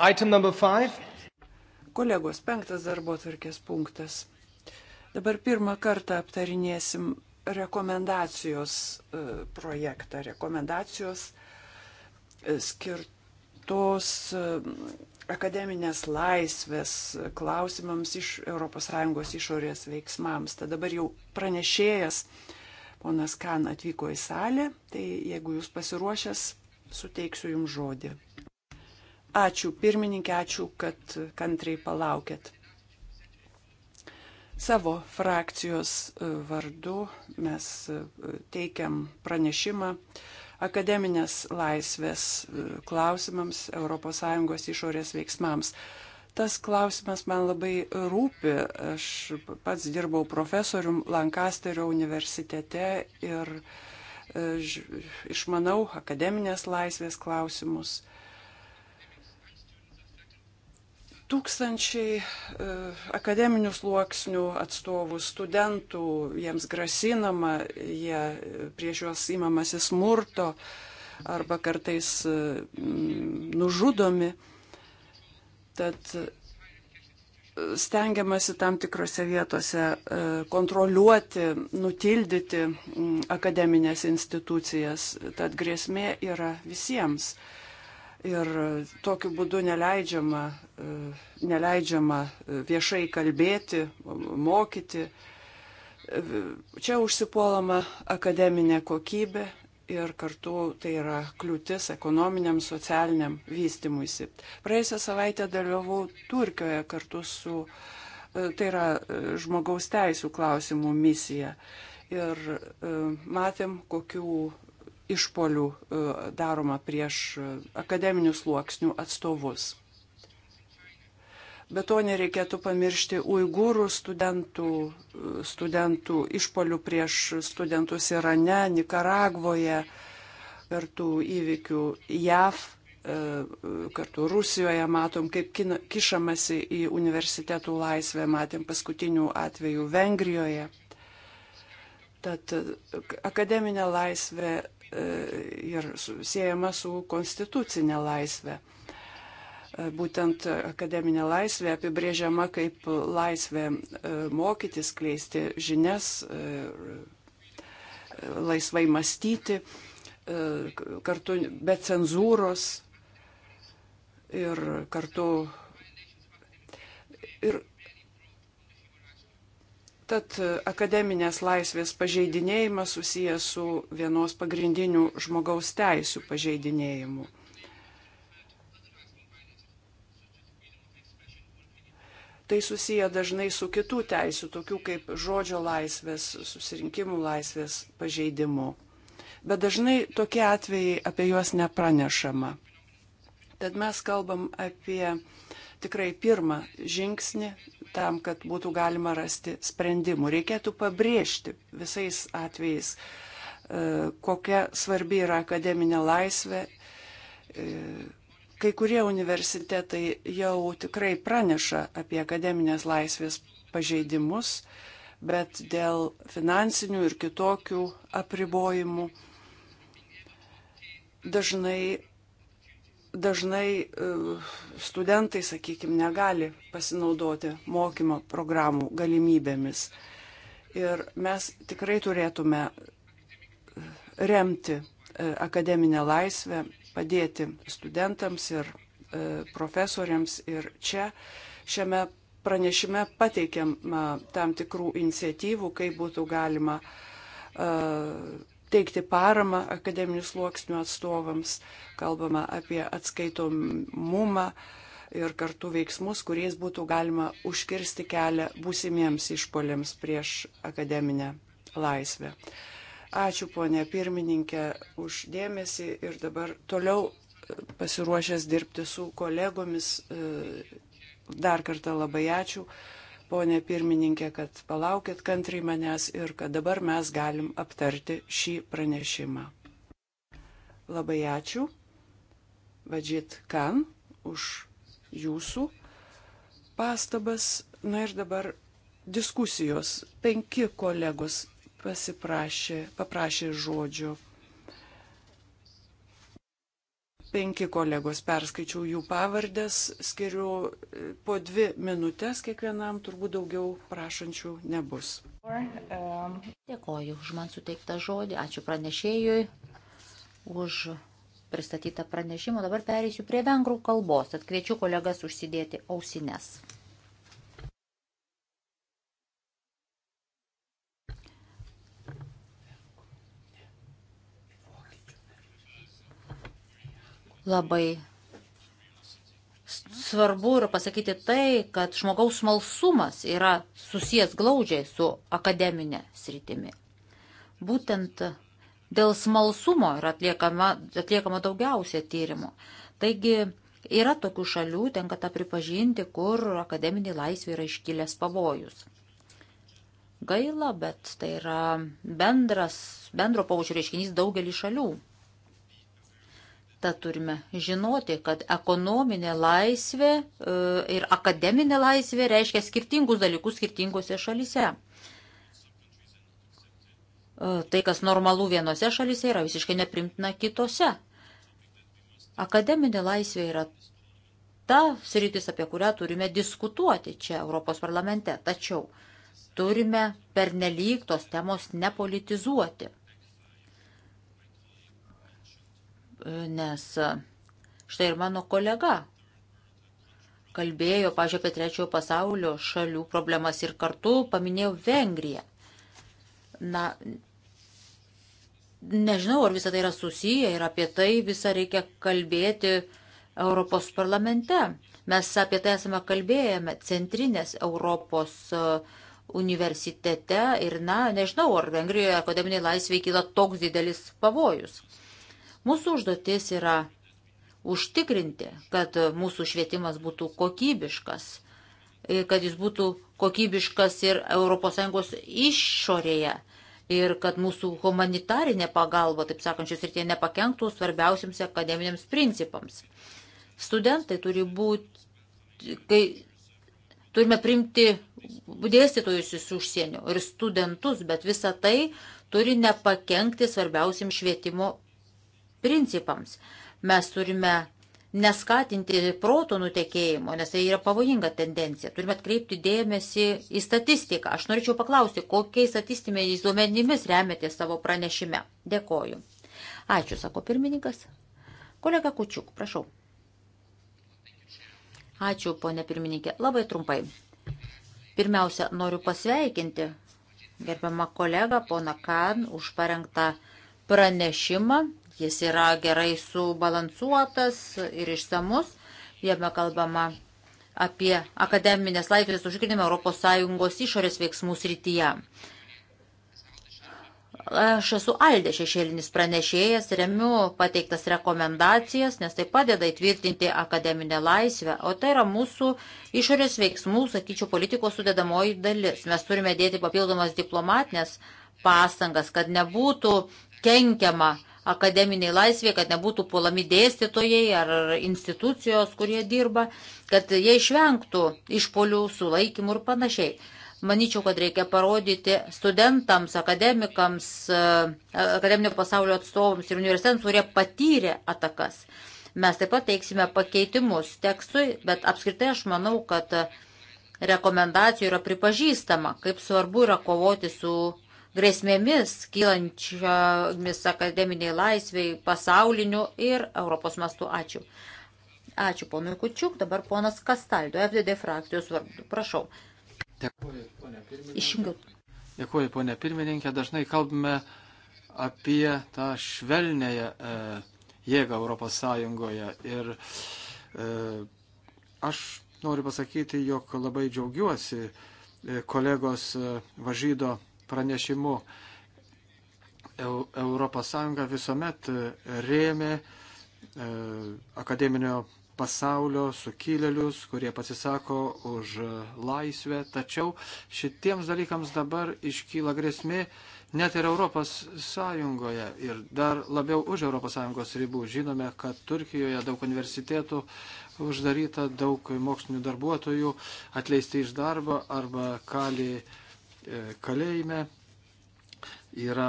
Item number five. Kolegos, penktas darbo tvarkės punktas. Dabar pirmą kartą aptarinėsim rekomendacijos e, projektą, rekomendacijos e, skirtos e, akademinės laisvės klausimams iš ES išorės veiksmams. Tad dabar jau pranešėjas ponas Kan atvyko į salę, tai jeigu jūs pasiruošęs, suteiksiu jums žodį. Ačiū pirmininkė, ačiū, kad kantriai palaukėt. Savo frakcijos e, vardu mes e, teikiam pranešimą akademinės laisvės e, klausimams ES išorės veiksmams tas klausimas man labai rūpi. Aš pats dirbau profesorium Lankasterio universitete ir išmanau akademinės laisvės klausimus. Tūkstančiai e, akademinių sluoksnių atstovų, studentų, jiems grasinama, jie prieš juos įmamasi smurto arba kartais e, nužudomi. Tad e, stengiamasi tam tikrose vietose kontroliuoti, nutildyti akademinės institucijas, tad grėsmė yra visiems ir e, tokiu būdu neleidžiama, e, neleidžiama e, viešai kalbėti, mokyti. Čia užsipuolama akademinė kokybė ir kartu tai yra kliūtis ekonominiam, socialiniam vystimuisi. Praėjusią savaitę dalyvau Turkijoje kartu su, tai yra žmogaus teisų klausimų misija. Ir matėm, kokių išpolių e, daroma prieš e, akademinių sluoksnių atstovus. Be to nereikėtų pamiršti uigūrų studentų, e, studentų išpolių prieš studentus Irane, Nikaragvoje, kartų įvykių JAV, kartu Rusijoje matom, kaip kišamasi į universitetų laisvę, matėm paskutinių atvejų Vengrijoje. Tad akademinė laisvė E, ir siejama su konstitucinė laisvė. E, būtent akademinė laisvė apibrėžiama kaip laisvė e, mokytis, kleisti žinias, laisvai mąstyti, kartu be cenzūros ir kartu ir Tad akademinės laisvės pažeidinėjimas susijęs su vienos pagrindinių žmogaus teisų pažeidinėjimu. Tai susiję dažnai su kitų teisų, tokių kaip žodžio laisvės, susirinkimų laisvės pažeidimu. Bet dažnai tokie atvejai apie juos nepranešama. Tad mes kalbam apie tikrai pirmą žingsnį tam, kad būtų galima rasti sprendimų. Reikėtų pabrėžti visais atvejais, e, kokia svarbi yra akademinė laisvė. E, kai kurie universitetai jau tikrai praneša apie akademinės laisvės pažeidimus, bet dėl finansinių ir kitokių apribojimų dažnai dažnai e, studentai, sakykime, negali pasinaudoti mokymo programų galimybėmis. Ir mes tikrai turėtume e, remti e, akademinę laisvę, padėti studentams ir profesoriams. Ir čia šiame pranešime pateikiam tam tikrų iniciatyvų, kaip būtų galima teikti paramą akademinių sluoksnių atstovams, kalbama apie atskaitomumą ir kartu veiksmus, kuriais būtų galima užkirsti kelią būsimiems išpoliams prieš akademinę laisvę. Ačiū ponė pirmininkė uždėmesi ir dabar toliau pasiruošęs dirbti su kolegomis. Dar kartą labai ačiū ponė pirmininkė, kad palaukit kantriai manęs ir kad dabar mes galim aptarti šį pranešimą. Labai ačiū, Vadžit Kan, už jūsų pastabas. Na ir dabar diskusijos. Penki kolegos pasiprašė, paprašė žodžio Penki kolegos perskaičiau jų pavardės, skiriu e, po dvi minutės kiekvienam, turbūt daugiau prašančių nebus. Dėkoju už man suteiktą žodį, ačiū pranešėjui už pristatytą pranešimą. Dabar pereisiu prie vengrų kalbos, tad kviečiu kolegas užsidėti ausines. Labai svarbu yra pasakyti tai, kad žmogaus smalsumas yra susijęs glaudžiai su akademinė sritimi. Būtent dėl smalsumo yra atliekama, atliekama daugiausia tyrimų. Taigi yra tokių šalių, tenka tą pripažinti, kur akademinė laisvė yra iškilęs pavojus. Gaila, bet tai yra bendras, bendro paužiūrį reiškinys daugelį šalių. Tad turime žinoti, kad ekonominė laisvė e, ir akademinė laisvė reiškia skirtingus dalykus skirtingose šalise. E, tai, kas normalu vienose šalise, yra visiškai neprimtina kitose. Akademinė laisvė yra ta sritis, apie kurią turime diskutuoti čia Europos parlamente. Tačiau turime pernelyg tos temos nepolitizuoti. nes e, štai ir mano kolega kalbėjo, pažiūrėjau, apie trečiojo pasaulio šalių problemas ir kartu paminėjau Vengriją. Na, nežinau, ar visą tai yra susiję ir apie tai visą reikia kalbėti Europos parlamente. Mes apie tai esame kalbėjome Centrinės Europos e, universitete ir, na, nežinau, ar Vengrijoje akademiniai laisvė kyla toks didelis pavojus. Mūsų užduotis yra užtikrinti, kad mūsų švietimas būtų kokybiškas, kad jis būtų kokybiškas ir ES išorėje ir kad mūsų humanitarinė pagalba, taip sakant, šis ir tie nepakenktų svarbiausiams akademiniams principams. Studentai turi būti, kai turime primti dėstytojus iš užsienio ir studentus, bet visa tai turi nepakenkti svarbiausiam švietimo principams. Mes turime neskatinti proto nutekėjimo, nes tai yra pavojinga tendencija. Turime atkreipti dėmesį į statistiką. Aš norėčiau paklausti, kokiais statistiniais duomenimis remiate savo pranešime. Dėkoju. Ačiū, sako pirmininkas. Kolega Kučiuk, prašau. Ačiū, ponė pirmininkė. Labai trumpai. Pirmiausia, noriu pasveikinti gerbiamą kolegą, poną Kan, už parengtą pranešimą Jis yra gerai subalansuotas ir išsamus. Jame kalbama apie akademinės laisvės užtikrinimą ES išorės veiksmų srityje. Aš esu Aldė šešėlinis pranešėjas, remiu pateiktas rekomendacijas, nes tai padeda įtvirtinti akademinę laisvę, o tai yra mūsų išorės veiksmų, sakyčiau, politikos sudėdamoji dalis. Mes turime dėti papildomas diplomatinės pastangas, kad nebūtų kenkiama akademiniai laisvė, kad nebūtų puolami dėstytojai ar institucijos, kurie dirba, kad jie išvengtų išpolių, sulaikymų ir panašiai. Maničiau, kad reikia parodyti studentams, akademikams, e, akademinio pasaulio atstovams ir universitetams, kurie patyrė atakas. Mes taip pat teiksime pakeitimus tekstui, bet apskritai aš manau, kad rekomendacijų yra pripažįstama, kaip svarbu yra kovoti su grėsmėmis kylančiomis akademiniai laisviai pasauliniu ir Europos mastu. Ačiū. Ačiū ponui Kučiuk, dabar ponas Kastaldo, FDD frakcijos vardu. Prašau. Dėkuoju, ponė pirmininkė. Dėkuoju, ponė pirmininkė. Dažnai kalbame apie tą švelnėją e, jėgą Europos Sąjungoje. Ir e, aš noriu pasakyti, jog labai džiaugiuosi e, kolegos e, Važydo pranešimu. ES visuomet e, rėmė e, akademinio pasaulio sukilėlius, kurie pasisako už laisvę. Tačiau šitiems dalykams dabar iškyla grėsmė net ir Europos Sąjungoje ir dar labiau už Europos Sąjungos ribų. Žinome, kad Turkijoje daug universitėtų uždaryta, daug mokslinių darbuotojų atleisti iš darbo arba kali kalėjime, yra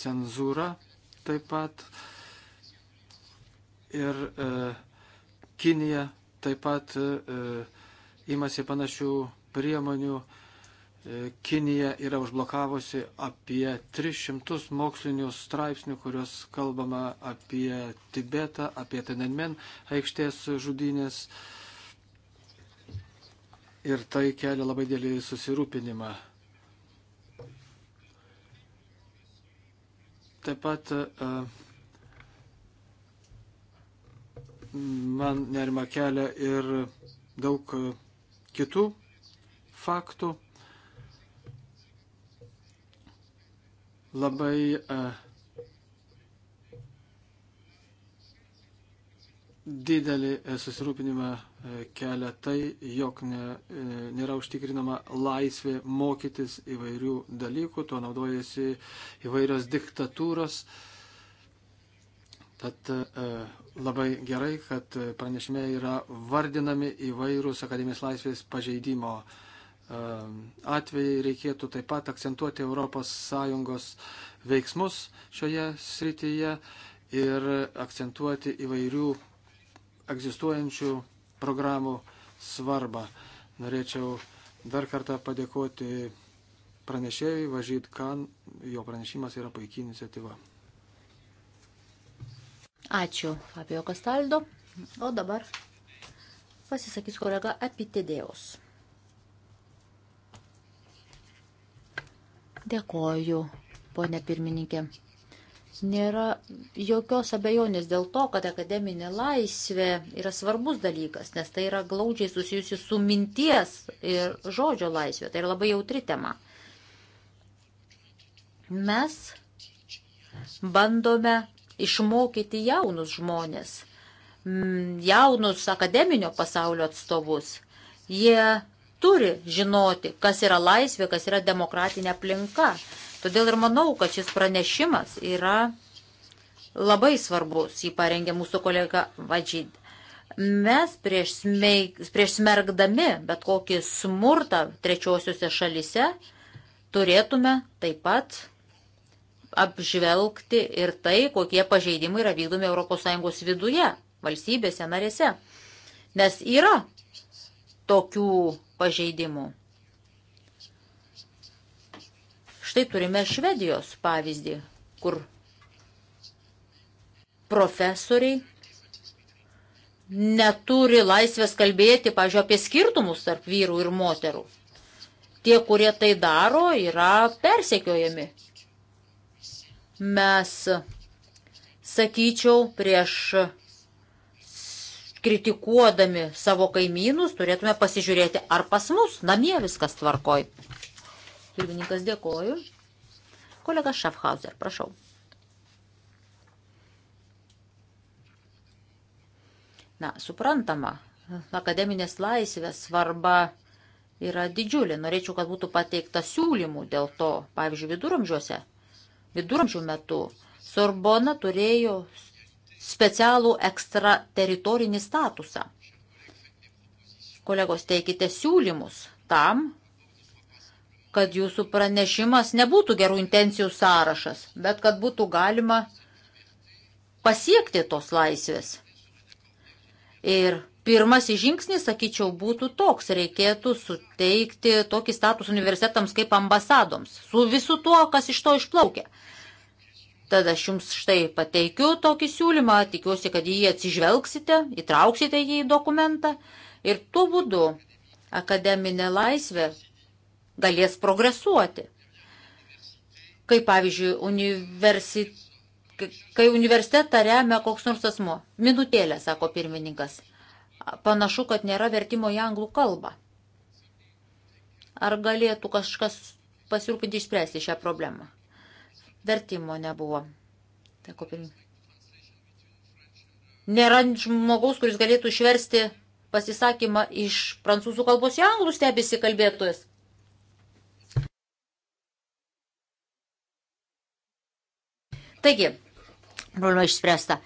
cenzūra taip pat ir e, Kinija taip pat e, imasi panašių priemonių. E, Kinija yra užblokavusi apie 300 mokslinių straipsnių, kurios kalbama apie Tibetą, apie Tiananmen aikštės žudynės. Ir tai kelia labai dėlį susirūpinimą. Taip pat e, man nerima kelia ir daug e, kitų faktų. Labai uh, didelį e, susirūpinimą e, kelia tai, jog ne, e, nėra užtikrinama laisvė mokytis įvairių dalykų, tuo naudojasi įvairios diktatūros. Tad labai gerai, kad pranešime yra vardinami įvairūs akademinės laisvės pažeidimo atvejai. Reikėtų taip pat akcentuoti ES veiksmus šioje srityje ir akcentuoti įvairių egzistuojančių programų svarbą. Norėčiau dar kartą padėkoti pranešėjui Važyd Kan, jo pranešimas yra puikiai iniciatyva. Ačiū, Fabio Kastaldo. O dabar pasisakys kolega Apitidėjus. Dėkoju, ponė pirmininkė. Nėra jokios abejonės dėl to, kad akademinė laisvė yra svarbus dalykas, nes tai yra glaudžiai susijusi su minties ir žodžio laisvė. Tai yra labai jautri tema. Mes bandome išmokyti jaunus žmonės, jaunus akademinio pasaulio atstovus. Jie turi žinoti, kas yra laisvė, kas yra demokratinė aplinka. Todėl ir manau, kad šis pranešimas yra labai svarbus, jį parengė mūsų kolega Vadžyd. Mes prieš, smeig, prieš smergdami bet kokį smurtą trečiosiuose šalise turėtume taip pat apžvelgti ir tai, kokie pažeidimai yra vykdomi ES viduje, valstybėse, narėse. Nes yra tokių pažeidimų. Štai turime Švedijos pavyzdį, kur profesoriai neturi laisvės kalbėti, pažiūrėjau, apie skirtumus tarp vyrų ir moterų. Tie, kurie tai daro, yra persekiojami. Mes, sakyčiau, prieš kritikuodami savo kaimynus turėtume pasižiūrėti, ar pas mus namie viskas tvarkoj. Pirmininkas dėkoju. Kolega Schaffhauser, prašau. Na, suprantama, akademinės laisvės svarba yra didžiulė. Norėčiau, kad būtų pateikta siūlymų dėl to. Pavyzdžiui, viduramžiuose, viduramžių metu Sorbona turėjo specialų ekstrateritorinį statusą. Kolegos, teikite siūlymus tam, kad jūsų pranešimas nebūtų gerų intencijų sąrašas, bet kad būtų galima pasiekti tos laisvės. Ir pirmasis žingsnis, sakyčiau, būtų toks, reikėtų suteikti tokį status universitetams kaip ambasadoms, su visu tuo, kas iš to išplaukia. Tada aš jums štai pateikiu tokį siūlymą, tikiuosi, kad jį atsižvelgsite, įtrauksite jį į dokumentą ir tuo būdu akademinė laisvė galės progresuoti. Kai pavyzdžiui, universi... kai universitetą remia koks nors asmo. Minutėlė, sako pirmininkas. Panašu, kad nėra vertimo į anglų kalbą. Ar galėtų kažkas pasirūpinti išspręsti šią problemą? Vertimo nebuvo. Teko pirmininkas nėra žmogaus, kuris galėtų išversti pasisakymą iš prancūzų kalbos į anglų, stebisi kalbėtojas. Taigi, problema išspręsta.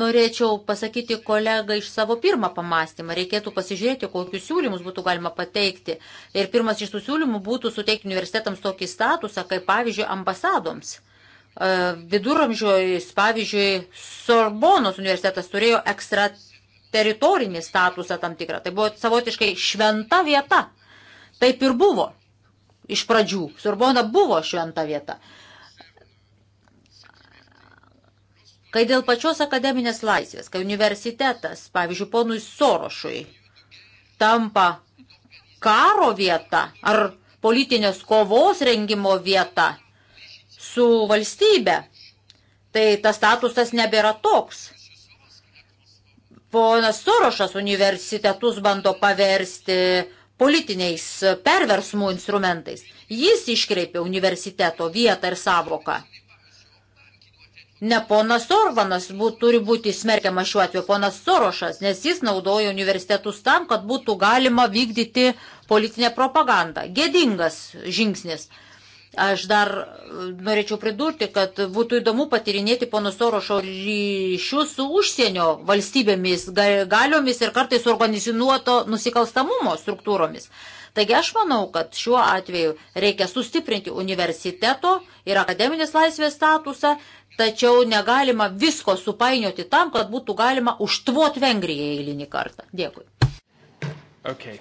Norėčiau pasakyti kolegą iš savo pirmą pamastymą. Reikėtų pasižiūrėti, kokius siūlymus būtų galima pateikti. Ir pirmas iš tų siūlymų būtų suteikti universitetams tokį statusą, kaip pavyzdžiui, ambasadoms. E, Viduramžiojais, pavyzdžiui, Sorbonos universitetas turėjo ekstrateritorinį statusą tam tikrą. Tai buvo savotiškai šventa vieta. Taip ir buvo. Iš pradžių. Sorbona buvo šventa vieta. Kai dėl pačios akademinės laisvės, kai universitetas, pavyzdžiui, ponui Sorošui, tampa karo vieta ar politinės kovos rengimo vieta su valstybe, tai tas statusas nebėra toks. Ponas Sorošas universitetus bando paversti politiniais perversmų instrumentais. Jis iškreipė universiteto vietą ir savoką. Ne ponas Orbanas bū, turi būti smerkiamas šiuo atveju, ponas Sorošas, nes jis naudoja universitetus tam, kad būtų galima vykdyti politinę propagandą. Gėdingas žingsnis. Aš dar e, norėčiau pridurti, kad būtų įdomu patirinėti pono Sorošo ryšius su užsienio valstybėmis, galiomis ir kartais organizuoto nusikalstamumo struktūromis. Taigi aš manau, kad šiuo atveju reikia sustiprinti universiteto ir akademinės laisvės statusą, tačiau negalima visko supainioti tam, kad būtų galima užtvot Vengriją eilinį kartą. Dėkui. Okay.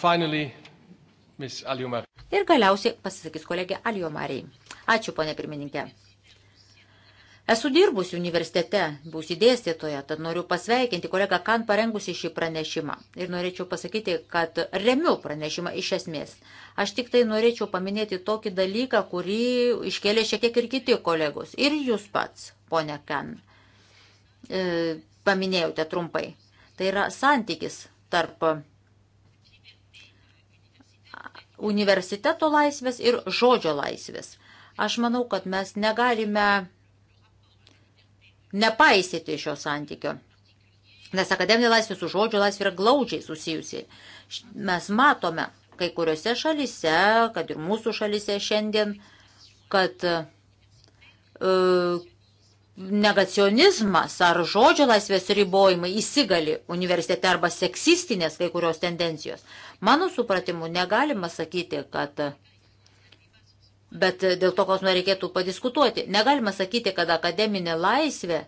Finally, Ir galiausiai pasisakys kolegė Aliomariai. Ačiū, ponė pirmininkė. Esu dirbusi universitete, būsi dėstytoja, tad noriu pasveikinti kolegą Kan parengusi šį pranešimą. Ir norėčiau pasakyti, kad remiu pranešimą iš esmės. Aš tik tai norėčiau paminėti tokį dalyką, kurį iškėlė šiek tiek ir kiti kolegos. Ir jūs pats, ponia Kan, e, paminėjote trumpai. Tai yra santykis tarp universiteto laisvės ir žodžio laisvės. Aš manau, kad mes negalime nepaisyti šio santykio. Nes akademinė laisvė su žodžio laisvė yra glaudžiai susijusi. Mes matome kai kuriuose šalise, kad ir mūsų šalise šiandien, kad e, negacionizmas ar žodžio laisvės ribojimai įsigali universitete arba seksistinės kai kurios tendencijos. Mano supratimu, negalima sakyti, kad. Bet dėl to, kas man reikėtų padiskutuoti, negalima sakyti, kad akademinė laisvė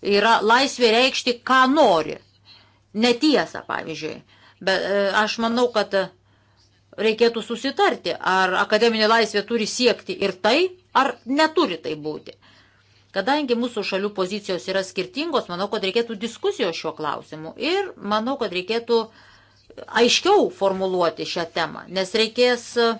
Yra laisvė reikšti, ką nori. Netiesa, pavyzdžiui. Bet e, aš manau, kad reikėtų susitarti, ar akademinė laisvė turi siekti ir tai, ar neturi tai būti. Kadangi mūsų šalių pozicijos yra skirtingos, manau, kad reikėtų diskusijos šiuo klausimu ir manau, kad reikėtų aiškiau formuluoti šią temą, nes reikės uh,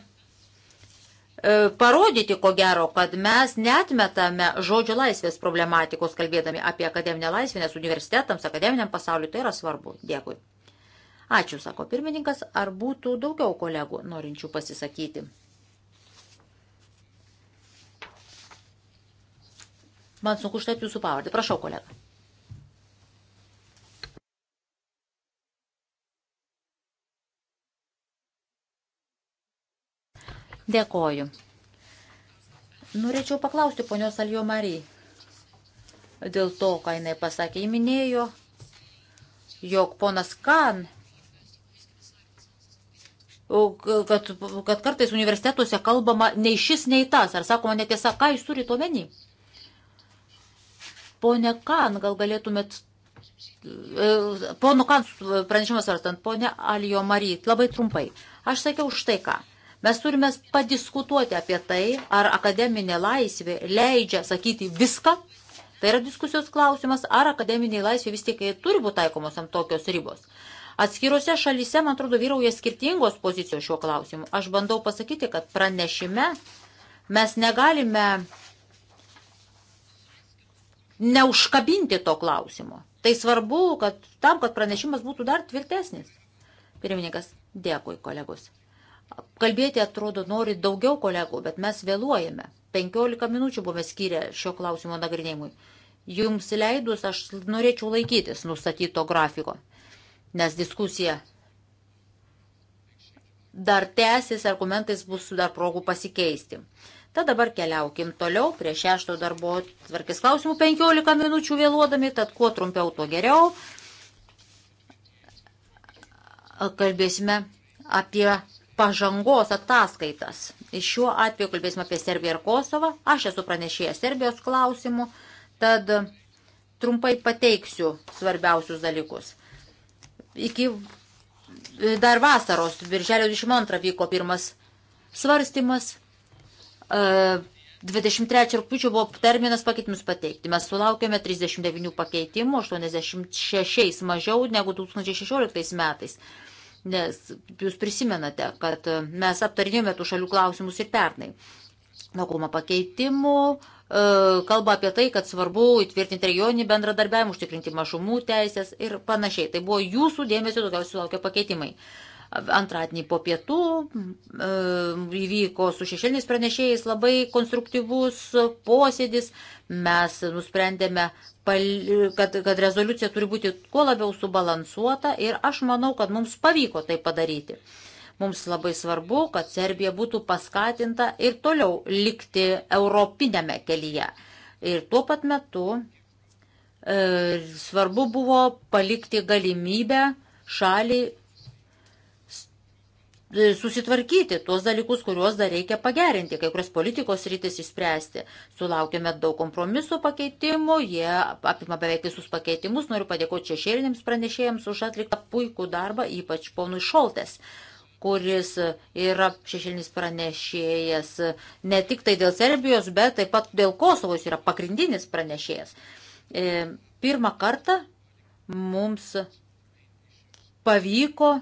E, parodyti, ko gero, kad mes netmetame žodžio laisvės problematikos, kalbėdami apie akademinę laisvę, nes universitetams, akademiniam pasauliu tai yra svarbu. Dėkui. Ačiū, sako pirmininkas, ar būtų daugiau kolegų norinčių pasisakyti. Man sunku užtat jūsų pavardę. Prašau, kolega. Dėkoju. Norėčiau paklausti ponios Aljo Marijai. Dėl to, ką jinai pasakė, įminėjo, jog ponas Kan, kad, kad kartais universitetuose kalbama nei šis, nei tas, ar sakoma netiesa, ką jūs turite omeny. Pone Kan, gal galėtumėt e, Pono Kans pranešimas vartant, ponė Alijo Maryt, labai trumpai. Aš sakiau štai ką. Mes turime padiskutuoti apie tai, ar akademinė laisvė leidžia sakyti viską, tai yra diskusijos klausimas, ar akademinė laisvė vis tik turi būti taikomos ant tokios ribos. Atskirose šalyse, man atrodo, vyrauja skirtingos pozicijos šiuo klausimu. Aš bandau pasakyti, kad pranešime mes negalime neužkabinti to klausimo. Tai svarbu, kad tam, kad pranešimas būtų dar tvirtesnis. Pirmininkas, dėkui, kolegos. Kalbėti atrodo nori daugiau kolegų, bet mes vėluojame. 15 minučių buvome skyrę šio klausimo nagrinėjimui. Jums leidus aš norėčiau laikytis nustatyto grafiko, nes diskusija dar tęsis, argumentais bus dar progų pasikeisti. Tad dabar keliaukim toliau prie šešto darbo tvarkės klausimų 15 minučių vėluodami, tad kuo trumpiau, tuo geriau. Kalbėsime apie pažangos ataskaitas. Iš šiuo atveju kalbėsime apie Serbiją ir Kosovą. Aš esu pranešėjęs Serbijos klausimų, tad trumpai pateiksiu svarbiausius dalykus. Iki e, dar vasaros, birželio 22 vyko pirmas svarstymas. 23 e, rūpiučio buvo terminas pakeitimus pateikti. Mes sulaukėme 39 pakeitimų, 86 mažiau negu 2016 metais nes jūs prisimenate, kad mes aptarinėjome tų šalių klausimus ir pernai. Dauguma pakeitimų e, kalba apie tai, kad svarbu įtvirtinti regioninį bendradarbiavimą, užtikrinti mažumų teisės ir panašiai. Tai buvo jūsų dėmesio daugiausiai sulaukia pakeitimai. Antradienį po pietų e, įvyko su šešėliniais pranešėjais labai konstruktyvus posėdis. Mes nusprendėme, kad, kad rezoliucija turi būti kuo labiau subalansuota ir aš manau, kad mums pavyko tai padaryti. Mums labai svarbu, kad Serbija būtų paskatinta ir toliau likti europinėme kelyje. Ir tuo pat metu e, svarbu buvo palikti galimybę šaliai E, susitvarkyti tuos dalykus, kuriuos dar reikia pagerinti, kai kurias politikos rytis išspręsti. Sulaukėme daug kompromiso pakeitimų, jie apima beveik visus pakeitimus. Noriu padėkoti šešėlinėms pranešėjams už atliktą puikų darbą, ypač ponui Šoltes kuris yra šešėlinis pranešėjas ne tik tai dėl Serbijos, bet taip pat dėl Kosovos yra pagrindinis pranešėjas. E, pirmą kartą mums pavyko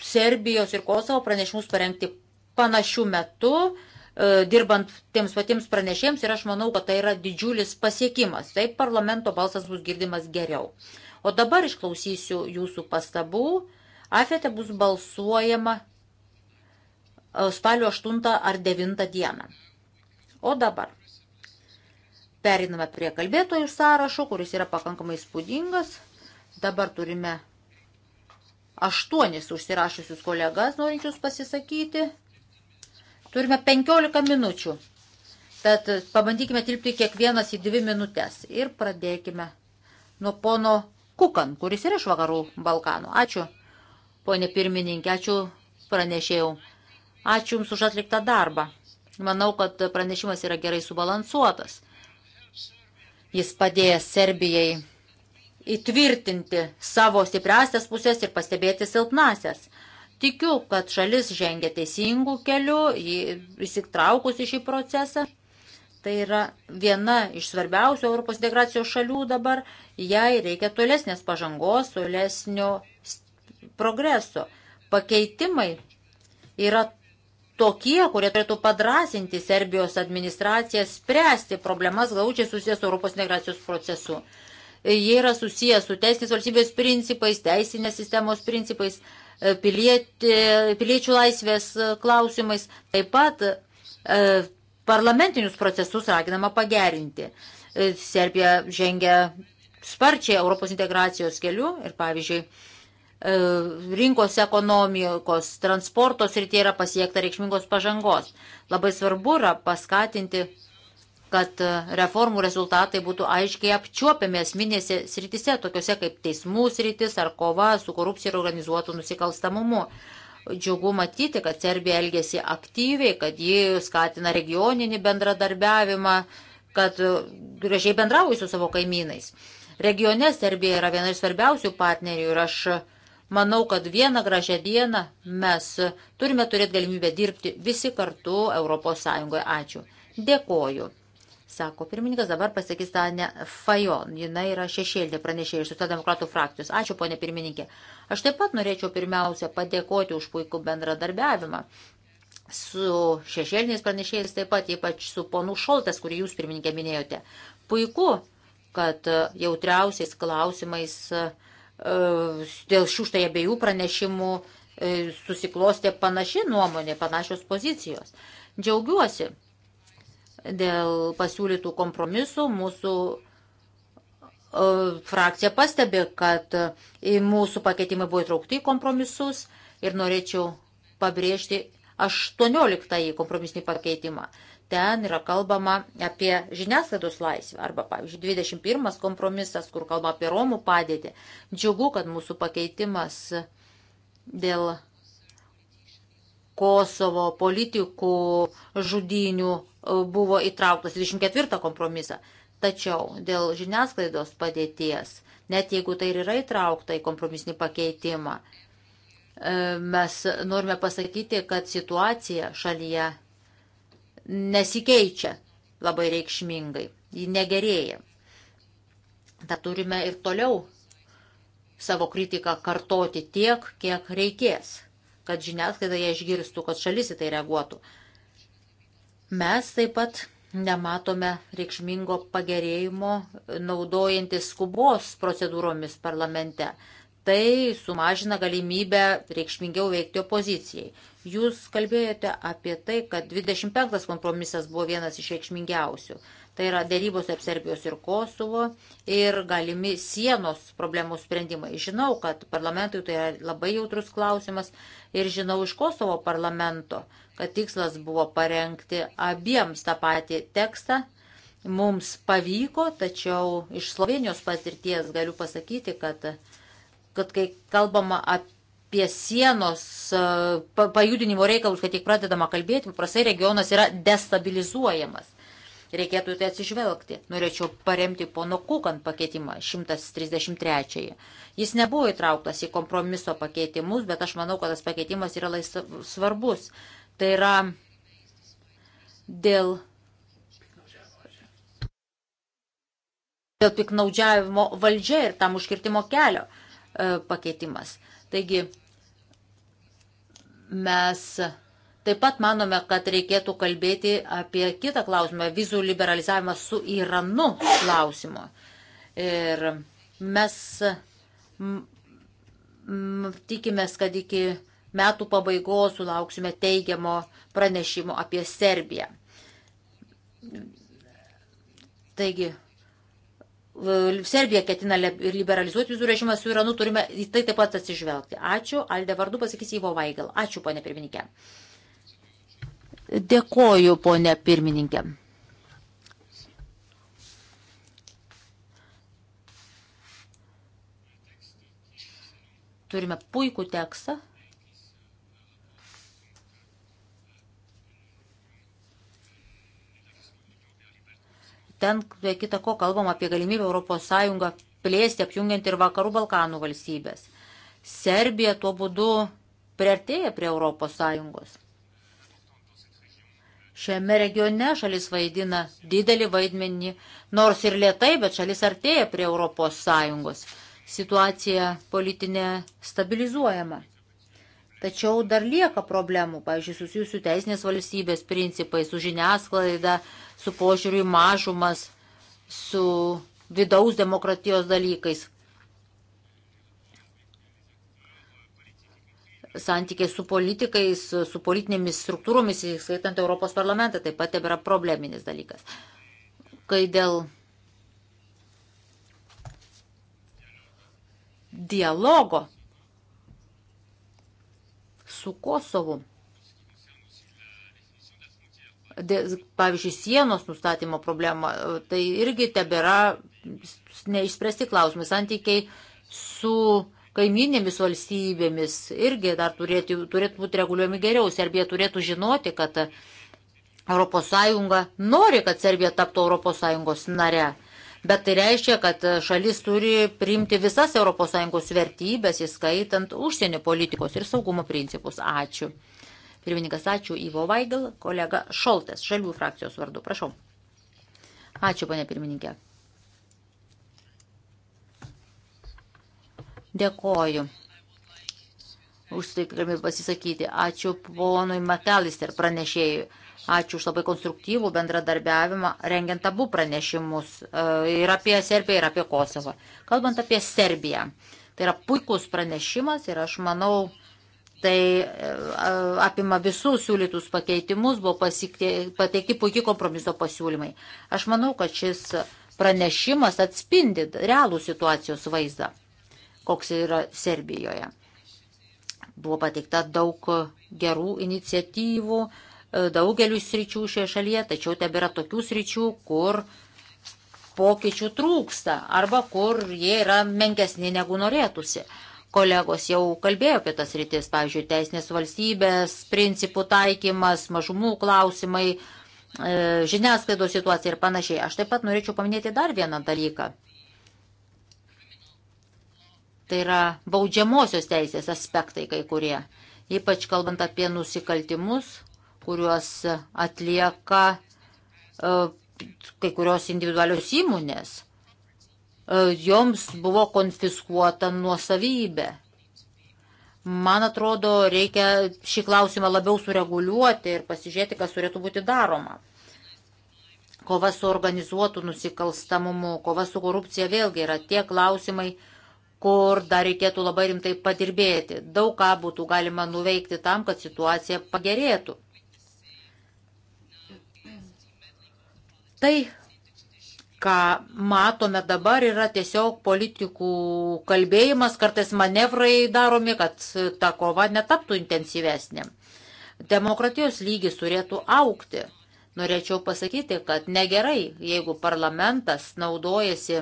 Serbijos ir Kosovo pranešimus parengti panašių metų, e, dirbant tiems patiems pranešėjams ir aš manau, kad tai yra didžiulis pasiekimas. Taip parlamento balsas bus girdimas geriau. O dabar išklausysiu jūsų pastabų. Afete bus balsuojama e, spalio 8 ar 9 dieną. O dabar periname prie kalbėtojų sąrašo, kuris yra pakankamai spūdingas. Dabar turime aštuonis užsirašusius kolegas norinčius pasisakyti. Turime 15 minučių. Tad pabandykime tilpti kiekvienas į dvi minutės ir pradėkime nuo pono Kukan, kuris yra iš vakarų Balkanų. Ačiū, ponė pirmininkė, ačiū pranešėjau. Ačiū Jums už atliktą darbą. Manau, kad pranešimas yra gerai subalansuotas. Jis padėjęs Serbijai įtvirtinti savo stipriasias pusės ir pastebėti silpnasias. Tikiu, kad šalis žengia teisingų kelių, įsitraukus į šį procesą. Tai yra viena iš svarbiausių Europos integracijos šalių dabar, jai reikia tolesnės pažangos, tolesnio progreso. Pakeitimai yra tokie, kurie turėtų padrasinti Serbijos administraciją spręsti problemas glaučiai susijęs Europos integracijos procesu jie yra susijęs su teisinės valstybės principais, teisinės sistemos principais, e, pilieti, piliečių laisvės e, klausimais, taip pat e, parlamentinius procesus raginama pagerinti. E, Serbija žengia sparčiai Europos integracijos keliu ir pavyzdžiui, rinkos ekonomikos, transporto srityje yra pasiekta reikšmingos pažangos. Labai svarbu yra paskatinti kad e, reformų rezultatai būtų aiškiai apčiuopiami esminėse sritise, tokiuose kaip teismų sritis ar kova su korupcija ir organizuotų nusikalstamumu. Džiugu matyti, kad Serbija elgėsi aktyviai, kad ji skatina regioninį bendradarbiavimą, kad e, gražiai bendrauja su savo kaimynais. Regione Serbija yra viena iš svarbiausių partnerių ir aš manau, kad vieną gražią dieną mes turime turėti galimybę dirbti visi kartu ES. Ačiū. Dėkoju sako pirmininkas, dabar pasakys Danė Fajon, jinai yra šešėlė pranešėja iš Socialdemokratų frakcijos. Ačiū, ponė pirmininkė. Aš taip pat norėčiau pirmiausia padėkoti už puikų bendradarbiavimą su šešėliniais pranešėjais, taip pat ypač su ponu Šoltas, kurį jūs pirmininkė minėjote. Puiku, kad e, jautriausiais klausimais e, e, dėl šių štai abiejų pranešimų susiklostė panaši nuomonė, panašios pozicijos. Džiaugiuosi, dėl pasiūlytų kompromisų. Mūsų e, frakcija pastebė, kad į mūsų pakeitimai buvo įtraukti į kompromisus ir norėčiau pabrėžti 18 kompromisinį pakeitimą. Ten yra kalbama apie žiniasklaidos laisvę arba, pavyzdžiui, 21 kompromisas, kur kalba apie Romų padėtį. Džiugu, kad mūsų pakeitimas dėl Kosovo politikų žudinių buvo įtrauktas 24 kompromisą. Tačiau dėl žiniasklaidos padėties, net jeigu tai ir yra įtraukta į kompromisinį pakeitimą, e, mes norime pasakyti, kad situacija šalyje nesikeičia labai reikšmingai, ji negerėja. Ta turime ir toliau savo kritiką kartoti tiek, kiek reikės, kad žiniasklaida ją išgirstų, kad šalis į tai reaguotų. Mes taip pat nematome reikšmingo pagerėjimo naudojantis skubos procedūromis parlamente. Tai sumažina galimybę reikšmingiau veikti opozicijai. Jūs kalbėjote apie tai, kad 25 kompromisas buvo vienas iš reikšmingiausių. Tai yra dėrybos tarp Serbijos ir Kosovo ir galimi sienos problemų sprendimai. Žinau, kad parlamentui tai yra labai jautrus klausimas ir žinau iš Kosovo parlamento, kad tikslas buvo parengti abiems tą patį tekstą. Mums pavyko, tačiau iš Slovenijos patirties galiu pasakyti, kad, kad kai kalbama apie sienos e, pajudinimo reikalus, kad tik pradedama kalbėti, paprastai regionas yra destabilizuojamas reikėtų tai atsižvelgti. Norėčiau paremti pono Kukan pakeitimą 133. Jis nebuvo įtrauktas į kompromiso pakeitimus, bet aš manau, kad tas pakeitimas yra svarbus, Tai yra dėl, dėl piknaudžiavimo valdžia ir tam užkirtimo kelio e, pakeitimas. Taigi mes taip pat manome, kad reikėtų kalbėti apie kitą klausimą - vizų liberalizavimą su Iranu klausimu. Ir mes tikimės, kad iki metų pabaigos sulauksime teigiamo pranešimo apie Serbiją. Taigi, Serbija ketina liberalizuoti vizų režimą su Iranu, turime į tai taip pat atsižvelgti. Ačiū, Alde vardu pasakys Ivo Vaigal. Ačiū, ponė pirmininkė. Dėkoju, ponė pirmininkė. Turime puikų tekstą. Ten, be kita ko, kalbam apie galimybę ES plėsti, apjungiant ir Vakarų Balkanų valstybės. Serbija tuo būdu priartėja prie ES. Šiame regione šalis vaidina didelį vaidmenį, nors ir lietai, bet šalis artėja prie ES. Situacija politinė stabilizuojama. Tačiau dar lieka problemų, pavyzdžiui, susijusių teisinės valstybės principai, su žiniasklaida, su požiūriu į mažumas, su vidaus demokratijos dalykais. Santykiai su politikais, su politinėmis struktūromis, skaitant Europos parlamentą, taip pat yra probleminis dalykas. Kai dėl dialogo su Kosovu. Pavyzdžiui, sienos nustatymo problema, tai irgi tebėra neišspręsti klausimai. Santykiai su kaiminėmis valstybėmis irgi dar turėtų, turėtų būti reguliuojami geriau. Serbija turėtų žinoti, kad ES nori, kad Serbija taptų ES nare bet tai reiškia, kad šalis turi priimti visas ES vertybės, įskaitant užsienio politikos ir saugumo principus. Ačiū. Pirmininkas, ačiū Ivo Vaigal, kolega Šoltas, šalių frakcijos vardu. Prašau. Ačiū, ponė pirmininkė. Dėkoju už tai galėtumės pasisakyti. Ačiū ponui Makalister pranešėjui. Ačiū už labai konstruktyvų bendradarbiavimą, rengiant abu pranešimus e, ir apie Serbiją, ir apie Kosovą. Kalbant apie Serbiją, tai yra puikus pranešimas ir aš manau, tai e, apima visus siūlytus pakeitimus, buvo pasikti, pateikti puikiai kompromiso pasiūlymai. Aš manau, kad šis pranešimas atspindi realų situacijos vaizdą, koks yra Serbijoje. Buvo pateikta daug gerų iniciatyvų e, daugeliu sričių šioje šalyje, tačiau tebėra tokių sričių, kur pokyčių trūksta arba kur jie yra menkesni negu norėtųsi. Kolegos jau kalbėjo apie tas rytis, pavyzdžiui, teisinės valstybės, principų taikymas, mažumų klausimai, e, žiniasklaidos situacija ir panašiai. Aš taip pat norėčiau paminėti dar vieną dalyką. Tai yra baudžiamosios teisės aspektai kai kurie, ypač kalbant apie nusikaltimus, kuriuos atlieka e, kai kurios individualios įmonės. E, joms buvo konfiskuota nuosavybė. Man atrodo, reikia šį klausimą labiau sureguliuoti ir pasižiūrėti, kas turėtų būti daroma. Kova su organizuotu nusikalstamumu, kova su korupcija vėlgi yra tie klausimai, kur dar reikėtų labai rimtai padirbėti. Daug ką būtų galima nuveikti tam, kad situacija pagerėtų. Tai, ką matome dabar, yra tiesiog politikų kalbėjimas, kartais manevrai daromi, kad ta kova netaptų intensyvesnė. Demokratijos lygis turėtų aukti. Norėčiau pasakyti, kad negerai, jeigu parlamentas naudojasi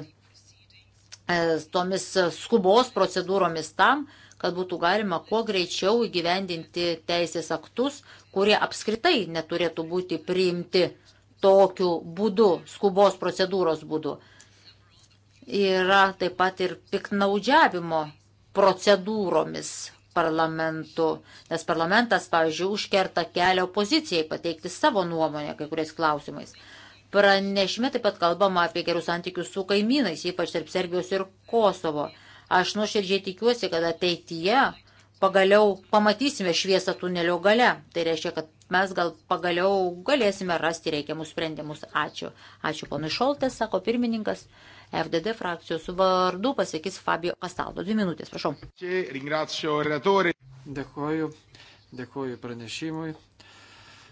E, tomis skubos procedūromis tam, kad būtų galima kuo greičiau įgyvendinti teisės aktus, kurie apskritai neturėtų būti priimti tokiu būdu, skubos procedūros būdu. Yra taip pat ir piknaudžiavimo procedūromis parlamentu, nes parlamentas, pavyzdžiui, užkerta kelią opozicijai pateikti savo nuomonę kai kuriais klausimais. Pranešime taip pat kalbama apie gerus santykius su kaimynais, ypač tarp Serbijos ir Kosovo. Aš nuoširdžiai tikiuosi, kad ateityje pagaliau pamatysime šviesą tunelio gale. Tai reiškia, kad mes gal pagaliau galėsime rasti reikiamus sprendimus. Ačiū. Ačiū ponui Šoltės, sako pirmininkas. FDD frakcijos vardu pasakys Fabio Kastaldo. Dvi minutės, prašau. Dėkuoju. Dėkuoju pranešimui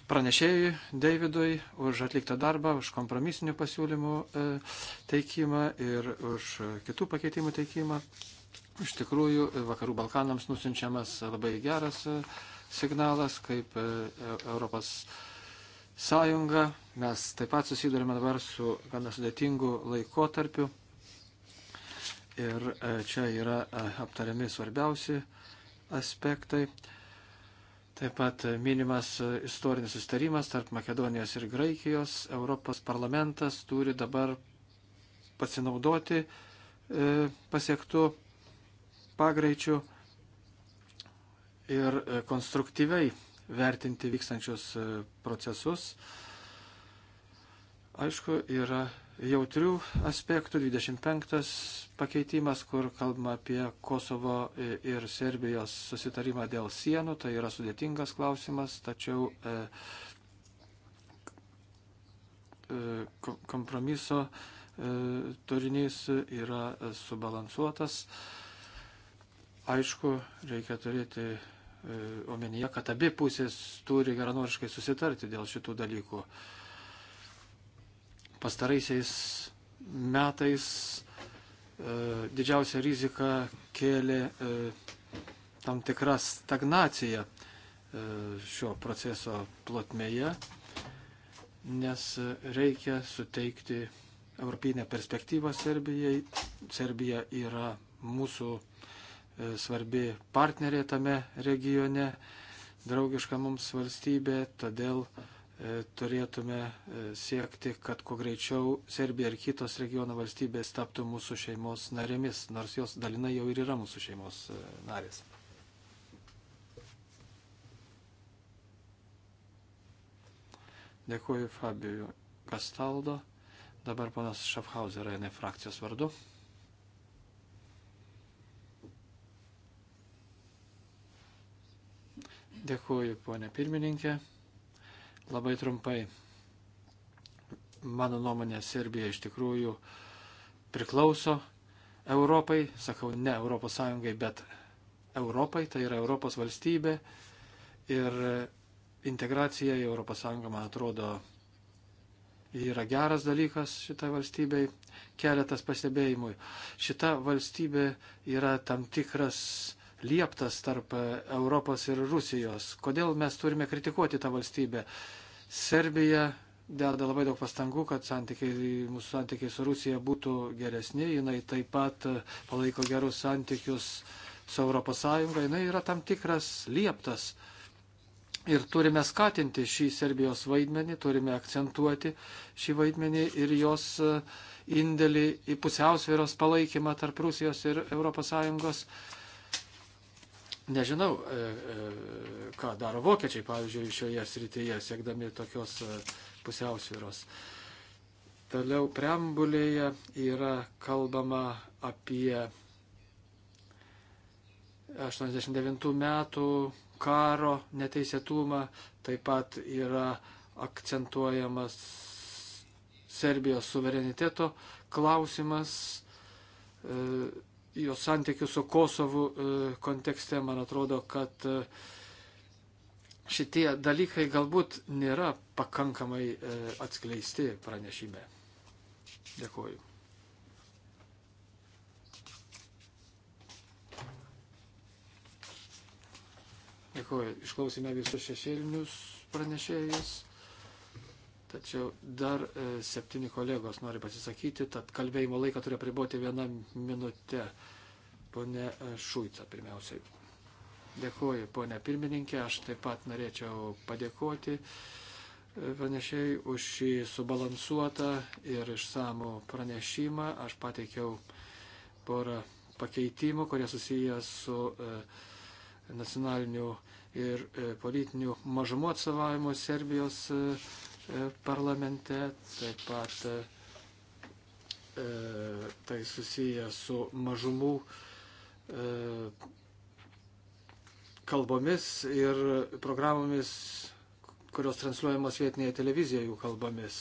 pranešėjui Davidui už atliktą darbą, už kompromisinių pasiūlymų e, teikimą ir už kitų pakeitimų teikimą. Iš tikrųjų, Vakarų Balkanams nusinčiamas labai geras e, signalas, kaip e, Europos Sąjunga. Mes taip pat susidurime dabar su gana sudėtingu laikotarpiu. Ir čia yra aptariami svarbiausi aspektai. Taip pat minimas istorinis sustarimas tarp Makedonijos ir Graikijos. Europos parlamentas turi dabar pasinaudoti e, pasiektų pagreičių ir e, konstruktyviai vertinti vykstančius e, procesus. Aišku, yra jautrių aspektų. 25 pakeitimas, kur kalbama apie Kosovo ir Serbijos susitarimą dėl sienų. Tai yra sudėtingas klausimas, tačiau e, e kompromiso e, turinys yra subalansuotas. Aišku, reikia turėti e, omenyje, kad abi pusės turi geranoriškai susitarti dėl šitų dalykų. E, pastaraisiais metais e, didžiausia rizika kėlė e, tam tikra stagnacija e, šio proceso plotmėje, nes reikia suteikti europinę perspektyvą Serbijai. Serbija yra mūsų e, svarbi partnerė tame regione, draugiška mums valstybė, todėl e, E, turėtume e, siekti, kad kuo greičiau Serbija ir kitos regiono valstybės taptų mūsų šeimos narėmis, nors jos dalinai jau ir yra mūsų šeimos e, narės. Dėkuoju Fabiju Kastaldo, dabar panas Šafhauser, ne frakcijos vardu. Dėkuoju, ponė pirmininkė. Labai trumpai. Mano nuomonė, Serbija iš tikrųjų priklauso Europai, sakau ne Europos Sąjungai, bet Europai, tai yra Europos valstybė ir integracija į Europos Sąjungą, man atrodo, yra geras dalykas šitai valstybei. Keletas pastebėjimui. Šita valstybė yra tam tikras lieptas tarp Europos ir Rusijos. Kodėl mes turime kritikuoti tą valstybę? Serbija deda labai daug pastangų, kad santykiai, mūsų santykiai su Rusija būtų geresni. Jis taip pat palaiko gerus santykius su Europos Sąjunga. Jis yra tam tikras lieptas. Ir turime skatinti šį Serbijos vaidmenį, turime akcentuoti šį vaidmenį ir jos e, indėlį į pusiausvėros palaikymą tarp Rusijos ir ES Nežinau, e, e, ką daro vokiečiai, pavyzdžiui, šioje srityje, siekdami tokios e, pusiausvyros. Toliau preambulėje yra kalbama apie 89 metų karo neteisėtumą, taip pat yra akcentuojamas Serbijos suvereniteto klausimas. E, jos santykių su Kosovu e, kontekste, man atrodo, kad e, šitie dalykai galbūt nėra pakankamai e, atskleisti pranešime. Dėkuoju. Dėkuoju. Išklausime visus šešėlinius pranešėjus. Tačiau dar e, septyni kolegos nori pasisakyti, tad kalbėjimo laiką turi apriboti vieną minutę. Pone e, Šuica pirmiausiai. Dėkuoju, ponė pirmininkė, aš taip pat norėčiau padėkoti e, pranešėjai už šį subalansuotą ir išsamų pranešimą. Aš pateikiau porą pakeitimų, kurie susijęs su nacionaliniu ir politiniu mažumo atstovavimu Serbijos E, parlamente, taip pat e, e, tai susiję su mažumų e, kalbomis ir programomis, kurios transliuojamos vietinėje televizijoje jų kalbomis.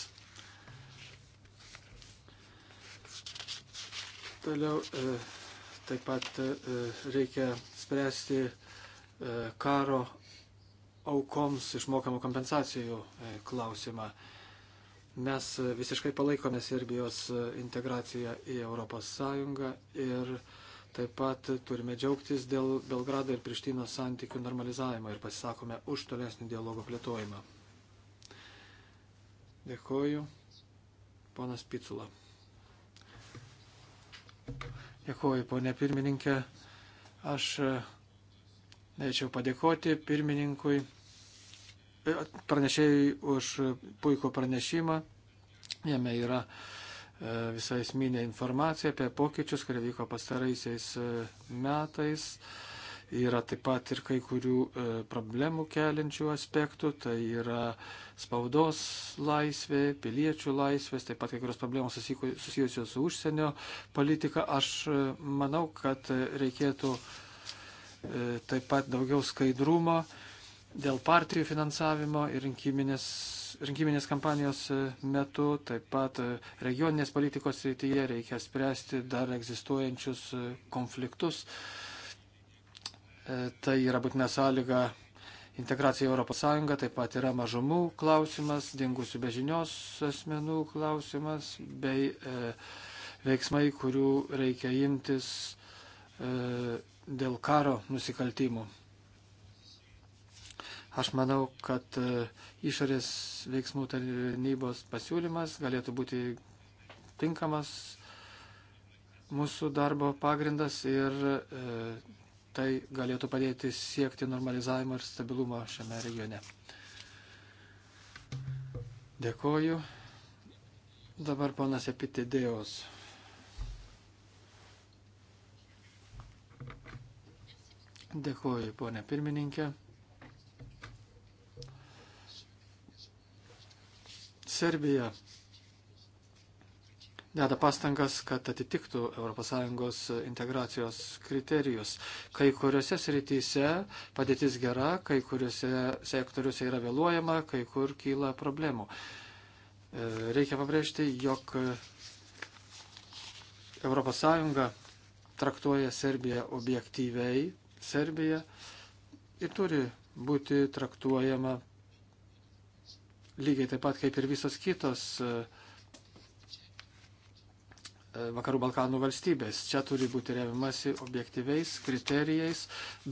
Toliau e, taip pat e, reikia spręsti e, karo aukoms išmokamų kompensacijų e, klausimą. Mes e, visiškai palaikome Serbijos e, integraciją į ES ir taip pat turime džiaugtis dėl Belgrado ir Prištino santykių normalizavimo ir pasisakome už tolesnį dialogo plėtojimą. Dėkoju. Ponas Picula. Dėkoju, ponė pirmininkė. Aš norėčiau padėkoti pirmininkui pranešėjai už puikų pranešimą. Jame yra e, visai esminė informacija apie pokyčius, kurie vyko pastaraisiais e, metais. Yra taip pat ir kai kurių e, problemų keliančių aspektų, tai yra spaudos laisvė, piliečių laisvės, taip pat kai kurios problemos susijusios su užsienio politika. Aš manau, kad reikėtų taip pat daugiau skaidrumo dėl partijų finansavimo ir rinkiminės, rinkiminės kampanijos e, metu, taip pat e, regioninės politikos srityje reikia spręsti dar egzistuojančius e, konfliktus. Tai yra būtina sąlyga integracija į Europos Sąjungą, taip pat yra mažumų klausimas, dingusių bežinios asmenų klausimas, bei e, veiksmai, kurių reikia imtis e, dėl karo nusikaltimų. Aš manau, kad e, išorės veiksmų tarnybos pasiūlymas galėtų būti tinkamas mūsų darbo pagrindas ir e, tai galėtų padėti siekti normalizavimo ir stabilumo šiame regione. Dėkoju. Dabar ponas Epitidėjos. Dėkoju, ponė pirmininkė. Serbija deda pastangas, kad atitiktų ES integracijos kriterijus. Kai kuriuose srityse padėtis gera, kai kuriuose sektoriuose yra vėluojama, kai kur kyla problemų. E, reikia pabrėžti, jog ES traktuoja Serbiją objektyviai. Serbija ir turi būti traktuojama lygiai taip pat kaip ir visos kitos e, e, Vakarų Balkanų valstybės. Čia turi būti remiamasi objektyviais kriterijais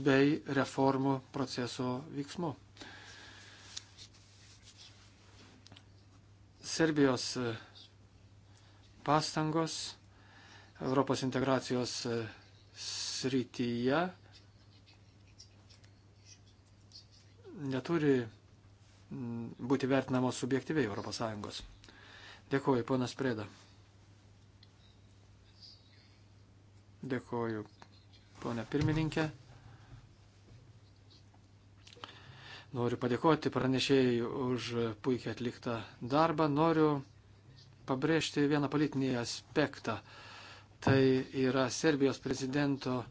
bei reformų proceso vyksmu. Serbijos e, pastangos Europos integracijos srityje neturi Mm, būti vertinamos subjektyviai ES. Dėkuoju, ponas Prėda. Dėkuoju, ponė pirmininkė. Noriu padėkoti pranešėjai už puikiai atliktą darbą. Noriu pabrėžti vieną politinį aspektą. Tai yra Serbijos prezidento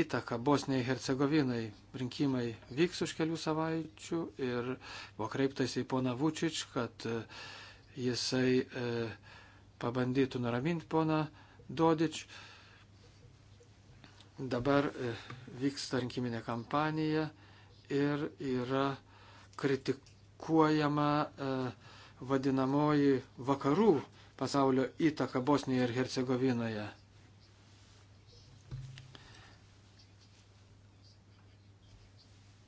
įtaką Bosniai Hercegovinai. Rinkimai vyks už kelių savaičių ir buvo kreiptasi į poną Vučič, kad e, jisai e, pabandytų nuraminti poną Dodič. Dabar e, vyksta rinkiminė kampanija ir yra kritikuojama e, vadinamoji vakarų pasaulio įtaka Bosnijoje ir Hercegovinoje.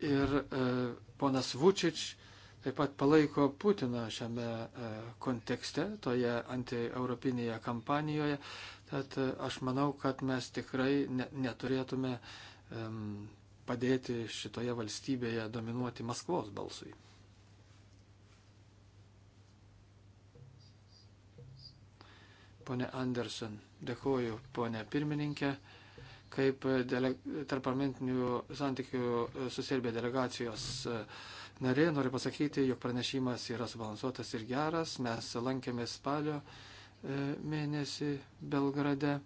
ir e, ponas Vučič taip pat palaiko Putiną šiame e, kontekste, toje antieuropinėje kampanijoje. Tad e, aš manau, kad mes tikrai ne, neturėtume e, padėti šitoje valstybėje dominuoti Maskvos balsui. Pone Anderson, dėkoju, ponė pirmininkė kaip dele, tarparmentinių santykių su Serbija delegacijos narė, noriu pasakyti, jog pranešimas yra subalansuotas ir geras. Mes lankėmės spalio e, mėnesį Belgrade. E,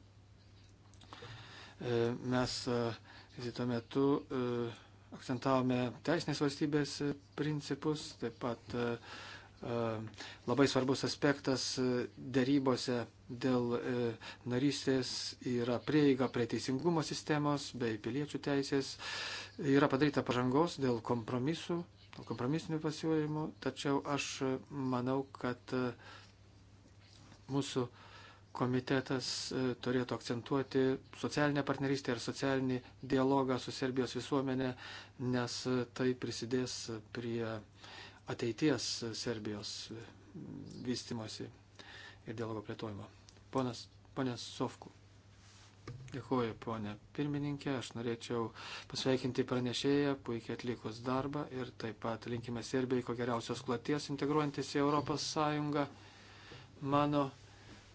mes e, vizito metu akcentavome teisinės valstybės principus, taip pat uh, E, labai svarbus aspektas e, dėrybose dėl e, narystės yra prieiga prie teisingumo sistemos bei piliečių teisės. Yra padaryta pažangos dėl kompromisų, dėl kompromisinių pasiūlymų, tačiau aš manau, kad mūsų komitetas turėtų akcentuoti socialinę partnerystę ir socialinį dialogą su Serbijos visuomenė, nes tai prisidės prie uh, ateities Serbijos vystimosi ir dialogo plėtojimo. Ponas, ponės Sofku. Dėkuoju, ponė pirmininkė. Aš norėčiau pasveikinti pranešėją, puikiai atlikus darbą ir taip pat linkime Serbijai ko geriausios kloties integruojantis į Europos Sąjungą. Mano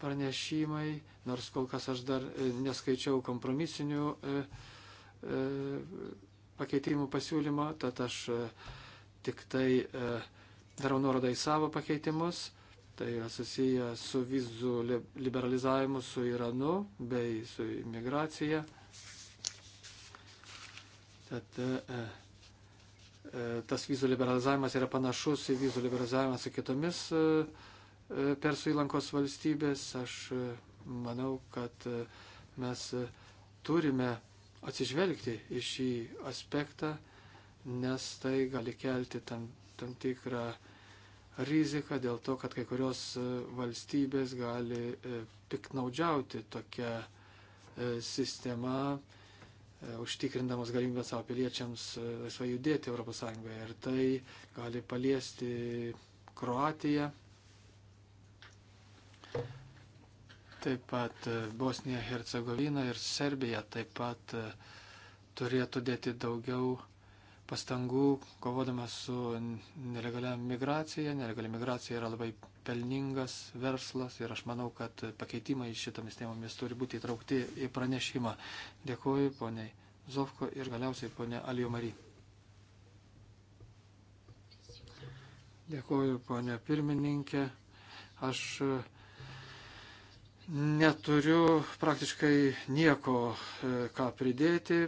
pranešimai, nors kol kas aš dar e, neskaičiau kompromisinių e, e, pakeitimų pasiūlymo, tad aš tik tai e, darau nuorodą į savo pakeitimus. Tai yra susiję su vizų liberalizavimu su Iranu bei su imigracija. Tad e, e, e, tas vizų liberalizavimas yra panašus į vizų liberalizavimą su kitomis e, e Persų įlankos valstybės. Aš e, manau, kad e, mes e, turime atsižvelgti į šį aspektą. E, nes tai gali kelti tam, tam tikrą riziką dėl to, kad kai kurios e, valstybės gali e, piknaudžiauti tokią e, sistemą, užtikrindamas galimybę savo piliečiams laisvai judėti ES. Ir tai gali paliesti Kroatiją, taip pat Bosnija, Hercegovina ir Serbija taip pat turėtų dėti daugiau pastangų kovodama su nelegalia migracija. Nelegalia migracija yra labai pelningas verslas ir aš manau, kad pakeitimai šitomis temomis turi būti įtraukti į pranešimą. Dėkuoju poniai Zovko ir galiausiai ponia Alijo Mary. Dėkuoju ponia pirmininkė. Aš e, neturiu praktiškai nieko e, ką pridėti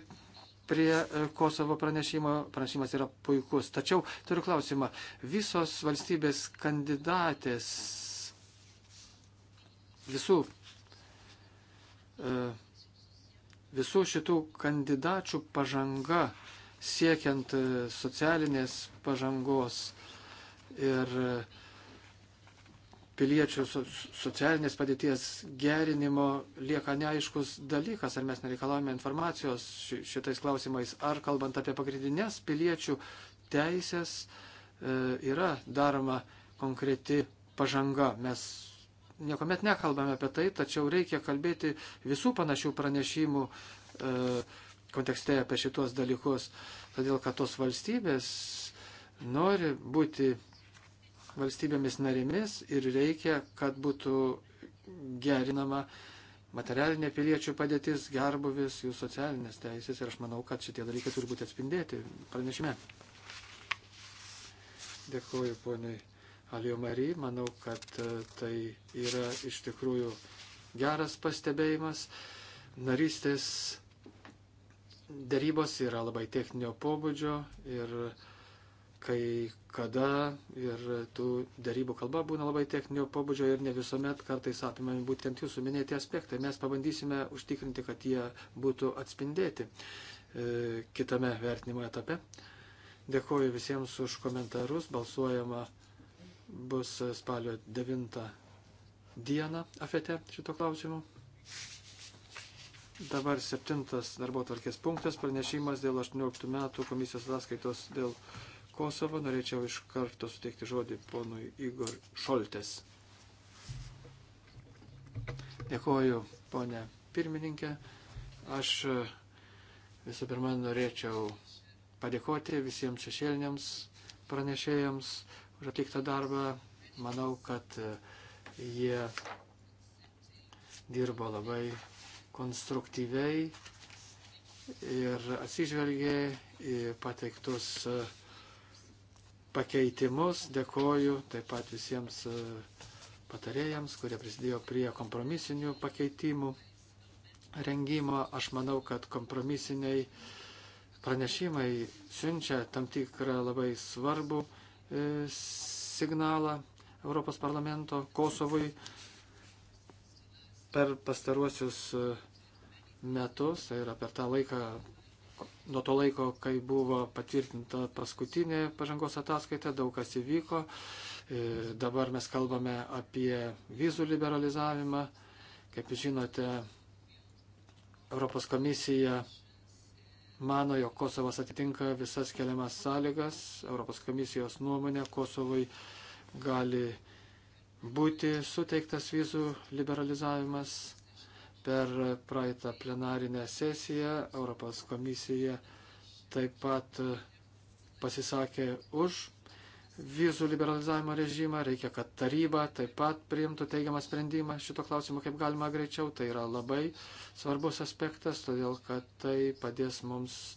prie e, Kosovo pranešimo. Pranešimas yra puikus. Tačiau turiu klausimą. Visos valstybės kandidatės visų, e, visų šitų kandidačių pažanga siekiant e, socialinės pažangos ir uh, piliečių socialinės padėties gerinimo lieka neaiškus dalykas, ar mes nereikalavome informacijos šitais klausimais, ar kalbant apie pagrindinės piliečių teisės e, yra daroma konkreti pažanga. Mes niekuomet nekalbame apie tai, tačiau reikia kalbėti visų panašių pranešimų e, kontekste apie šitos dalykus, todėl kad tos valstybės nori būti valstybėmis narėmis ir reikia, kad būtų gerinama materialinė piliečių padėtis, gerbuvis, jų socialinės teisės ir aš manau, kad šitie dalykai turi būti atspindėti pranešime. Dėkuoju poniai Alio Mary, manau, kad e, tai yra iš tikrųjų geras pastebėjimas. Narystės darybos yra labai techninio pobūdžio ir kai kada ir tų darybų kalba būna labai techninio pobūdžio ir ne visuomet kartais apimami būtent jūsų minėti aspektai. Mes pabandysime užtikrinti, kad jie būtų atspindėti e, kitame vertinimo etape. Dėkuoju visiems už komentarus. Balsuojama bus spalio 9 dieną afete šito klausimu. Dabar septintas darbo tvarkės punktas pranešimas dėl 18 metų komisijos ataskaitos dėl Kosovo. Norėčiau iš karto suteikti žodį ponui Igor Šoltes. Dėkoju, ponė pirmininkė. Aš e, visų pirma norėčiau padėkoti visiems šešėliniams pranešėjams už atliktą darbą. Manau, kad e, jie dirbo labai konstruktyviai ir atsižvelgė į pateiktus uh, pakeitimus. Dėkoju taip pat visiems e, patarėjams, kurie prisidėjo prie kompromisinių pakeitimų rengimo. Aš manau, kad kompromisiniai pranešimai siunčia tam tikrą labai svarbų e, signalą Europos parlamento Kosovui per pastaruosius e, metus, tai yra per tą laiką nuo to laiko, kai buvo patvirtinta paskutinė pažangos ataskaita, daug kas įvyko. E, dabar mes kalbame apie vizų liberalizavimą. Kaip žinote, Europos komisija mano, jog Kosovas atitinka visas keliamas sąlygas. Europos komisijos nuomonė Kosovui gali būti suteiktas vizų liberalizavimas. Per praeitą plenarinę sesiją Europos komisija taip pat pasisakė už vizų liberalizavimo režimą, reikia, kad taryba taip pat priimtų teigiamą sprendimą šito klausimo kaip galima greičiau. Tai yra labai svarbus aspektas, todėl kad tai padės mums e,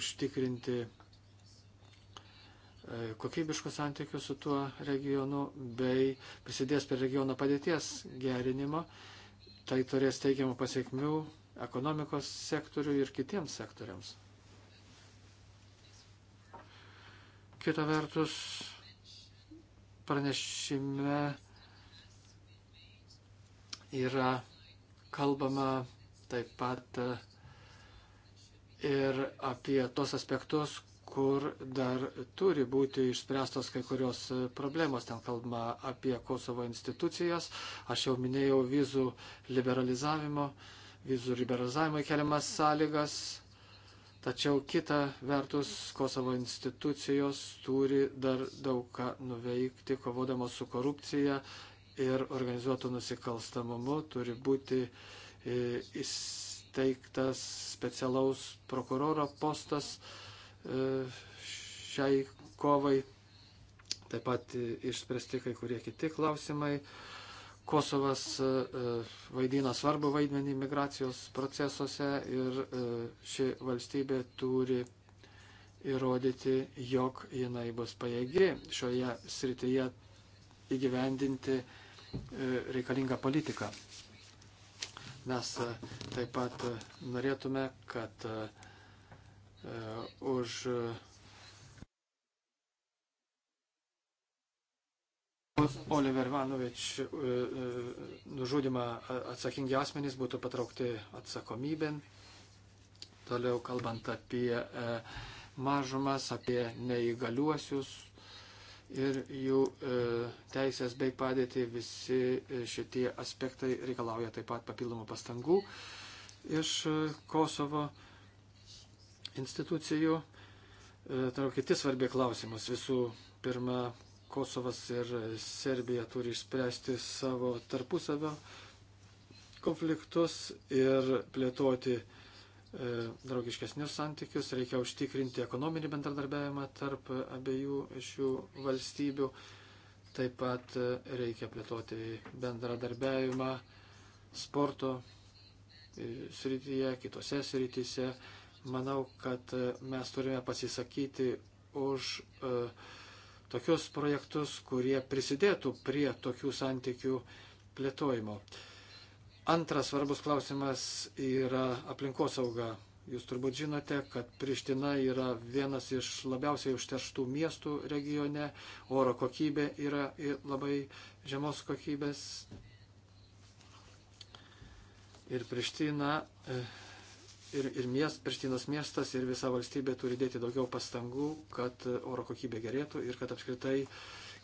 užtikrinti e, kokybiškus santykius su tuo regionu bei prisidės prie regiono padėties gerinimo. E, Tai turės teigiamų pasiekmių ekonomikos sektoriui ir kitiems sektoriams. Kita vertus, pranešime yra kalbama taip pat ir apie tos aspektus, kur dar turi būti išspręstos kai kurios e, problemos. Ten kalbama apie Kosovo institucijas. Aš jau minėjau vizų liberalizavimo, vizų liberalizavimo keliamas sąlygas. Tačiau kita vertus, Kosovo institucijos turi dar daug ką nuveikti, kovodamos su korupcija ir organizuotų nusikalstamumu. Turi būti e, įsteigtas specialaus prokuroro postas E, šiai kovai. Taip pat išspręsti kai kurie kiti klausimai. Kosovas e, e, vaidina svarbu vaidmenį migracijos procesuose ir ši valstybė turi įrodyti, jog jinai bus pajėgi šioje srityje įgyvendinti reikalingą politiką. Mes taip pat norėtume, kad E, už e, Oliver Vanovič e, nužudimą atsakingi asmenys būtų patraukti atsakomybėn. Toliau kalbant apie mažumas, apie neįgaliuosius ir jų teisės bei padėtį, visi šitie aspektai reikalauja taip pat papildomų pastangų iš Kosovo institucijų. Tai kiti svarbi klausimas. Visų pirma, Kosovas ir Serbija turi išspręsti savo tarpusavio konfliktus ir plėtoti e, draugiškesnius santykius. Reikia užtikrinti ekonominį bendradarbiavimą tarp abiejų šių valstybių. Taip pat e, reikia plėtoti bendradarbiavimą sporto e, srityje, kitose srityse. Manau, kad e, mes turime pasisakyti už e, tokius projektus, kurie prisidėtų prie tokių santykių plėtojimo. Antras svarbus klausimas yra aplinkosauga. Jūs turbūt žinote, kad Priština yra vienas iš labiausiai užterštų miestų regione, oro kokybė yra labai žemos kokybės. Ir Priština e, ir, ir miest, Prištinos miestas ir visa valstybė turi dėti daugiau pastangų, kad oro kokybė gerėtų ir kad apskritai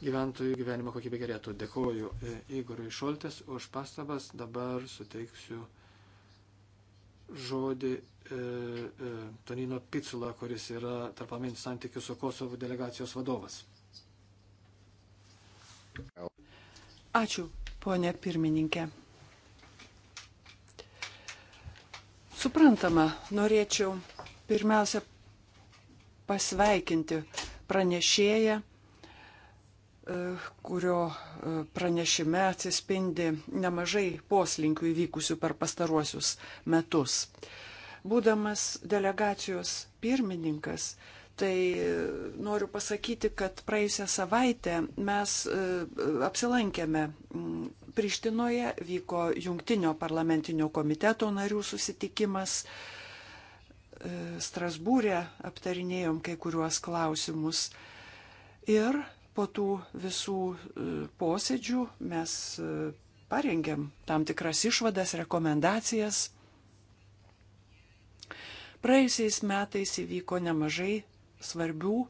gyventojų gyvenimo kokybė gerėtų. Dėkuoju e, Igorui Šoltės už pastabas. Dabar suteiksiu žodį e, e, Tonino Picula, kuris yra tarpamint santykių su Kosovo delegacijos vadovas. Ačiū, ponė pirmininkė. Suprantama, norėčiau pirmiausia pasveikinti pranešėją, e, kurio e, pranešime atsispindi nemažai poslinkių įvykusių per pastaruosius metus. Būdamas delegacijos pirmininkas, Tai noriu pasakyti, kad praėjusią savaitę mes e, apsilankėme Prištinoje, vyko jungtinio parlamentinio komiteto narių susitikimas. E, Strasbūrė aptarinėjom kai kuriuos klausimus. Ir po tų visų e, posėdžių mes parengėm tam tikras išvadas, rekomendacijas. Praėjusiais metais įvyko nemažai svarbių e,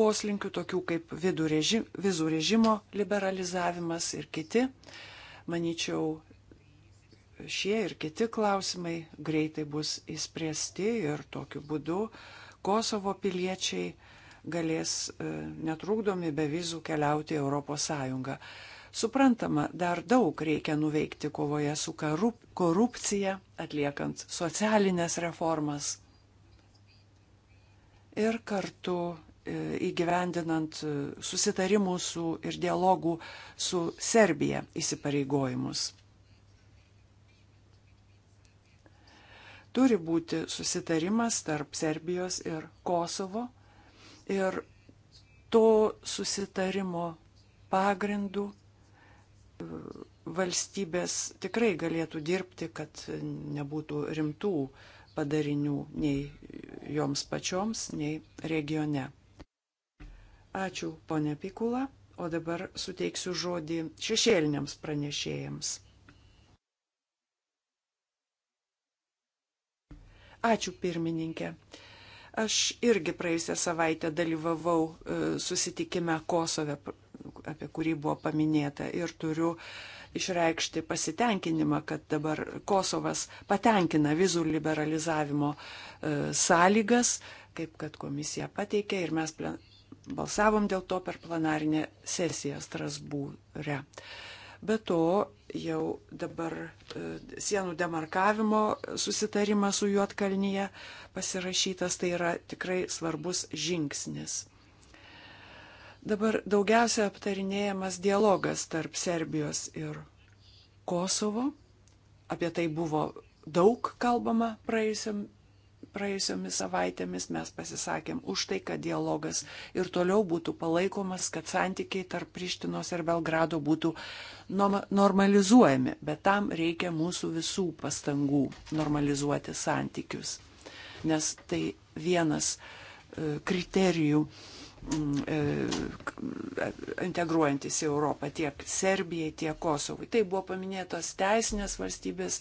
poslinkių, tokių kaip režim, vizų režimo liberalizavimas ir kiti. Maničiau, šie ir kiti klausimai greitai bus įspręsti ir tokiu būdu Kosovo piliečiai galės e, netrukdomi be vizų keliauti į ES. Suprantama, dar daug reikia nuveikti kovoje su korupcija, atliekant socialinės reformas ir kartu e, įgyvendinant e, susitarimų su ir dialogų su Serbija įsipareigojimus. Turi būti susitarimas tarp Serbijos ir Kosovo ir to susitarimo pagrindų e, valstybės tikrai galėtų dirbti, kad nebūtų rimtų uh, padarinių nei joms pačioms, nei regione. Ačiū, ponė Pikula, o dabar suteiksiu žodį šešėliniams pranešėjams. Ačiū, pirmininkė. Aš irgi praėjusią savaitę dalyvavau e, susitikime Kosove apie kurį buvo paminėta. Ir turiu išreikšti pasitenkinimą, kad dabar Kosovas patenkina vizų liberalizavimo e, sąlygas, kaip kad komisija pateikė ir mes balsavom dėl to per planarinę sesiją Strasbūre. Be to, jau dabar e, sienų demarkavimo susitarimas su Juotkalnyje pasirašytas, tai yra tikrai svarbus žingsnis. Dabar daugiausia aptarinėjamas dialogas tarp Serbijos ir Kosovo. Apie tai buvo daug kalbama praėjusiam praėjusiomis savaitėmis mes pasisakėm už tai, kad dialogas ir toliau būtų palaikomas, kad santykiai tarp Prištinos ir Belgrado būtų normalizuojami, bet tam reikia mūsų visų pastangų normalizuoti santykius, nes tai vienas e, kriterijų E, e, integruojantis į Europą tiek Serbijai, tiek Kosovui. Tai buvo paminėtos teisinės valstybės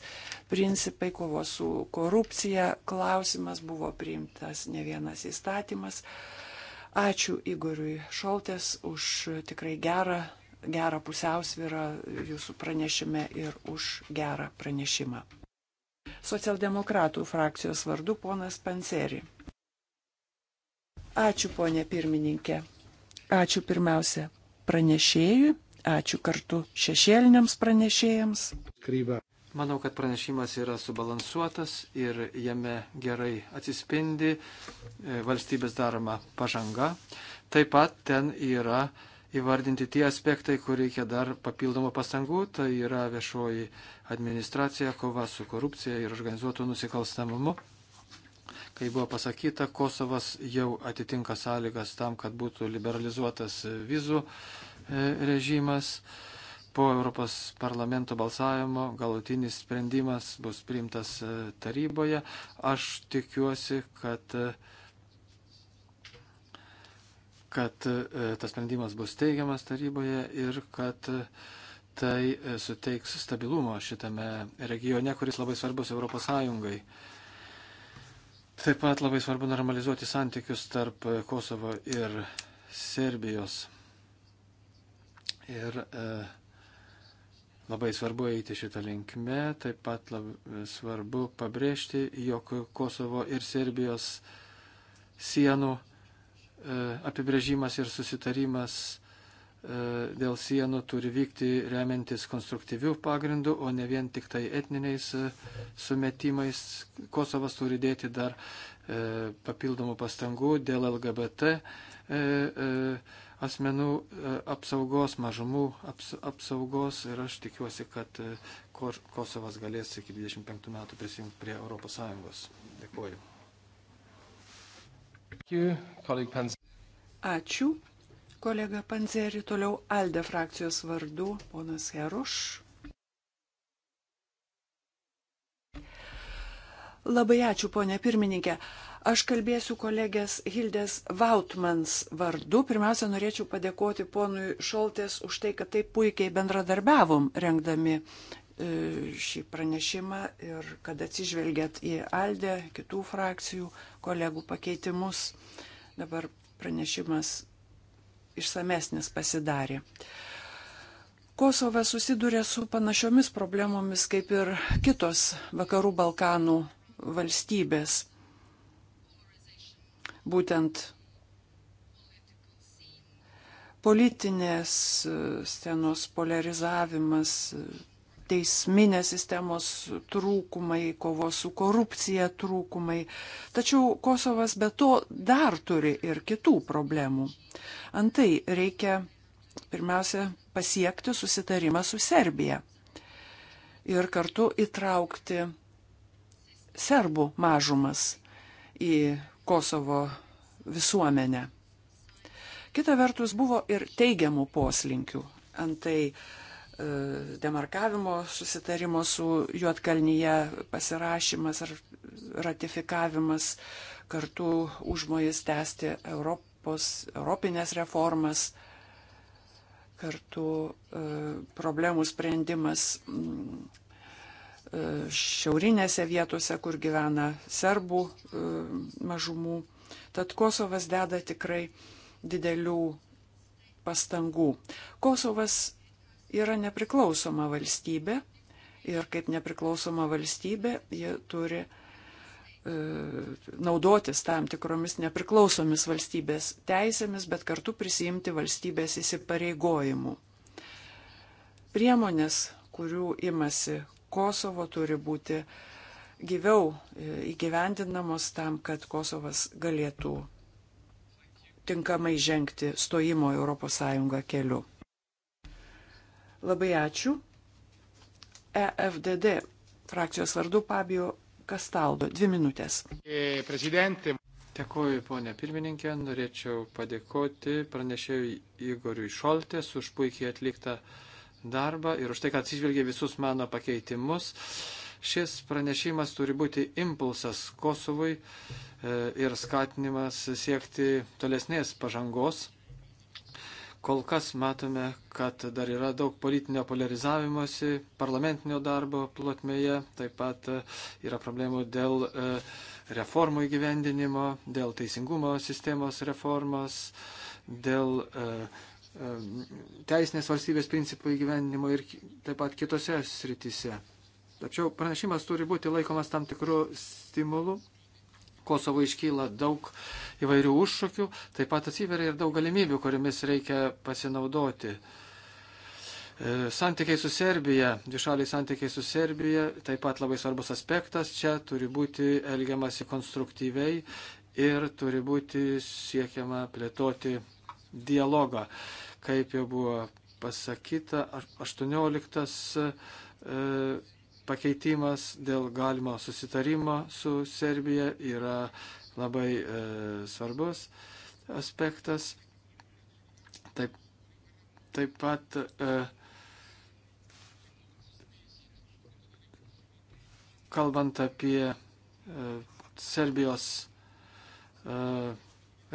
principai, kovos su korupcija klausimas, buvo priimtas ne vienas įstatymas. Ačiū Igoriui Šoltės už tikrai gerą, gerą pusiausvyrą jūsų pranešime ir už gerą pranešimą. Socialdemokratų frakcijos vardu ponas Panseri. Ačiū, ponė pirmininkė. Ačiū pirmiausia pranešėjui, ačiū kartu šešėliniams pranešėjams. Kryba. Manau, kad pranešimas yra subalansuotas ir jame gerai atsispindi e, valstybės daroma pažanga. Taip pat ten yra įvardinti tie aspektai, kur reikia dar papildomų pastangų, tai yra viešoji administracija, kova su korupcija ir organizuotų nusikalstamumu. Kai buvo pasakyta, Kosovas jau atitinka sąlygas tam, kad būtų liberalizuotas vizų e, režimas. Po Europos parlamento balsavimo galutinis sprendimas bus priimtas e, taryboje. Aš tikiuosi, kad, e, kad tas sprendimas bus teigiamas taryboje ir kad tai suteiks stabilumo šitame regione, kuris labai svarbus Europos Sąjungai. Taip pat labai svarbu normalizuoti santykius tarp Kosovo ir Serbijos. Ir e, labai svarbu eiti šitą linkmę, taip pat labai svarbu pabrėžti, jog Kosovo ir Serbijos sienų e, apibrėžimas ir susitarimas E, dėl sienų turi vykti remiantis konstruktyvių pagrindų, o ne vien tik tai etniniais e, sumetimais. Kosovas turi dėti dar e, papildomų pastangų dėl LGBT asmenų apsaugos, mažumų apsaugos ir aš tikiuosi, kad Kosovas galės iki 25 metų prisijungti prie ES. Dėkuoju. Ačiū kolega Panzerį, toliau Alde frakcijos vardu, ponas Heruš. Labai ačiū, ponė pirmininkė. Aš kalbėsiu kolegės Hildės Vautmans vardu. Pirmiausia, norėčiau padėkoti ponui Šoltės už tai, kad taip puikiai bendradarbiavom rengdami e, šį pranešimą ir kad atsižvelgėt į Aldę, kitų frakcijų, kolegų pakeitimus. Dabar pranešimas išsamesnis pasidarė. Kosovas susiduria su panašiomis problemomis kaip ir kitos vakarų Balkanų valstybės. Būtent politinės scenos polarizavimas, teisminės sistemos trūkumai, kovos su korupcija trūkumai. Tačiau Kosovas be to dar turi ir kitų problemų. Antai reikia pirmiausia pasiekti susitarimą su Serbija ir kartu įtraukti serbų mažumas į Kosovo visuomenę. Kita vertus buvo ir teigiamų poslinkių. Antai uh, demarkavimo susitarimo su Juotkalnyje pasirašymas ar ratifikavimas, kartu užmojas tęsti Europos, europinės reformas, kartu e, problemų sprendimas e, šiaurinėse vietose, kur gyvena serbų e, mažumų. Tad Kosovas deda tikrai didelių pastangų. Kosovas yra nepriklausoma valstybė ir kaip nepriklausoma valstybė ji turi e, naudotis tam tikromis nepriklausomis valstybės teisėmis, bet kartu prisijimti valstybės įsipareigojimų. Priemonės, kurių imasi Kosovo, turi būti gyviau e, įgyvendinamos tam, kad Kosovas galėtų tinkamai žengti stojimo Europos Sąjungą keliu. Labai ačiū. EFDD frakcijos vardu Pabijo Kastaldo. Dvi minutės. E, Prezidentė. Dėkuoju, ponė pirmininkė. Norėčiau padėkoti pranešėjui Igoriui Šoltės už puikiai atliktą darbą ir už tai, kad atsižvelgė visus mano pakeitimus. Šis pranešimas turi būti impulsas Kosovui e, ir skatinimas siekti tolesnės pažangos Kol kas matome, kad dar yra daug politinio polarizavimuose, parlamentinio darbo plotmėje, taip pat e, yra problemų dėl e, reformų įgyvendinimo, dėl teisingumo sistemos reformos, dėl e, teisinės valstybės principų įgyvendinimo ir taip pat kitose sritise. Tačiau pranešimas turi būti laikomas tam tikrų stimulų Kosovo iškyla daug įvairių užšūkių, taip pat atsiveria ir daug galimybių, kuriomis reikia pasinaudoti. E, santykiai su Serbija, dvišaliai santykiai su Serbija, taip pat labai svarbus aspektas, čia turi būti elgiamasi konstruktyviai ir turi būti siekiama plėtoti dialogą. Kaip jau buvo pasakyta, 18 pakeitimas dėl galimo susitarimo su Serbija yra labai e, svarbus aspektas. Taip, taip pat e, kalbant apie e, Serbijos e,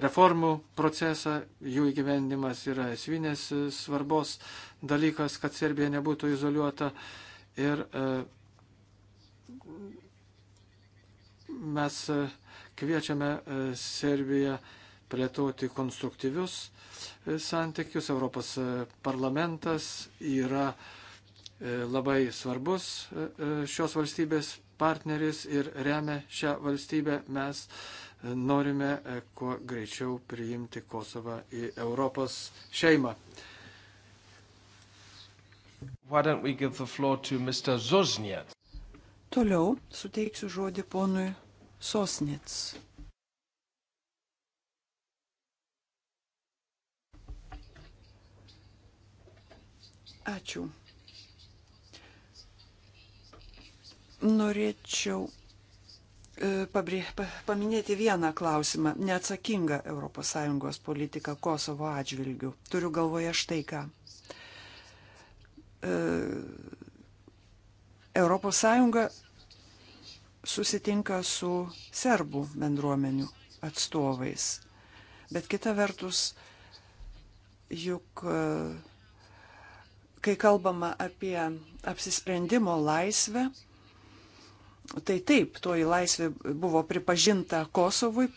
reformų procesą, jų įgyvendimas yra esminės svarbos dalykas, kad Serbija nebūtų izoliuota ir e, mes e, kviečiame e, Serbiją plėtoti konstruktyvius e, santykius. Europos parlamentas yra labai svarbus šios valstybės partneris ir remia šią valstybę. Mes norime kuo greičiau priimti Kosovą į Europos šeimą. Why don't we give the floor to Mr. Zuzniak? Toliau suteiksiu žodį ponui Sosnits. Ačiū. Norėčiau e, pabrė, paminėti vieną klausimą - neatsakingą ES politiką Kosovo atžvilgių. Turiu galvoje štai ką. E ES susitinka su serbų bendruomenių atstovais. Bet kita vertus, juk kai kalbama apie apsisprendimo laisvę, tai taip, toji laisvė buvo pripažinta Kosovui,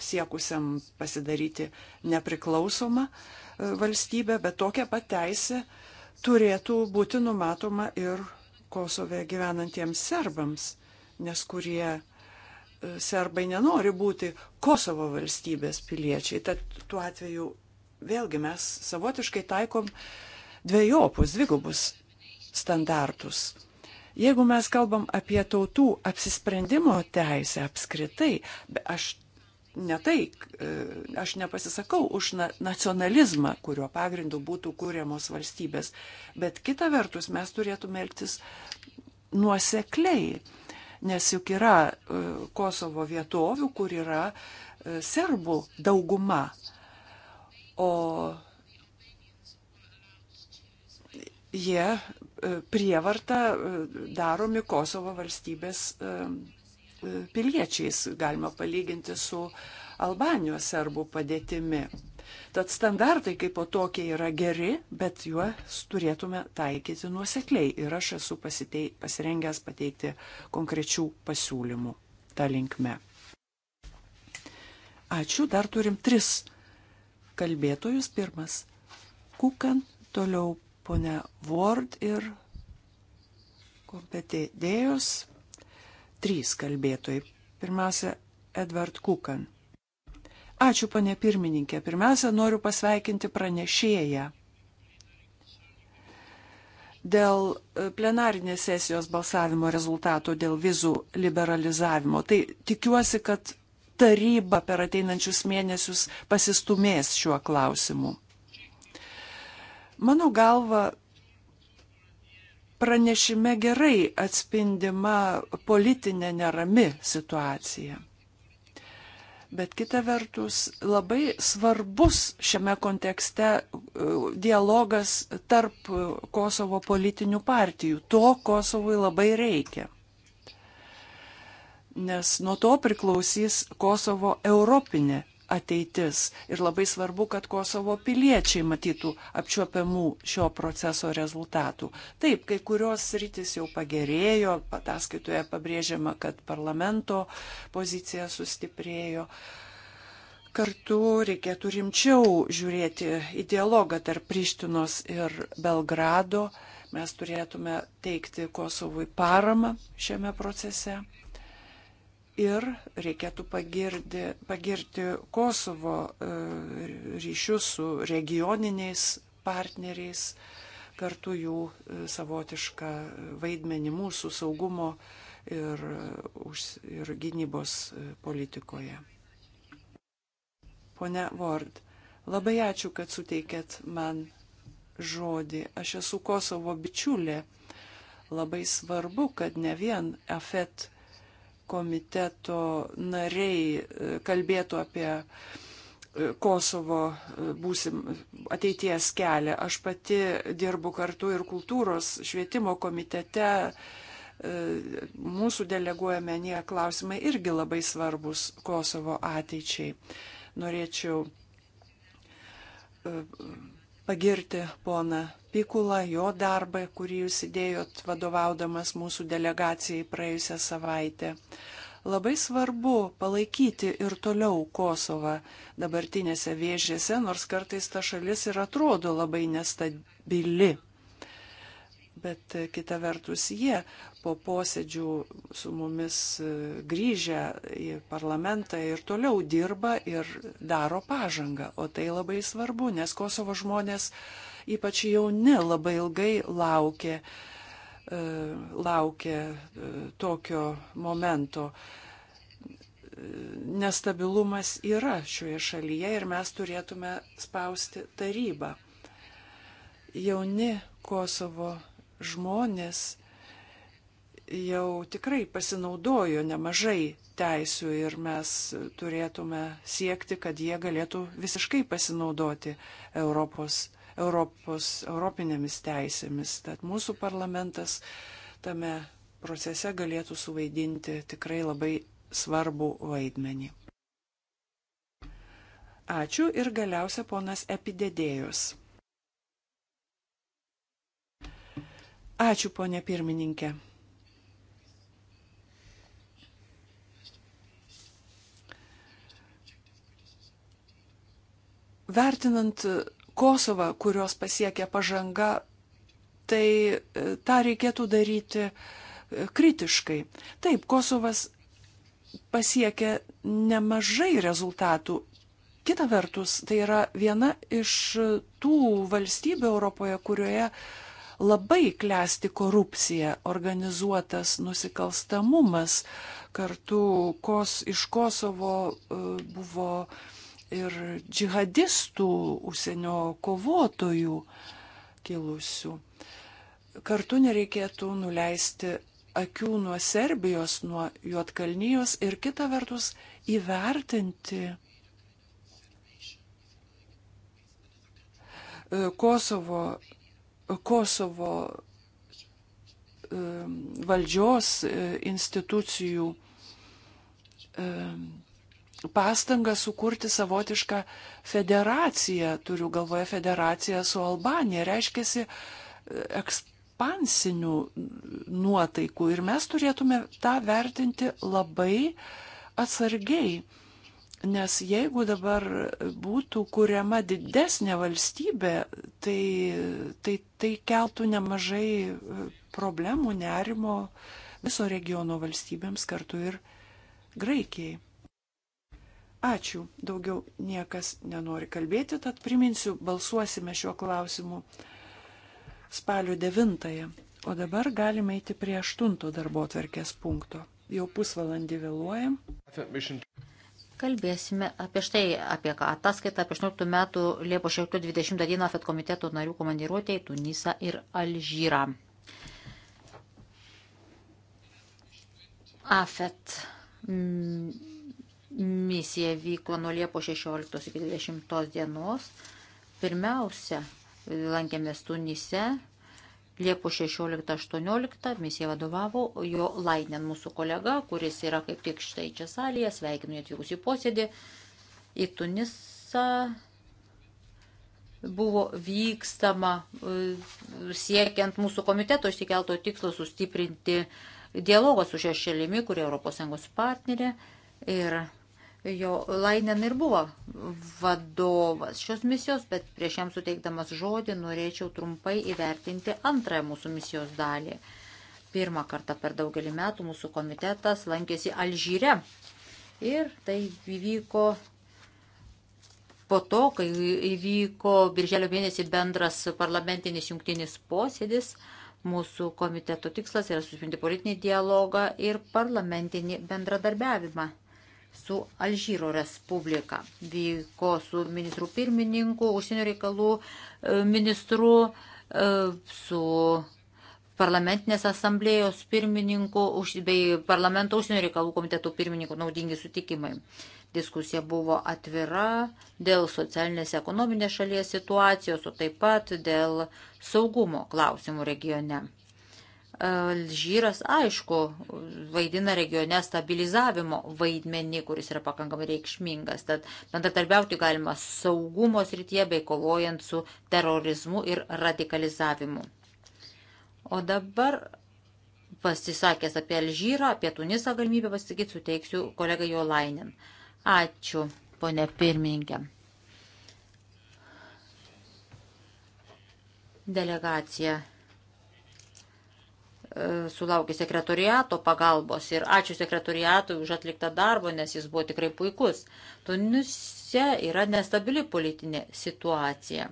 siekusiam pasidaryti nepriklausomą e, valstybę, bet tokia pat teisė turėtų būti numatoma ir Kosove gyvenantiems serbams, nes kurie e, serbai nenori būti Kosovo valstybės piliečiai. Tad tuo atveju vėlgi mes savotiškai taikom dviejopus, dvigubus standartus. Jeigu mes kalbam apie tautų apsisprendimo teisę apskritai, aš ne tai, e, aš nepasisakau už nacionalizmą, kurio pagrindu būtų kūriamos valstybės, bet kita vertus mes turėtume elgtis nuosekliai, nes juk yra e, Kosovo vietovių, kur yra e, serbų dauguma. O jie prievarta daromi Kosovo valstybės piliečiais, galima palyginti su Albanijos serbų padėtimi. Tad standartai kaip po tokie yra geri, bet juos turėtume taikyti nuosekliai ir aš esu pasitei, pasirengęs pateikti konkrečių pasiūlymų tą linkme. Ačiū, dar turim tris kalbėtojus. Pirmas Kukan, toliau ponia Ward ir kompetėdėjos, trys kalbėtojai. Pirmiausia, Edvard Kukan. Ačiū, panė pirmininkė. Pirmiausia, noriu pasveikinti pranešėją dėl e, plenarinės sesijos balsavimo rezultato dėl vizų liberalizavimo. Tai tikiuosi, kad taryba per ateinančius mėnesius pasistumės šiuo klausimu. Mano galva, pranešime gerai atspindima politinė nerami situacija. Bet kita vertus, labai svarbus šiame kontekste e, dialogas tarp Kosovo politinių partijų. To Kosovui labai reikia. Nes nuo to priklausys Kosovo europinė ateitis. Ir labai svarbu, kad Kosovo piliečiai matytų apčiuopiamų šio proceso rezultatų. Taip, kai kurios rytis jau pagerėjo, pataskaitoje pabrėžiama, kad parlamento pozicija sustiprėjo. Kartu reikėtų rimčiau žiūrėti į dialogą tarp Prištinos ir Belgrado. Mes turėtume teikti Kosovui paramą šiame procese. Ir reikėtų pagirdi, pagirti Kosovo e, ryšius su regioniniais partneriais, kartu jų e, savotišką vaidmenį mūsų saugumo ir, e, ir gynybos politikoje. Pone Vord, labai ačiū, kad suteikėt man žodį. Aš esu Kosovo bičiulė. Labai svarbu, kad ne vien AFET komiteto nariai e, kalbėtų apie e, Kosovo e, būsim ateities kelią. Aš pati dirbu kartu ir kultūros švietimo komitete. Mūsų deleguojame nie klausimai irgi labai svarbus Kosovo ateičiai. Norėčiau pagirti poną Pikulą, jo darbą, kurį jūs įdėjot vadovaudamas mūsų delegacijai praėjusią savaitę. Labai svarbu palaikyti ir toliau Kosovą dabartinėse vėžėse, nors kartais ta šalis ir atrodo labai nestabili. Bet kita vertus, jie po posėdžių su mumis e, grįžę į parlamentą ir toliau dirba ir daro pažangą. O tai labai svarbu, nes Kosovo žmonės, ypač jauni, labai ilgai laukė, e, laukė e, tokio momento nestabilumas yra šioje šalyje ir mes turėtume spausti tarybą. Jauni Kosovo žmonės jau tikrai pasinaudojo nemažai teisių ir mes turėtume siekti, kad jie galėtų visiškai pasinaudoti Europos, Europos, europinėmis teisėmis. Tad mūsų parlamentas tame procese galėtų suvaidinti tikrai labai svarbų vaidmenį. Ačiū ir galiausia ponas Epidėdėjus. Ačiū, ponė pirmininkė. vertinant Kosovą, kurios pasiekė pažanga, tai e, tą reikėtų daryti e, kritiškai. Taip, Kosovas pasiekė nemažai rezultatų. Kita vertus, tai yra viena iš tų valstybių Europoje, kurioje labai klesti korupcija, organizuotas nusikalstamumas. Kartu kos, iš Kosovo e, buvo uh, ir džihadistų užsienio kovotojų kilusių. Kartu nereikėtų nuleisti akių nuo Serbijos, nuo Juotkalnyjos ir kita vertus įvertinti e, Kosovo, Kosovo e, valdžios e, institucijų pastangą sukurti savotišką federaciją, turiu galvoje federaciją su Albanija, reiškia e, ekspansinių nuotaikų ir mes turėtume tą vertinti labai atsargiai. Nes jeigu dabar būtų kuriama didesnė valstybė, tai tai, tai keltų nemažai e, problemų, nerimo viso regiono valstybėms kartu ir Graikijai. Ačiū, daugiau niekas nenori kalbėti, tad priminsiu, balsuosime šiuo klausimu spalio 9. O dabar galime eiti prie 8 darbo tvarkės punkto. Jau pusvalandį vėluojam. Kalbėsime apie štai, apie ką ataskaita apie 18 metų Liepo 6-20 dieną FED komiteto narių komandiruotė į Tunisą ir Alžyrą. AFET misija vyko nuo Liepo 16 iki 20 dienos. Pirmiausia, lankėmės Tunise. Liepo 16-18 misija vadovavo jo Lainen, mūsų kolega, kuris yra kaip tik štai čia salėje. Sveikinu atvykus į posėdį. Į Tunisą buvo vykstama e, siekiant mūsų komiteto išsikelto tikslo sustiprinti dialogą su šia šalimi, kuri Europos Sąjungos partnerė. Ir jo Lainen ir buvo vadovas šios misijos, bet prieš jam suteikdamas žodį norėčiau trumpai įvertinti antrąją mūsų misijos dalį. Pirmą kartą per daugelį metų mūsų komitetas lankėsi Alžyre ir tai įvyko po to, kai įvyko birželio mėnesį bendras parlamentinis jungtinis posėdis. Mūsų komiteto tikslas yra suspinti politinį dialogą ir parlamentinį bendradarbiavimą su Alžyro Respublika. Vyko su ministru pirmininku, užsienio reikalų e, ministru, e, su parlamentinės asamblėjos pirmininku bei parlamento užsienio reikalų komitetų pirmininku naudingi sutikimai. Diskusija buvo atvira dėl socialinės ekonominės šalies situacijos, o taip pat dėl saugumo klausimų regione. Alžyras, aišku, vaidina regione stabilizavimo vaidmenį, kuris yra pakankamai reikšmingas. Tad bendradarbiauti galima saugumo srityje bei kovojant su terorizmu ir radikalizavimu. O dabar pasisakęs apie Alžyrą, apie Tunisą galimybę pasisakyti, suteiksiu kolegai Jolainin. Ačiū, ponė pirmininkė. Delegacija E, sulaukė sekretoriato pagalbos ir ačiū sekretoriatui už atliktą darbą, nes jis buvo tikrai puikus. Tunise yra nestabili politinė situacija.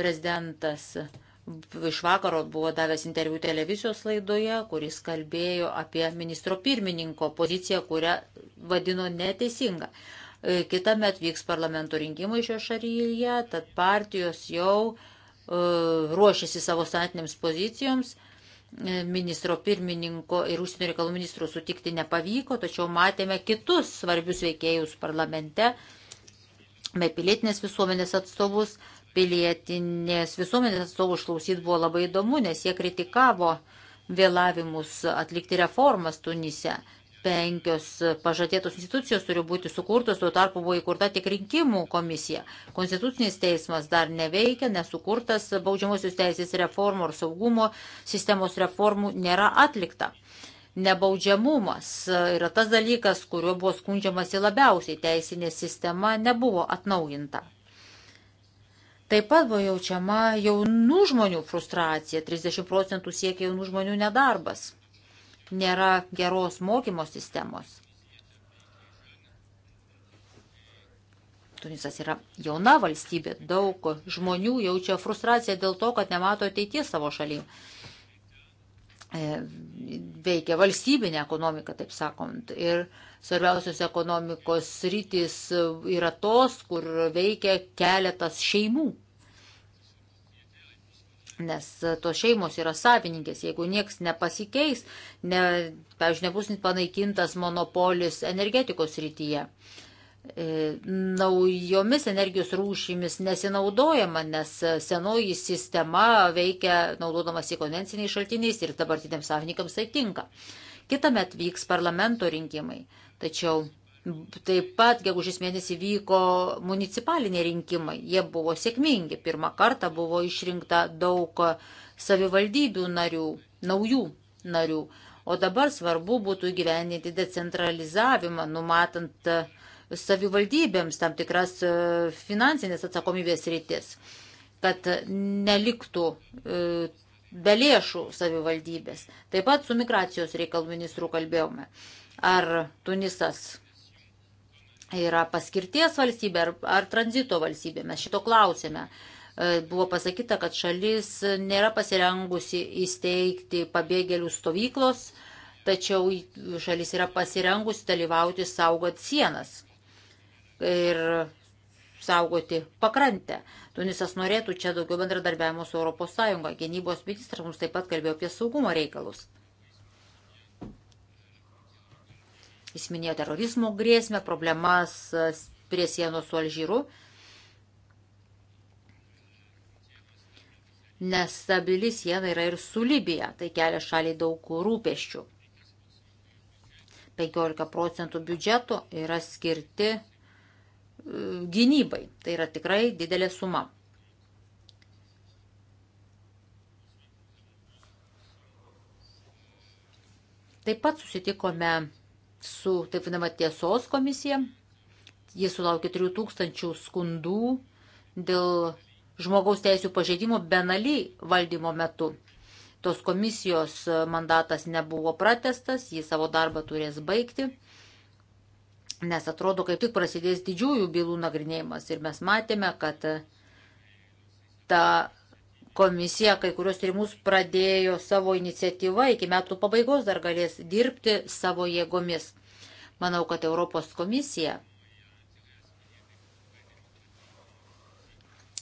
Prezidentas iš vakaro buvo davęs interviu televizijos laidoje, kuris kalbėjo apie ministro pirmininko poziciją, kurią vadino neteisinga. E, Kita met vyks parlamento rinkimai šio šaryje, tad partijos jau uh, ruošiasi savo statiniams pozicijoms. Uh, ministro pirmininko ir užsienio reikalų ministro sutikti nepavyko, tačiau matėme kitus svarbius veikėjus parlamente, bei pilietinės visuomenės atstovus. Pilietinės visuomenės atstovų išklausyti buvo labai įdomu, nes jie kritikavo vėlavimus atlikti reformas Tunise penkios pažadėtos institucijos turi būti sukurtos, tuo tarpu buvo įkurta tik rinkimų komisija. Konstitucinis teismas dar neveikia, nesukurtas, baudžiamosios teisės reformų ir saugumo sistemos reformų nėra atlikta. Nebaudžiamumas yra tas dalykas, kuriuo buvo skundžiamasi labiausiai, teisinė sistema nebuvo atnaujinta. Taip pat buvo jaučiama jaunų žmonių frustracija, 30 procentų siekia jaunų žmonių nedarbas nėra geros mokymo sistemos. Tunisas yra jauna valstybė, daug žmonių jaučia frustraciją dėl to, kad nemato ateities savo šalyje. Veikia valstybinė ekonomika, taip sakant. Ir svarbiausios ekonomikos rytis yra tos, kur veikia keletas šeimų Nes e, tos šeimos yra savininkės, jeigu nieks nepasikeis, ne, pavyzdžiui, nebus panaikintas monopolis energetikos rytyje. E, naujomis energijos rūšimis nesinaudojama, nes e, senoji sistema veikia naudodamas į konvenciniais šaltiniais ir dabartiniams savininkams tai tinka. Kitą metą vyks parlamento rinkimai, tačiau Taip pat gegužės mėnesį vyko municipaliniai rinkimai. Jie buvo sėkmingi. Pirmą kartą buvo išrinkta daug savivaldybių narių, naujų narių. O dabar svarbu būtų įgyveninti decentralizavimą, numatant e, savivaldybėms tam tikras e, finansinės atsakomybės rytis, kad neliktų e, be lėšų savivaldybės. Taip pat su migracijos reikalų ministru kalbėjome. Ar Tunisas yra paskirties valstybė ar, ar tranzito valstybė. Mes šito klausėme. E, buvo pasakyta, kad šalis nėra pasirengusi įsteigti pabėgėlių stovyklos, tačiau šalis yra pasirengusi dalyvauti saugot sienas ir saugoti pakrantę. Tunisas norėtų čia daugiau bendradarbiavimo su ES. Gynybos ministras mums taip pat kalbėjo apie saugumo reikalus. Jis minėjo terorizmo grėsmę, problemas e, prie sienos su Alžyru. Nestabili siena yra ir su Libija, tai kelia šaliai daug rūpeščių. 15 procentų biudžeto yra skirti e, gynybai. Tai yra tikrai didelė suma. Taip pat susitikome su taip vadinama tiesos komisija. Jis sulaukė 3000 skundų dėl žmogaus teisų pažeidimo benali valdymo metu. Tos komisijos mandatas nebuvo pratestas, jis savo darbą turės baigti, nes atrodo, kaip tik prasidės didžiųjų bylų nagrinėjimas. Ir mes matėme, kad ta Komisija kai kurios tyrimus pradėjo savo iniciatyvą, iki metų pabaigos dar galės dirbti savo jėgomis. Manau, kad Europos komisija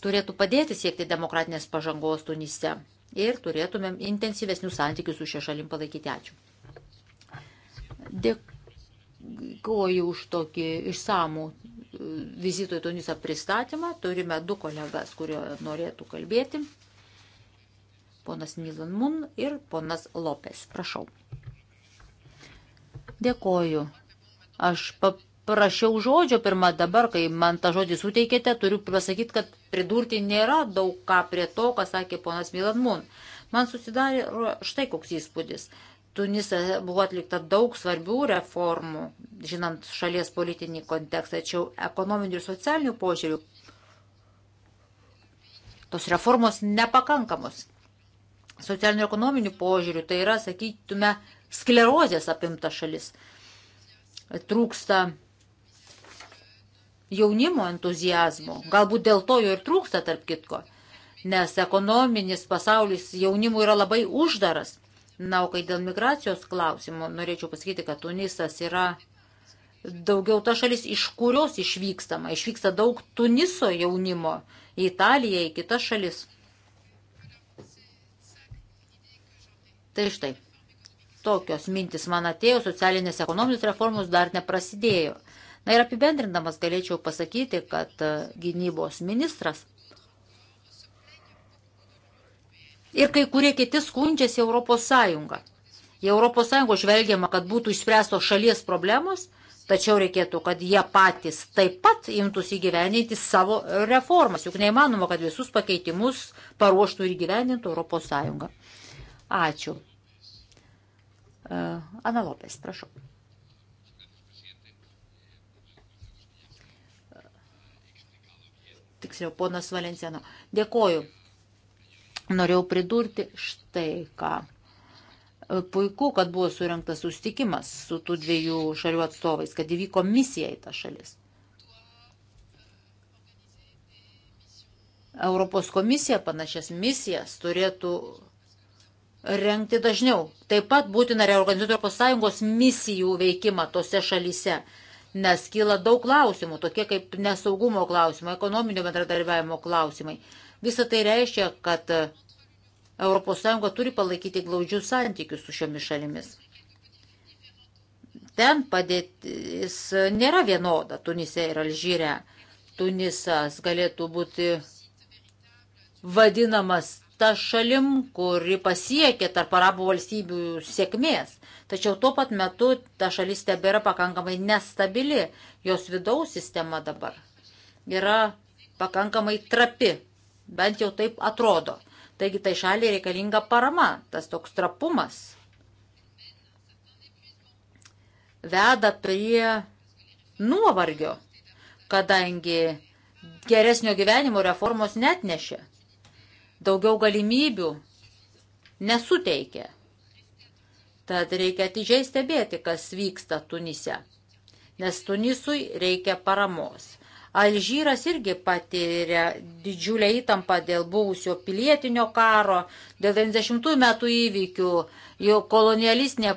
turėtų padėti siekti demokratinės pažangos Tunise ir turėtumėm intensyvesnių santykių su šia šalim palaikyti. Ačiū. Dėkuoju už tokį išsamų e, vizito į Tunisą pristatymą. Turime du kolegas, kurio norėtų kalbėti ponas Milan Mun ir ponas Lopes. Prašau. Dėkoju. Aš paprašiau žodžio pirmą dabar, kai man tą žodį suteikėte, turiu pasakyti, kad pridurti nėra daug ką prie to, ką sakė ponas Milan Mun. Man susidarė štai koks įspūdis. Tunise buvo atlikta daug svarbių reformų, žinant šalies politinį kontekstą, tačiau ekonominių ir socialinių požiūrių tos reformos nepakankamos socialinių ir ekonominių požiūrių, tai yra, sakytume, sklerozės apimta šalis. Trūksta jaunimo entuzijazmo, galbūt dėl to jo ir trūksta, tarp kitko, nes ekonominis pasaulis jaunimui yra labai uždaras. Na, o kai dėl migracijos klausimų, norėčiau pasakyti, kad Tunisas yra daugiau ta šalis, iš kurios išvykstama. Išvyksta daug Tuniso jaunimo į Italiją, į kitas šalis. Tai štai, tokios mintis man atėjo, socialinės ekonominės reformos dar neprasidėjo. Na ir apibendrindamas galėčiau pasakyti, kad e, gynybos ministras ir kai kurie kiti skundžiasi Europos Sąjungą. Į Europos Sąjungą žvelgiama, kad būtų išspręstos šalies problemos, tačiau reikėtų, kad jie patys taip pat imtųsi įgyveninti savo reformas, juk neįmanoma, kad visus pakeitimus paruoštų ir įgyvenintų Europos Sąjunga. Ačiū. Uh, Ana Lopes, prašau. Uh, tiksliau, ponas Valenciano. Dėkoju. Norėjau pridurti štai ką. Uh, puiku, kad buvo surinktas sustikimas su tų dviejų šalių atstovais, kad įvyko misija į tą šalis. Europos komisija panašias misijas turėtų rengti dažniau. Taip pat būtina reorganizuoti ES misijų veikimą tose šalyse, nes kyla daug klausimų, tokie kaip nesaugumo klausimai, ekonominio bendradarbiavimo klausimai. Visą tai reiškia, kad ES turi palaikyti glaudžius santykius su šiomis šalimis. Ten padėtis nėra vienoda Tunise ir Alžyre. Tunisas galėtų būti vadinamas ta šalim, kuri pasiekė tarp arabų valstybių sėkmės. Tačiau tuo pat metu ta šalis tebėra pakankamai nestabili, jos vidaus sistema dabar yra pakankamai trapi, bent jau taip atrodo. Taigi tai šaliai reikalinga parama, tas toks trapumas veda prie nuovargio, kadangi geresnio gyvenimo reformos net nešia daugiau galimybių nesuteikia. Tad reikia atidžiai stebėti, kas vyksta Tunise, nes Tunisui reikia paramos. Alžyras irgi patiria didžiulę įtampą dėl buvusio pilietinio karo, dėl 90 metų įvykių, jo kolonialistinė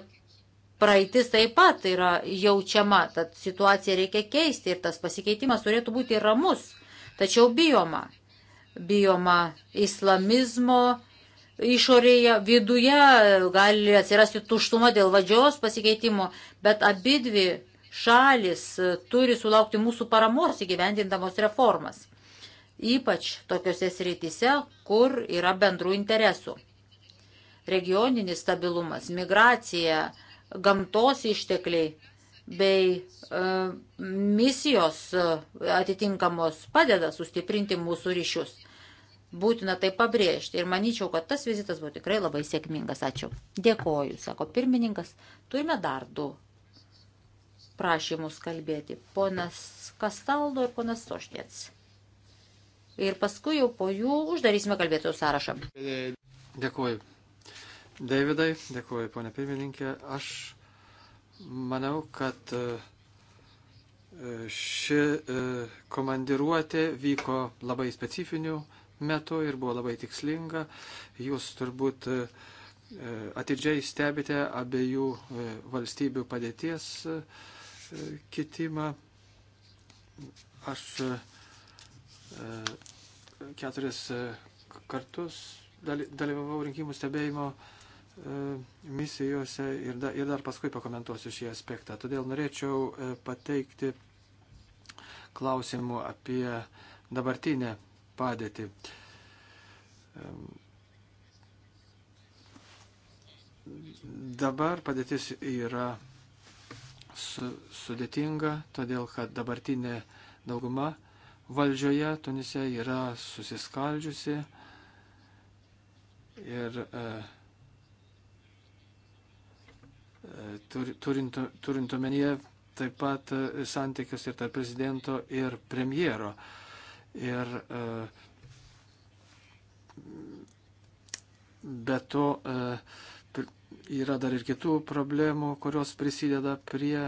praeitis taip pat yra jaučiama, tad situaciją reikia keisti ir tas pasikeitimas turėtų būti ramus, tačiau bijoma bijoma islamizmo išorėje, viduje gali atsirasti tuštuma dėl valdžios pasikeitimo, bet abidvi šalis turi sulaukti mūsų paramos įgyvendindamos reformas. Ypač tokiuose srityse, kur yra bendrų interesų. Regioninis stabilumas, migracija, gamtos ištekliai bei e, misijos e, atitinkamos padeda sustiprinti mūsų ryšius. Būtina tai pabrėžti ir manyčiau, kad tas vizitas buvo tikrai labai sėkmingas. Ačiū. Dėkoju, sako pirmininkas. Turime dar du prašymus kalbėti. Ponas Kastaldo ir ponas Sošnėts. Ir paskui jau po jų uždarysime kalbėtojų sąrašą. Dėkoju. Davidai, dėkoju, ponė pirmininkė. Aš Manau, kad e, ši e, komandiruotė vyko labai specifiniu metu ir buvo labai tikslinga. Jūs turbūt e, atidžiai stebite abiejų valstybių padėties kitimą. Aš keturis kartus dalyvavau rinkimų stebėjimo uh, E, misijose ir, da, ir dar paskui pakomentuosiu šį aspektą. Todėl norėčiau e, pateikti klausimų apie dabartinę padėtį. Dabar padėtis yra su, sudėtinga, todėl kad dabartinė dauguma valdžioje Tunise yra susiskaldžiusi ir e, turint, turint omenyje taip pat e, santykius ir tarp prezidento ir premjero. Ir e, be to e, yra dar ir kitų problemų, kurios prisideda prie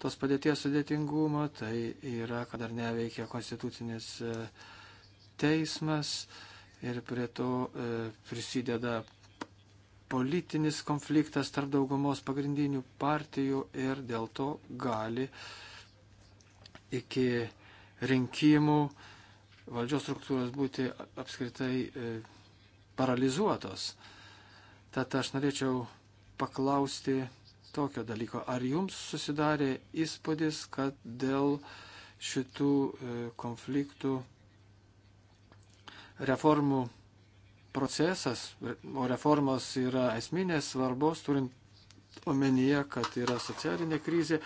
tos padėties sudėtingumo. Tai yra, kad dar neveikia konstitucinis teismas ir prie to prisideda politinis konfliktas tarp daugumos pagrindinių partijų ir dėl to gali iki rinkimų valdžios struktūros būti apskritai e, paralizuotos. Tad aš norėčiau paklausti tokio dalyko. Ar jums susidarė įspūdis, kad dėl šitų e, konfliktų reformų procesas, o reformos yra esminės svarbos, turint omenyje, kad yra socialinė krizė,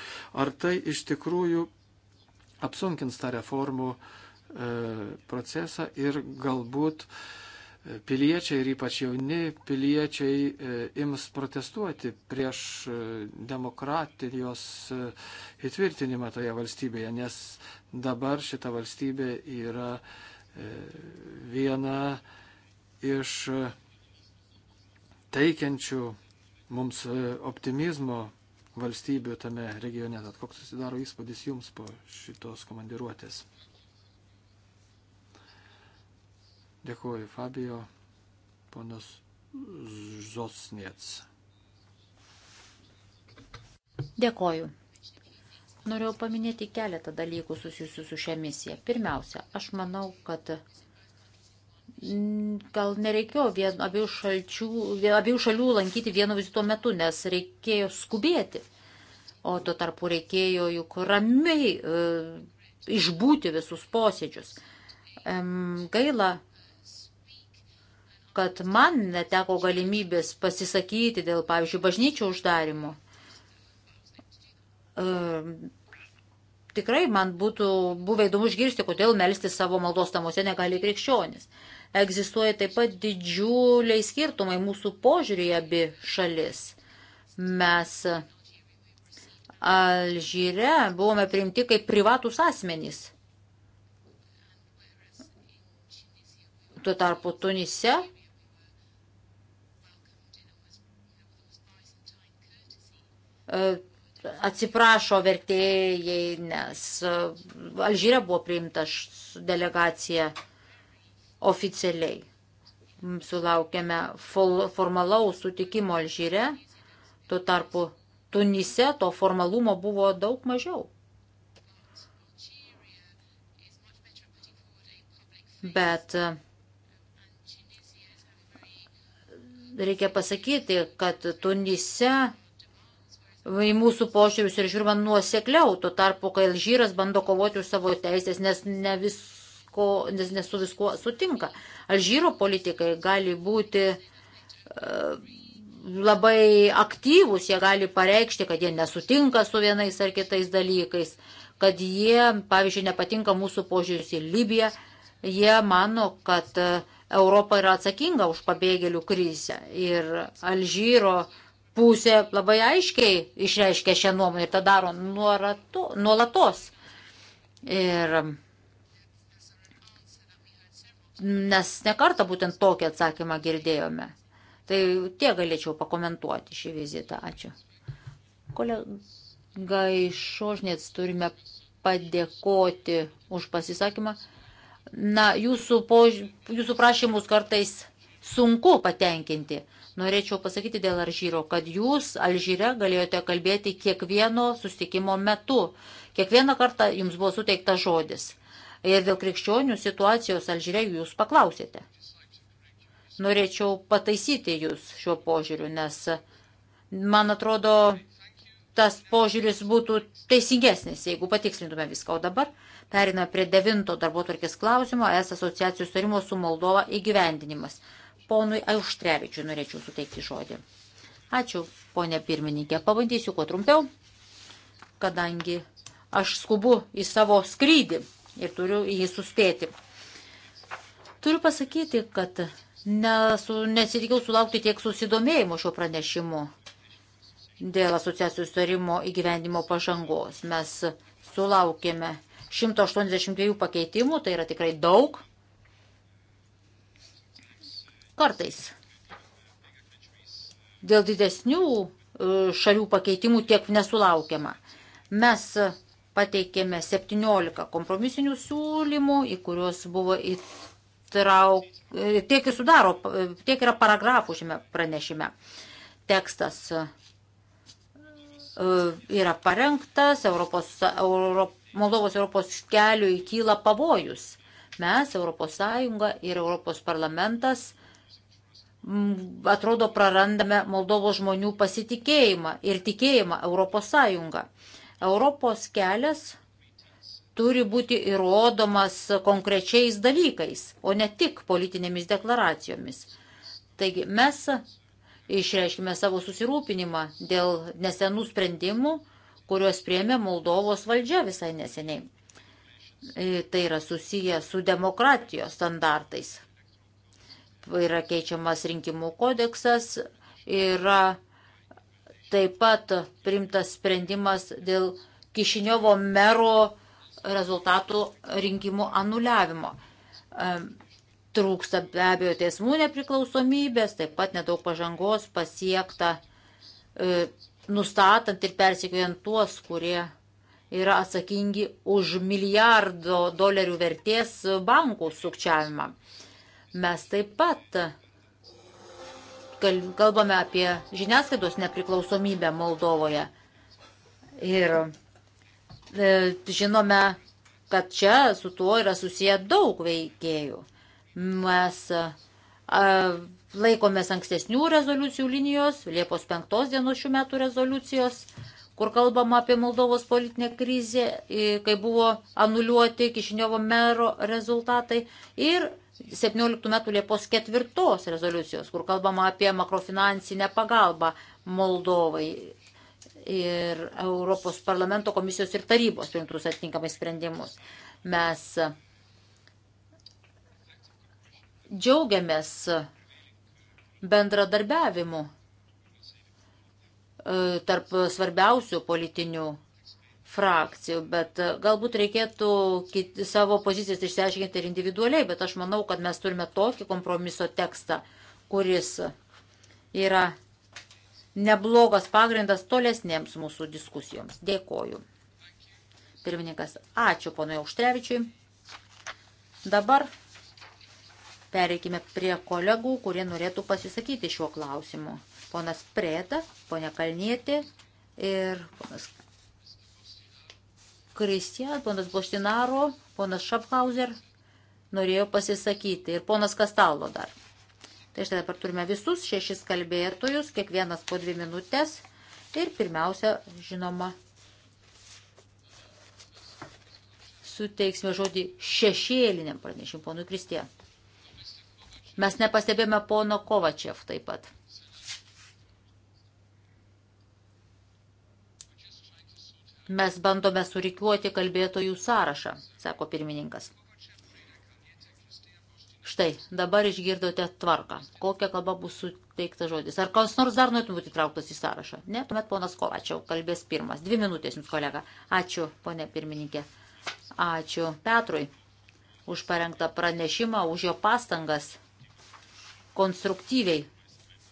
ar tai iš tikrųjų apsunkins tą reformų e, procesą ir galbūt e, piliečiai ir ypač jauni piliečiai e, ims protestuoti prieš demokratijos įtvirtinimą toje valstybėje, nes dabar šita valstybė yra viena iš e, teikiančių mums e, optimizmo valstybių tame regione. Tad koks susidaro įspūdis jums po šitos komandiruotės? Dėkuoju, Fabio, ponas Zosniec. Dėkoju. Norėjau paminėti keletą dalykų susijusių su šią misiją. Pirmiausia, aš manau, kad gal nereikėjo vien, abiejų, šalčių, abiejų šalių lankyti vieno vizito metu, nes reikėjo skubėti. O tuo tarpu reikėjo juk ramiai e, išbūti visus posėdžius. E, gaila, kad man neteko galimybės pasisakyti dėl, pavyzdžiui, bažnyčio uždarimo. E, tikrai man būtų buvę įdomu išgirsti, kodėl melstis savo maldos namuose negali krikščionis. E, egzistuoja taip pat didžiuliai skirtumai mūsų požiūrėje abi šalis. Mes Alžyre buvome priimti kaip privatus asmenys. Tuo tarpu Tunise atsiprašo vertėjai, nes Alžyre buvo priimta delegacija oficialiai. Sulaukėme formalaus sutikimo Alžyre, tuo tarpu Tunise to formalumo buvo daug mažiau. Bet e, reikia pasakyti, kad Tunise į mūsų požiūrius ir žiūrima nuosekliau, tuo tarpu, kai Alžyras bando kovoti už savo teisės, nes ne vis visko, nes nesu viskuo sutinka. Alžyro politikai gali būti e, labai aktyvūs, jie gali pareikšti, kad jie nesutinka su vienais ar kitais dalykais, kad jie, pavyzdžiui, nepatinka mūsų požiūris į Libiją, jie mano, kad e, Europa yra atsakinga už pabėgėlių krizę. Ir Alžyro pusė labai aiškiai išreiškia šią nuomonę ir tą daro nuolatos. Ir nes nekartą būtent tokį atsakymą girdėjome. Tai tie galėčiau pakomentuoti šį vizitą. Ačiū. Kolega iš Šožnės turime padėkoti už pasisakymą. Na, jūsų, pož... jūsų prašymus kartais sunku patenkinti. Norėčiau pasakyti dėl Alžyro, kad jūs Alžyre galėjote kalbėti kiekvieno sustikimo metu. Kiekvieną kartą jums buvo suteikta žodis. Ir dėl krikščionių situacijos Alžyre jūs paklausėte. Norėčiau pataisyti jūs šiuo požiūriu, nes man atrodo, tas požiūris būtų teisingesnis, jeigu patikslintume viską. O dabar perina prie devinto darbo tvarkės klausimo es asociacijų starimo su Moldova įgyvendinimas. Ponui Auštrevičiui norėčiau suteikti žodį. Ačiū, ponė pirmininkė. Pabandysiu kuo trumpiau, kadangi aš skubu į savo skrydį ir turiu jį suspėti. Turiu pasakyti, kad nesu, nesitikiau sulaukti tiek susidomėjimo šio pranešimu dėl asociacijų starimo įgyvendimo pažangos. Mes sulaukėme 182 pakeitimų, tai yra tikrai daug. Kartais dėl didesnių e, šalių pakeitimų tiek nesulaukiama. Mes pateikėme 17 kompromisinių siūlymų, į kuriuos buvo įtrauk... E, tiek ir sudaro, tiek yra paragrafų šiame pranešime. Tekstas e, yra parengtas, Europos, Europ, Moldovos Europos keliui kyla pavojus. Mes, Europos Sąjunga ir Europos parlamentas, atrodo, prarandame Moldovos žmonių pasitikėjimą ir tikėjimą Europos Sąjungą. Europos kelias turi būti įrodomas konkrečiais dalykais, o ne tik politinėmis deklaracijomis. Taigi mes išreiškime savo susirūpinimą dėl nesenų sprendimų, kuriuos priemė Moldovos valdžia visai neseniai. E, tai yra susiję su demokratijos standartais. Yra keičiamas rinkimų kodeksas, yra Taip pat primtas sprendimas dėl Kišiniovo mero rezultatų rinkimų anuliavimo. Trūksta be abejo teismų nepriklausomybės, taip pat nedaug pažangos pasiekta e, nustatant ir persikėjant tuos, kurie yra atsakingi už milijardo dolerių vertės bankų sukčiavimą. Mes taip pat kalbame apie žiniasklaidos nepriklausomybę Moldovoje. Ir e, žinome, kad čia su tuo yra susiję daug veikėjų. Mes a, laikomės ankstesnių rezoliucijų linijos, Liepos 5 dienos šių metų rezoliucijos, kur kalbama apie Moldovos politinę krizę, kai buvo anuliuoti Kišiniovo mero rezultatai. Ir 17 metų Liepos 4 rezoliucijos, kur kalbama apie makrofinansinę pagalbą Moldovai ir Europos parlamento komisijos ir tarybos priimtus atitinkamai sprendimus. Mes džiaugiamės bendradarbiavimu e, tarp svarbiausių politinių frakcijų, bet e, galbūt reikėtų savo pozicijas išsiaiškinti ir individualiai, bet aš manau, kad mes turime tokį kompromiso tekstą, kuris yra neblogas pagrindas tolesnėms mūsų diskusijoms. Dėkoju. Pirmininkas, ačiū ponui Auštrevičiui. Dabar pereikime prie kolegų, kurie norėtų pasisakyti šiuo klausimu. Ponas Prėta, ponia Kalnietė ir ponas Kristijan, ponas Boštinaro, ponas Šaphauser norėjo pasisakyti ir ponas Kastalo dar. Tai štai dabar turime visus šešis kalbėtojus, kiekvienas po dvi minutės ir pirmiausia, žinoma, suteiksime žodį šešėliniam pranešimui, ponui Kristė. Mes nepastebėjome pono Kovačiev taip pat. Mes bandome surikiuoti kalbėtojų sąrašą, sako pirmininkas. Štai, dabar išgirdote tvarką. Kokia kalba bus suteikta žodis? Ar kas nors dar norėtų būti trauktas į sąrašą? Ne, tuomet ponas Kovačiau kalbės pirmas. Dvi minutės jums, kolega. Ačiū, ponė pirmininkė. Ačiū Petrui už parengtą pranešimą, už jo pastangas konstruktyviai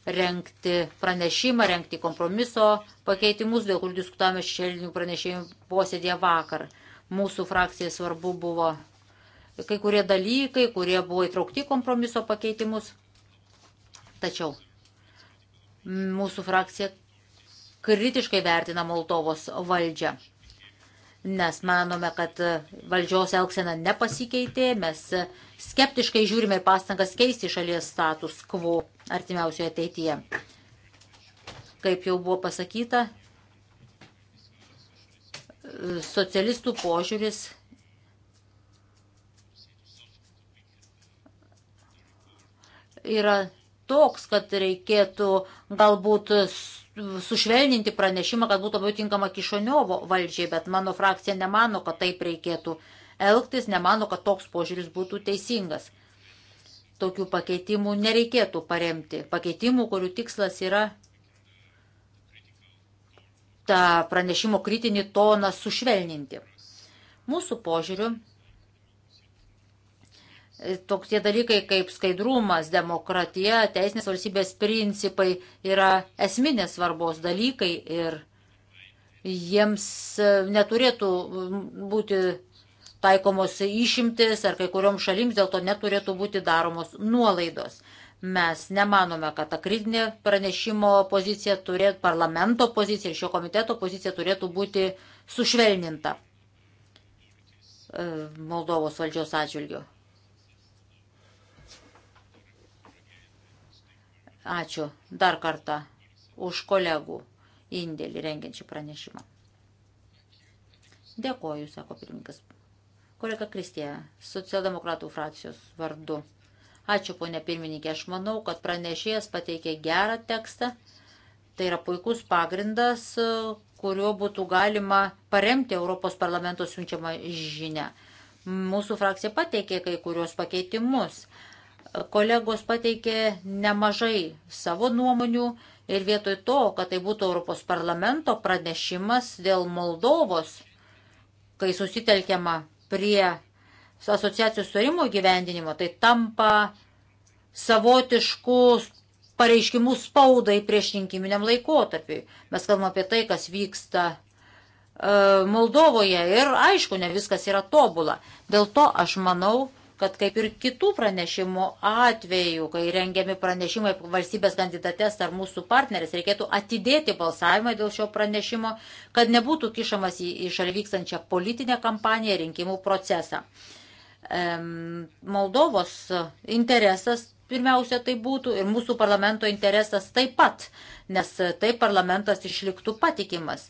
renkti pranešimą, renkti kompromiso pakeitimus, dėl kurių diskutavome šešėlinių pranešėjų posėdėje vakar. Mūsų frakcijai svarbu buvo kai kurie dalykai, kurie buvo įtraukti kompromiso pakeitimus. Tačiau mūsų frakcija kritiškai vertina Moldovos valdžią, nes manome, kad valdžios elgsena nepasikeitė, mes skeptiškai žiūrime į pastangas keisti šalies status quo artimiausioje ateityje. Kaip jau buvo pasakyta, socialistų požiūris yra toks, kad reikėtų galbūt sušvelninti pranešimą, kad būtų labiau tinkama Kišoniovo valdžiai, bet mano frakcija nemano, kad taip reikėtų elgtis, nemano, kad toks požiūris būtų teisingas tokių pakeitimų nereikėtų paremti. Pakeitimų, kurių tikslas yra tą pranešimo kritinį toną sušvelninti. Mūsų požiūriu, e, tokie dalykai kaip skaidrumas, demokratija, teisinės valstybės principai yra esminės svarbos dalykai ir jiems e, neturėtų būti taikomos išimtis ar kai kuriuom šalims dėl to neturėtų būti daromos nuolaidos. Mes nemanome, kad ta kritinė pranešimo pozicija turėtų, parlamento pozicija ir šio komiteto pozicija turėtų būti sušvelninta e, Moldovos valdžios atžvilgiu. Ačiū dar kartą už kolegų indėlį rengiančią pranešimą. Dėkoju, sako pirmininkas. Kolega Kristija, socialdemokratų frakcijos vardu. Ačiū, ponė pirmininkė. Aš manau, kad pranešėjas pateikė gerą tekstą. Tai yra puikus pagrindas, kuriuo būtų galima paremti Europos parlamento siunčiamą žinę. Mūsų frakcija pateikė kai kurios pakeitimus. Kolegos pateikė nemažai savo nuomonių ir vietoj to, kad tai būtų Europos parlamento pranešimas dėl Moldovos, kai susitelkiama prie asociacijų sutarimo gyvendinimo, tai tampa savotiškų pareiškimų spaudai prieš rinkiminiam laikotarpiui. Mes kalbame apie tai, kas vyksta e, Moldovoje ir aišku, ne viskas yra tobula. Dėl to aš manau, kad kaip ir kitų pranešimų atveju, kai rengiami pranešimai valstybės kandidates ar mūsų partneris, reikėtų atidėti balsavimą dėl šio pranešimo, kad nebūtų kišamas į, į šalį vykstančią politinę kampaniją rinkimų procesą. Moldovos interesas pirmiausia tai būtų ir mūsų parlamento interesas taip pat, nes tai parlamentas išliktų patikimas.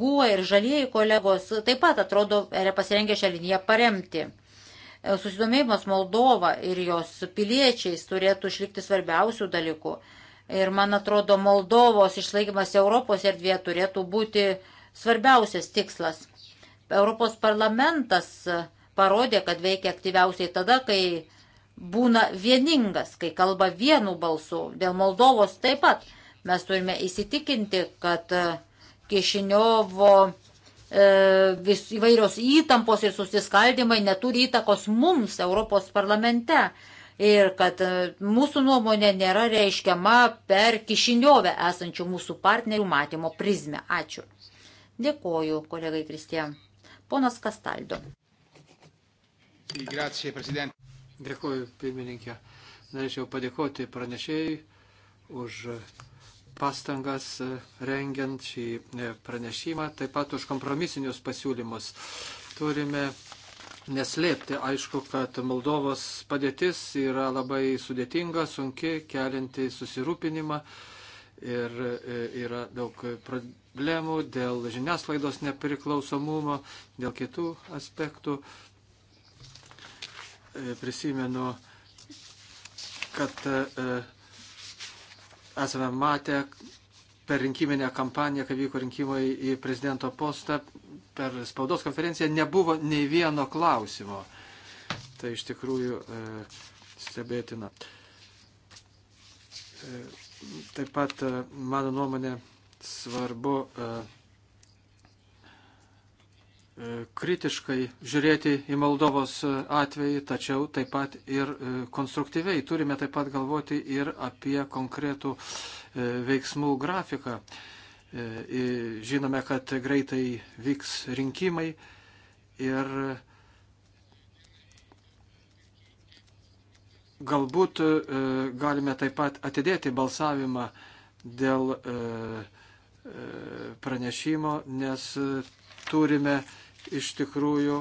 Guo ir žalieji kolegos taip pat atrodo yra pasirengę šią liniją paremti. E, susidomėjimas Moldova ir jos piliečiais turėtų išlikti svarbiausių dalykų. Ir man atrodo, Moldovos išlaikymas Europos erdvėje turėtų būti svarbiausias tikslas. Europos parlamentas e, parodė, kad veikia aktyviausiai tada, kai būna vieningas, kai kalba vienu balsu. Dėl Moldovos taip pat mes turime įsitikinti, kad e, Kišiniovo E, vis įvairios įtampos ir susiskaldimai neturi įtakos mums Europos parlamente. Ir kad e, mūsų nuomonė nėra reiškiama per kišiniovę esančių mūsų partnerių matymo prizmę. Ačiū. Dėkoju, kolegai Kristija. Ponas Kastaldo. Grazie, prezident. Dėkoju, pirmininkė. Norėčiau padėkoti pranešėjai už pastangas e, rengiant šį e, pranešimą, taip pat už kompromisinius pasiūlymus. Turime neslėpti, aišku, kad Moldovos padėtis yra labai sudėtinga, sunki, kelinti susirūpinimą ir e, yra daug problemų dėl žiniasklaidos nepriklausomumo, dėl kitų aspektų. Prisimenu, kad esame matę per rinkiminę kampaniją, kai vyko rinkimai į prezidento postą, per spaudos konferenciją nebuvo nei vieno klausimo. Tai iš tikrųjų e, stebėtina. E, taip pat, e, mano nuomonė, svarbu. E, E, kritiškai žiūrėti į Moldovos e, atvejį, tačiau taip pat ir e, konstruktyviai. Turime taip pat galvoti ir apie konkretų veiksmų grafiką. Žinome, kad greitai vyks rinkimai ir galbūt galime taip pat atidėti balsavimą dėl pranešimo, nes turime iš tikrųjų,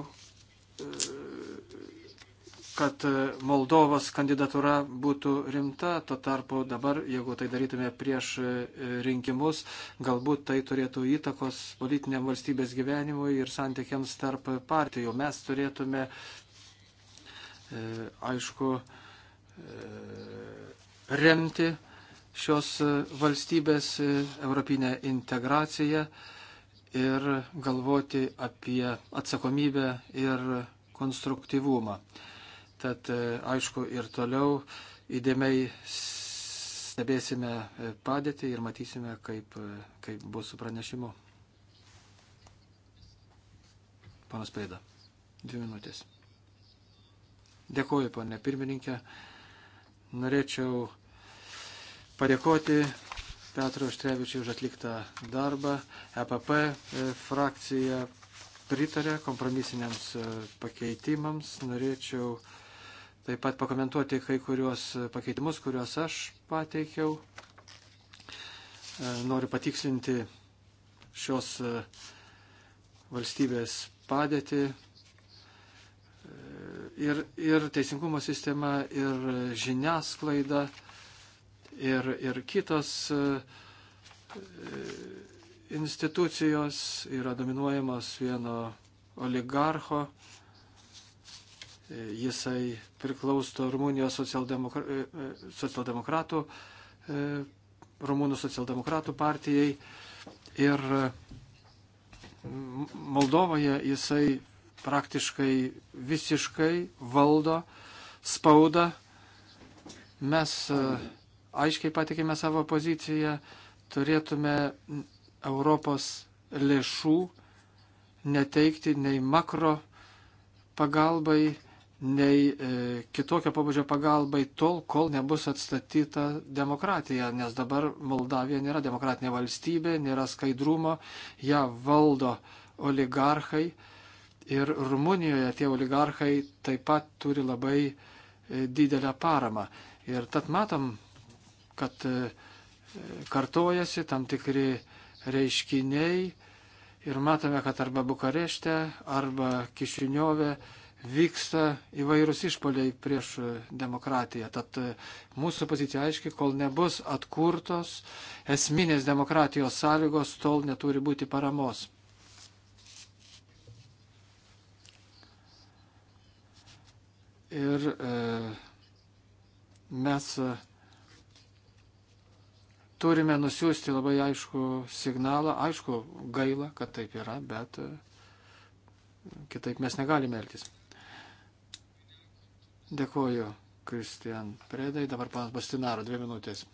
kad Moldovos kandidatūra būtų rimta, to tarpu dabar, jeigu tai darytume prieš e, rinkimus, galbūt tai turėtų įtakos politiniam valstybės gyvenimui ir santykiams tarp partijų. Mes turėtume, e, aišku, e, remti šios valstybės europinę integraciją ir galvoti apie atsakomybę ir konstruktyvumą. Tad e, aišku ir toliau įdėmiai stebėsime e, padėtį ir matysime, kaip, e, kaip bus su pranešimu. Panas Prėda, dvi minutės. Dėkuoju, ponė pirmininkė. Norėčiau padėkoti Petro Štrevičiui už atliktą darbą. EPP e, frakcija pritarė kompromisiniams e, pakeitimams. Norėčiau taip pat pakomentuoti kai kuriuos e, pakeitimus, kuriuos aš pateikiau. Noriu patikslinti šios valstybės padėtį. Ir, ir teisingumo sistema, ir žiniasklaida ir, ir kitos e, e, institucijos yra dominuojamos vieno oligarcho. E, jisai priklauso Rumunijos socialdemokra socialdemokratų, Rumunų socialdemokratų partijai ir Moldovoje jisai praktiškai visiškai valdo spaudą. Mes uh, aiškiai patikime savo poziciją, turėtume Europos lėšų neteikti nei makro pagalbai, nei e, kitokio pabudžio pagalbai tol, kol nebus atstatyta demokratija, nes dabar Moldavija nėra demokratinė valstybė, nėra skaidrumo, ją valdo oligarchai ir Rumunijoje tie oligarchai taip pat turi labai e, didelę paramą. Ir tad matom, kad e, kartojasi tam tikri reiškiniai ir matome, kad arba Bukarešte, arba Kišiniove vyksta įvairūs išpoliai prieš e, demokratiją. Tad e, mūsų pozicija aiški, kol nebus atkurtos esminės demokratijos sąlygos, tol neturi būti paramos. Ir e, mes. E, turime nusiųsti labai aišku signalą. Aišku, gaila, kad taip yra, bet e, kitaip mes negalime elgtis. Dėkuoju, Kristian Predai. Dabar panas Bastinaro, dvi minutės.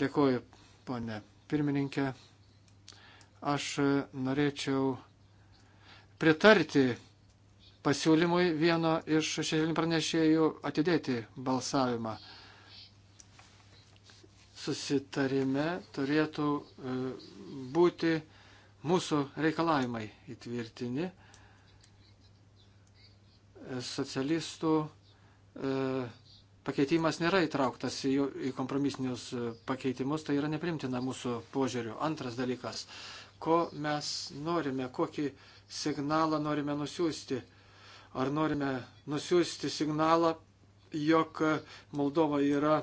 Dėkuoju, ponė pirmininkė. Aš e, norėčiau pritarti pasiūlymui vieno iš šešėlinių pranešėjų atidėti balsavimą susitarime turėtų e, būti mūsų reikalavimai įtvirtini e, socialistų e, pakeitimas nėra įtrauktas į, į kompromisinius pakeitimus, tai yra neprimtina mūsų požiūriu. Antras dalykas, ko mes norime, kokį signalą norime nusiųsti. Ar norime nusiųsti signalą, jog Moldova yra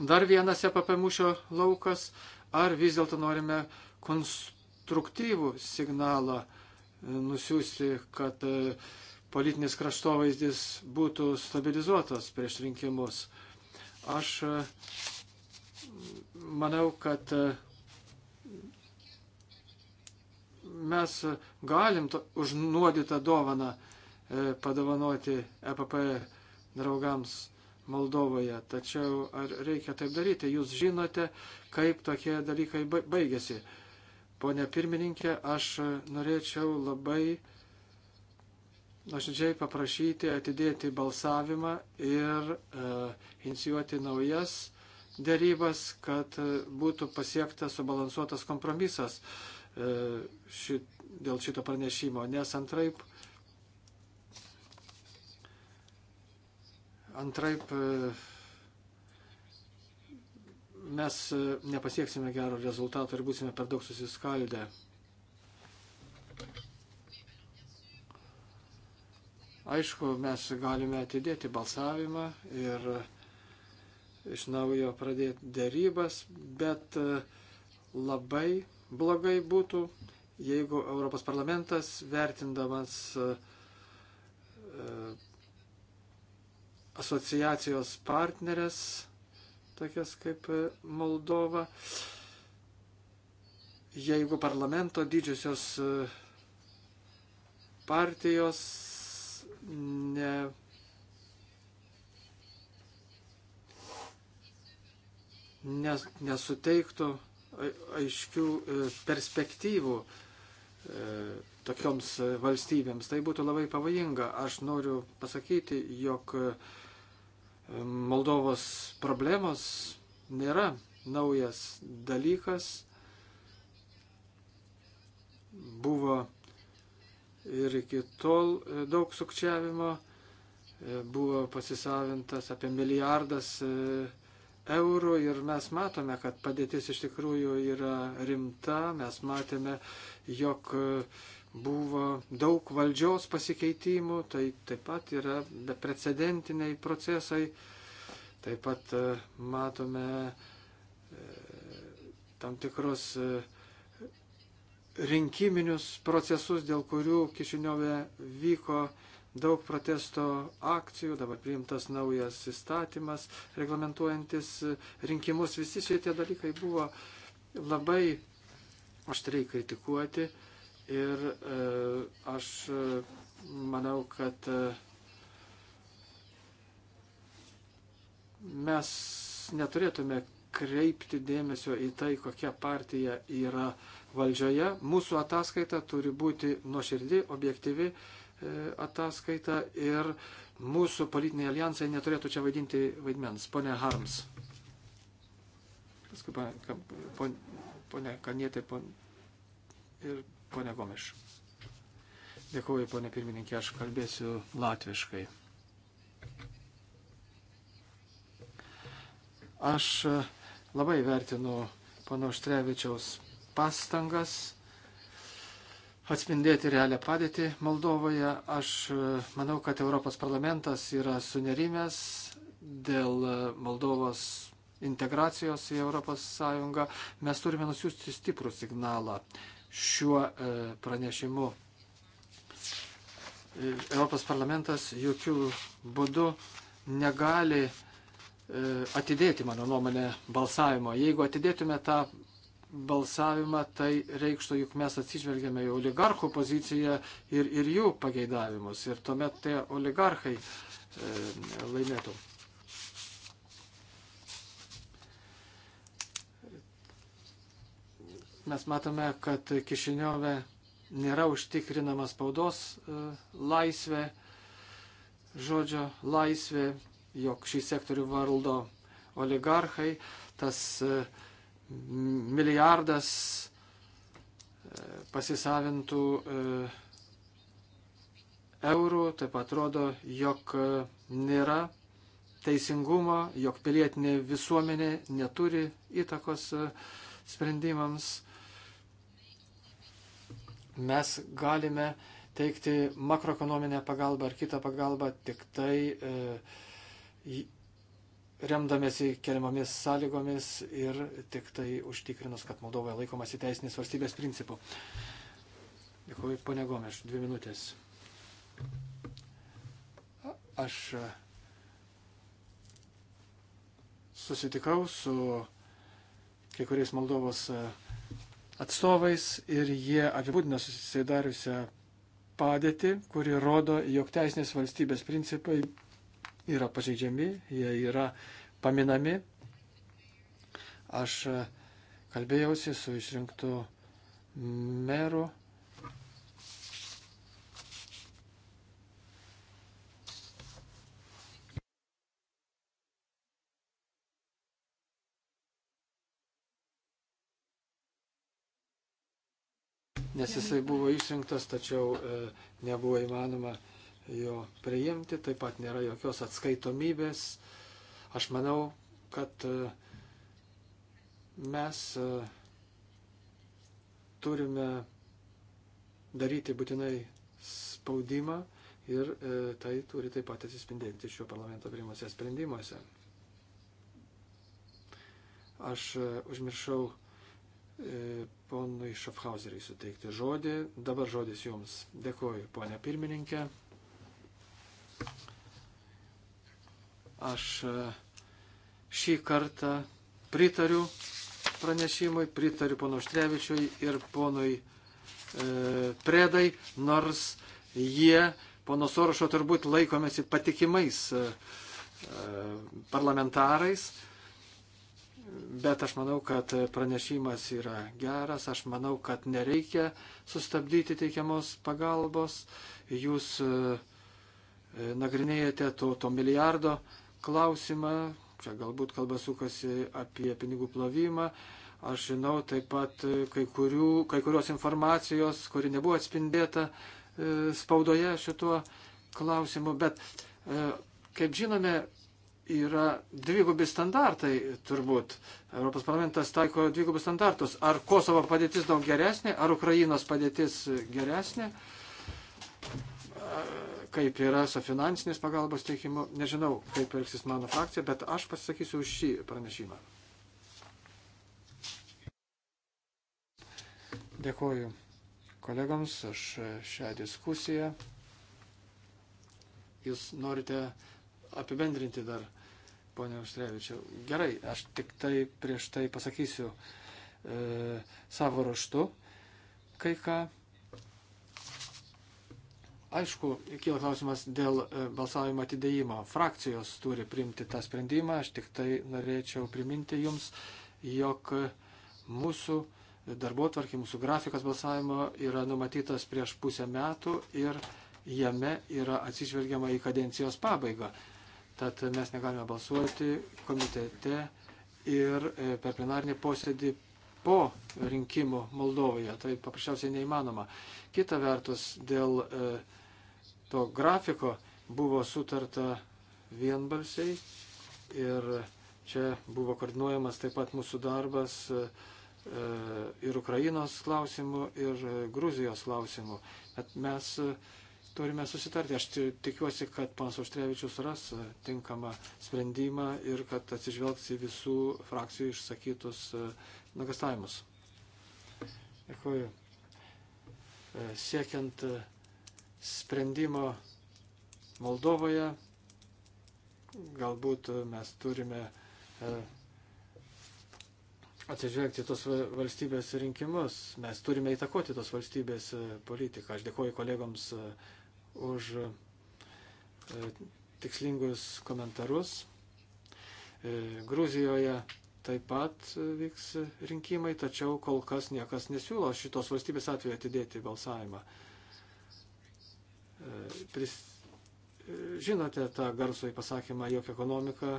dar vienas EPP mūšio laukas, ar vis dėlto norime konstruktyvų signalą e, nusiųsti, kad e, politinis kraštovaizdis būtų stabilizuotas prieš rinkimus. Aš e, manau, kad mes galim užnuodytą dovaną padovanoti EPP draugams Moldovoje. Tačiau ar reikia taip daryti? Jūs žinote, kaip tokie dalykai baigėsi. Pone pirmininkė, aš norėčiau labai nuoširdžiai paprašyti atidėti balsavimą ir e, inicijuoti naujas dėrybas, kad būtų pasiektas subalansuotas kompromisas e, šit, dėl šito pranešimo, nes antraip Antraip e, mes e, nepasieksime gero rezultato ir būsime per daug susiskaldę. Aišku, mes galime atidėti balsavimą ir iš naujo pradėti dėrybas, bet e, labai blogai būtų, jeigu Europos parlamentas vertindamas asociacijos partnerės, tokias kaip Moldova. Jeigu parlamento didžiosios e, partijos ne. Nes, nesuteiktų aiškių e, perspektyvų e, tokioms valstybėms. Tai būtų labai pavojinga. Aš noriu pasakyti, jog Moldovos problemos nėra naujas dalykas. Buvo ir iki tol daug sukčiavimo, buvo pasisavintas apie milijardas e, eurų ir mes matome, kad padėtis iš tikrųjų yra rimta, mes matėme, jog buvo daug valdžios pasikeitimų, tai taip pat yra beprecedentiniai procesai. Taip pat e, matome e, tam tikrus e, rinkiminius procesus, dėl kurių Kišiniove vyko daug protesto akcijų, dabar priimtas naujas įstatymas, reglamentuojantis rinkimus. Visi šitie dalykai buvo labai aštriai kritikuoti. Ir e, aš e, manau, kad e, mes neturėtume kreipti dėmesio į tai, kokia partija yra valdžioje. Mūsų ataskaita turi būti nuoširdi, objektyvi e, ataskaita ir mūsų politiniai alijansai neturėtų čia vaidinti vaidmens. Pone Harms. Paskui, pone Kanietė, pone. Ir Pone Gomiš. Dėkuoju, ponė pirmininkė, aš kalbėsiu latviškai. Aš e, labai vertinu pono Štrevičiaus pastangas atspindėti realią padėtį Moldovoje. Aš e, manau, kad Europos parlamentas yra sunerimęs dėl e, Moldovos integracijos į Europos Sąjungą. Mes turime nusiųsti stiprų signalą šiuo e, pranešimu. E, Europos parlamentas jokių būdų negali e, atidėti, mano nuomonė, balsavimo. Jeigu atidėtume tą balsavimą, tai reikštų, juk mes atsižvelgiame į oligarchų poziciją ir, ir jų pageidavimus. Ir tuomet tie oligarchai e, laimėtų. mes matome, kad Kišiniove nėra užtikrinama spaudos e, laisvė, žodžio laisvė, jog šį sektorių valdo oligarchai, tas e, milijardas e, pasisavintų eurų, taip pat rodo, jog nėra teisingumo, jog pilietinė visuomenė neturi įtakos sprendimams mes galime teikti makroekonominę pagalbą ar kitą pagalbą tik tai e, remdamėsi keliamomis sąlygomis ir tik tai užtikrinus, kad Moldovoje laikomasi teisinės valstybės principų. Dėkuoju, ponė Gomeš, dvi minutės. Aš e, susitikau su kai kuriais Moldovos uh, atstovais ir jie apibūdina susidariusią padėtį, kuri rodo, jog teisinės valstybės principai yra pažeidžiami, jie yra paminami. Aš kalbėjausi su išrinktu meru nes jisai buvo išrinktas, tačiau e, nebuvo įmanoma jo priimti, taip pat nėra jokios atskaitomybės. Aš manau, kad e, mes e, turime daryti būtinai spaudimą ir tai turi taip pat atsispindėti šio parlamento priimuose sprendimuose. Aš užmiršau E, ponui Šafhauseriai suteikti žodį. Dabar žodis jums. Dėkuoju, ponė pirmininkė. Aš e, šį kartą pritariu pranešimui, pritariu pono Štrevičiui ir ponui e, Predai, nors jie pono Sorošo turbūt laikomėsi patikimais e, e parlamentarais. E, Bet aš manau, kad pranešimas yra geras, aš manau, kad nereikia sustabdyti teikiamos pagalbos. Jūs e, nagrinėjate to, to milijardo klausimą, čia galbūt kalba sukasi apie pinigų plovimą. Aš žinau taip pat e, kai, kurių, kai kurios informacijos, kuri nebuvo atspindėta e, spaudoje šituo klausimu, bet kaip žinome, yra dvigubi standartai turbūt. Europos parlamentas taiko dvigubus standartus. Ar Kosovo padėtis daug geresnė, ar Ukrainos padėtis geresnė, kaip yra su finansinės pagalbos teikimu. Nežinau, kaip elgsis mano frakcija, bet aš pasakysiu už šį pranešimą. Dėkuoju kolegams už šią diskusiją. Jūs norite apibendrinti dar ponia Užtrevičiau. Gerai, aš tik tai prieš tai pasakysiu e, savo raštu kai ką. Aišku, kyla klausimas dėl e, balsavimo atidėjimo. Frakcijos turi priimti tą sprendimą. Aš tik tai norėčiau priminti jums, jog mūsų darbo tvarkė, mūsų grafikas balsavimo yra numatytas prieš pusę metų ir jame yra atsižvelgiama į kadencijos pabaigą tad mes negalime balsuoti komitete ir e, per plenarinį posėdį po rinkimų Moldovoje. Tai paprasčiausiai neįmanoma. Kita vertus, dėl e, to grafiko buvo sutarta vienbalsiai ir čia buvo koordinuojamas taip pat mūsų darbas e, ir Ukrainos klausimų, ir Gruzijos klausimų. Bet mes turime susitarti. Aš tikiuosi, kad panas Auštrevičius ras e, tinkamą sprendimą ir kad atsižvelgs į visų frakcijų išsakytus e, nagastavimus. Dėkuoju. E, siekiant sprendimo Moldovoje, galbūt mes turime atsižvelgti tos valstybės rinkimus. Mes turime įtakoti tos valstybės politiką. Aš dėkuoju kolegoms už e, tikslingus komentarus. E, Gruzijoje taip pat vyks rinkimai, tačiau kol kas niekas nesiūlo šitos valstybės atveju atidėti balsavimą. E, pris... Žinote tą garsųjį pasakymą, jog ekonomika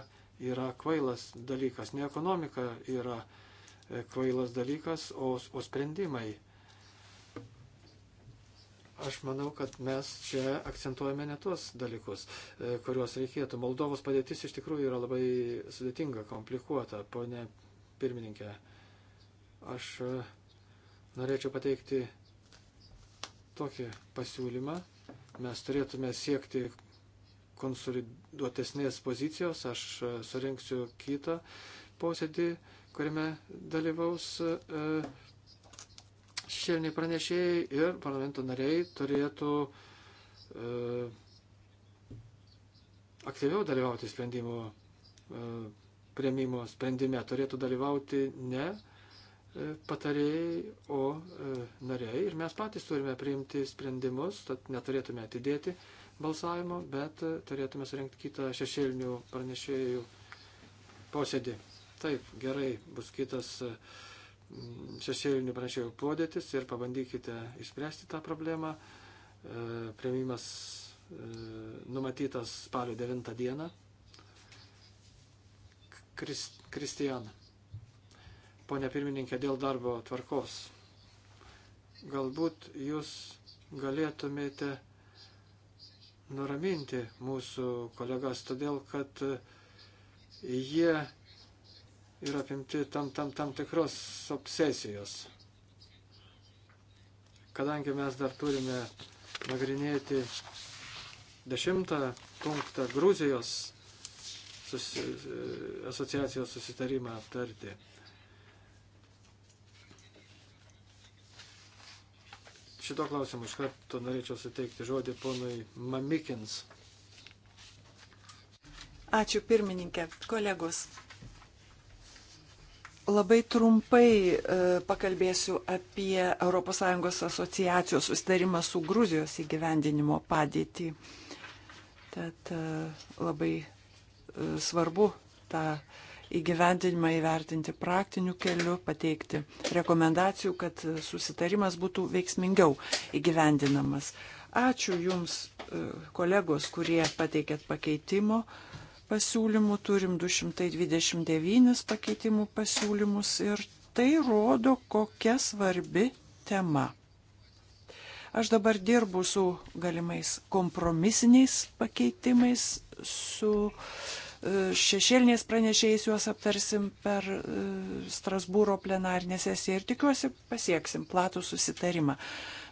yra kvailas dalykas. Ne ekonomika yra kvailas dalykas, o, o sprendimai Aš manau, kad mes čia akcentuojame ne tuos dalykus, e, kuriuos reikėtų. Moldovos padėtis iš tikrųjų yra labai sudėtinga, komplikuota. Pone pirmininkė, aš e, norėčiau pateikti tokį pasiūlymą. Mes turėtume siekti konsoliduotesnės pozicijos. Aš e, surinksiu kitą posėdį, kuriame dalyvaus. E, šešėliniai pranešėjai ir parlamento nariai turėtų e, aktyviau dalyvauti sprendimų e, prieimimo sprendime. Turėtų dalyvauti ne e, patarėjai, o e, nariai. Ir mes patys turime priimti sprendimus, tad neturėtume atidėti balsavimo, bet e, turėtume surinkti kitą šešėlinių pranešėjų posėdį. Taip, gerai, bus kitas. E, šešėlinių pranešėjų plodėtis ir pabandykite išspręsti tą problemą. E, Prieimimas e, numatytas spalio 9 dieną. Kristijan, ponia pirmininkė, dėl darbo tvarkos. Galbūt jūs galėtumėte nuraminti mūsų kolegas, todėl kad jie ir apimti tam, tam, tam tikros obsesijos. Kadangi mes dar turime nagrinėti dešimtą punktą Gruzijos susi, asociacijos susitarimą aptarti. Šito klausimu iš karto norėčiau suteikti žodį ponui Mamikins. Ačiū pirmininkė, kolegos. Labai trumpai e, pakalbėsiu apie ES asociacijos susitarimą su Gruzijos įgyvendinimo padėtį. Tad e, labai e, svarbu tą įgyvendinimą įvertinti praktiniu keliu, pateikti rekomendacijų, kad susitarimas būtų veiksmingiau įgyvendinamas. Ačiū Jums, kolegos, kurie pateikėt pakeitimo pasiūlymų, turim 229 pakeitimų pasiūlymus ir tai rodo, kokia svarbi tema. Aš dabar dirbu su galimais kompromisiniais pakeitimais, su e, šešėliniais pranešėjais juos aptarsim per e, Strasbūro plenarinę sesiją ir tikiuosi pasieksim platų susitarimą.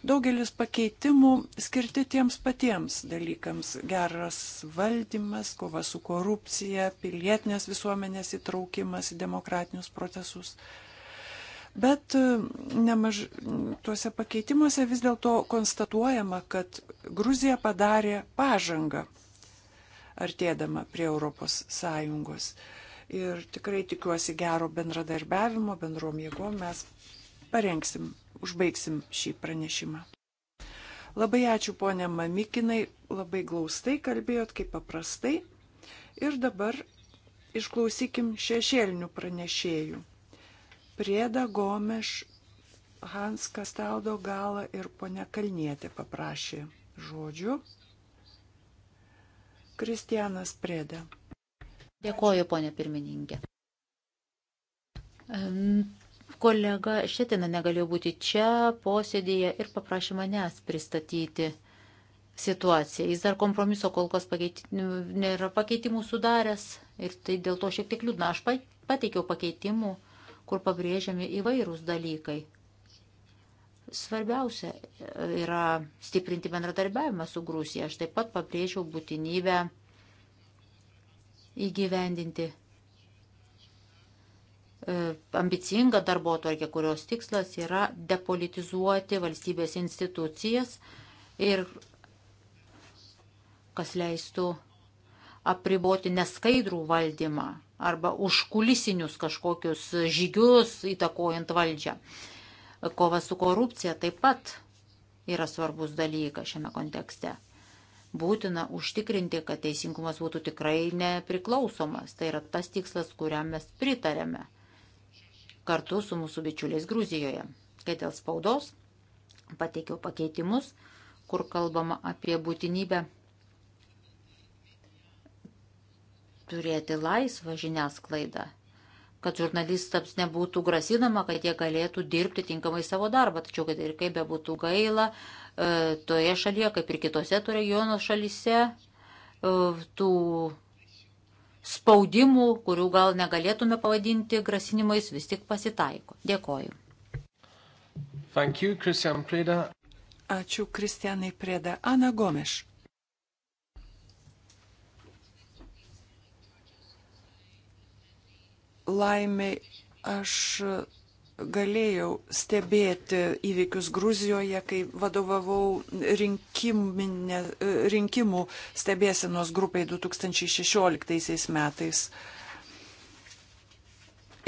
Daugelis pakeitimų skirti tiems patiems dalykams - geras valdymas, kova su korupcija, pilietinės visuomenės įtraukimas į demokratinius procesus. Bet e, nemaž, tuose pakeitimuose vis dėlto konstatuojama, kad Gruzija padarė pažangą artėdama prie Europos Sąjungos. Ir tikrai tikiuosi gero bendradarbiavimo, bendrom jėgom mes parengsim užbaigsim šį pranešimą. Labai ačiū ponė Mamikinai, labai glaustai kalbėjot kaip paprastai. Ir dabar išklausykim šešėlinių pranešėjų. Prieda Gomeš, Hans Kastaldo galą ir ponia Kalnietė paprašė žodžių. Kristianas Prieda. Dėkoju, ponė pirmininkė. Kolega Šetina negalėjo būti čia posėdėje ir paprašė manęs pristatyti situaciją. Jis dar kompromiso kol kas pakeiti, nėra pakeitimų sudaręs ir tai dėl to šiek tiek liūdna. Aš pateikiau pakeitimų, kur pabrėžiami įvairūs dalykai. Svarbiausia e, yra stiprinti bendradarbiavimą su Grūsija. Aš taip pat pabrėžiau būtinybę įgyvendinti E, ambicingą darbo atvarkę, kurios tikslas yra depolitizuoti valstybės institucijas ir kas leistų apriboti neskaidrų valdymą arba užkulisinius kažkokius žygius įtakojant valdžią. Kova su korupcija taip pat yra svarbus dalykas šiame kontekste. Būtina užtikrinti, kad teisingumas būtų tikrai nepriklausomas. Tai yra tas tikslas, kuriam mes pritarėme kartu su mūsų bičiuliais Gruzijoje. Kai dėl spaudos pateikiau pakeitimus, kur kalbama apie būtinybę turėti laisvą žiniasklaidą, kad žurnalistams nebūtų grasinama, kad jie galėtų dirbti tinkamai savo darbą. Tačiau, kad ir kaip bebūtų gaila, e, toje šalyje, kaip ir kitose to regiono šalyse, e, tų spaudimų, kurių gal negalėtume pavadinti grasinimais, vis tik pasitaiko. Dėkoju. Thank you, Christian Preda. Ačiū, Kristianai Preda. Ana Gomeš. Laimė, aš galėjau stebėti įvykius Gruzijoje, kai vadovavau rinkimų stebėsenos grupai 2016 metais.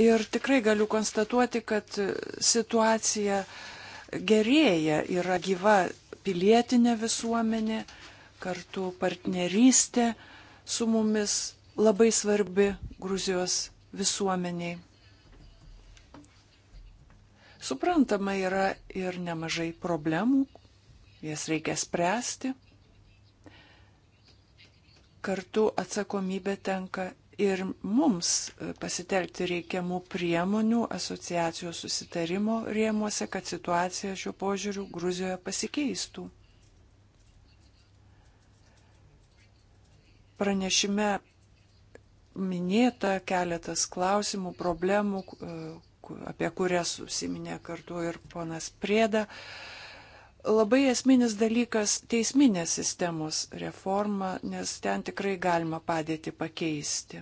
Ir tikrai galiu konstatuoti, kad situacija gerėja, yra gyva pilietinė visuomenė, kartu partnerystė su mumis labai svarbi Gruzijos visuomeniai. Suprantama, yra ir nemažai problemų, jas reikia spręsti. Kartu atsakomybė tenka ir mums pasitelkti reikiamų priemonių asociacijos susitarimo rėmuose, kad situacija šiuo požiūriu Gruzijoje pasikeistų. Pranešime minėta keletas klausimų, problemų, apie kurias užsiminė kartu ir ponas Prieda. Labai esminis dalykas - teisminės sistemos reforma, nes ten tikrai galima padėti pakeisti.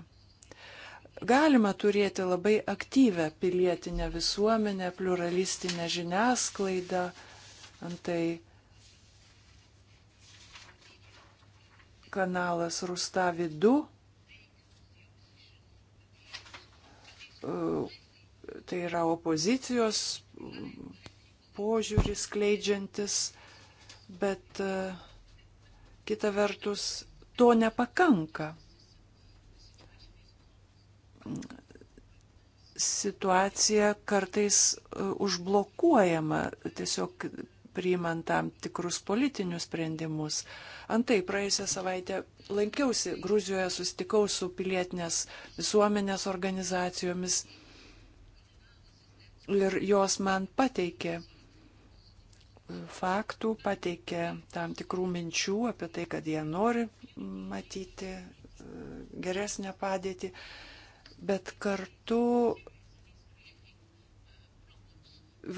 Galima turėti labai aktyvę pilietinę visuomenę, pluralistinę žiniasklaidą, antai kanalas Rusta vidu, tai yra opozicijos požiūris kleidžiantis, bet e, kita vertus to nepakanka. Situacija kartais e, užblokuojama tiesiog priimant tam tikrus politinius sprendimus. Antai praėjusią savaitę lankiausi Gruzijoje, susitikau su pilietinės visuomenės organizacijomis ir jos man pateikė e, faktų, pateikė tam tikrų minčių apie tai, kad jie nori matyti e, geresnę padėtį, bet kartu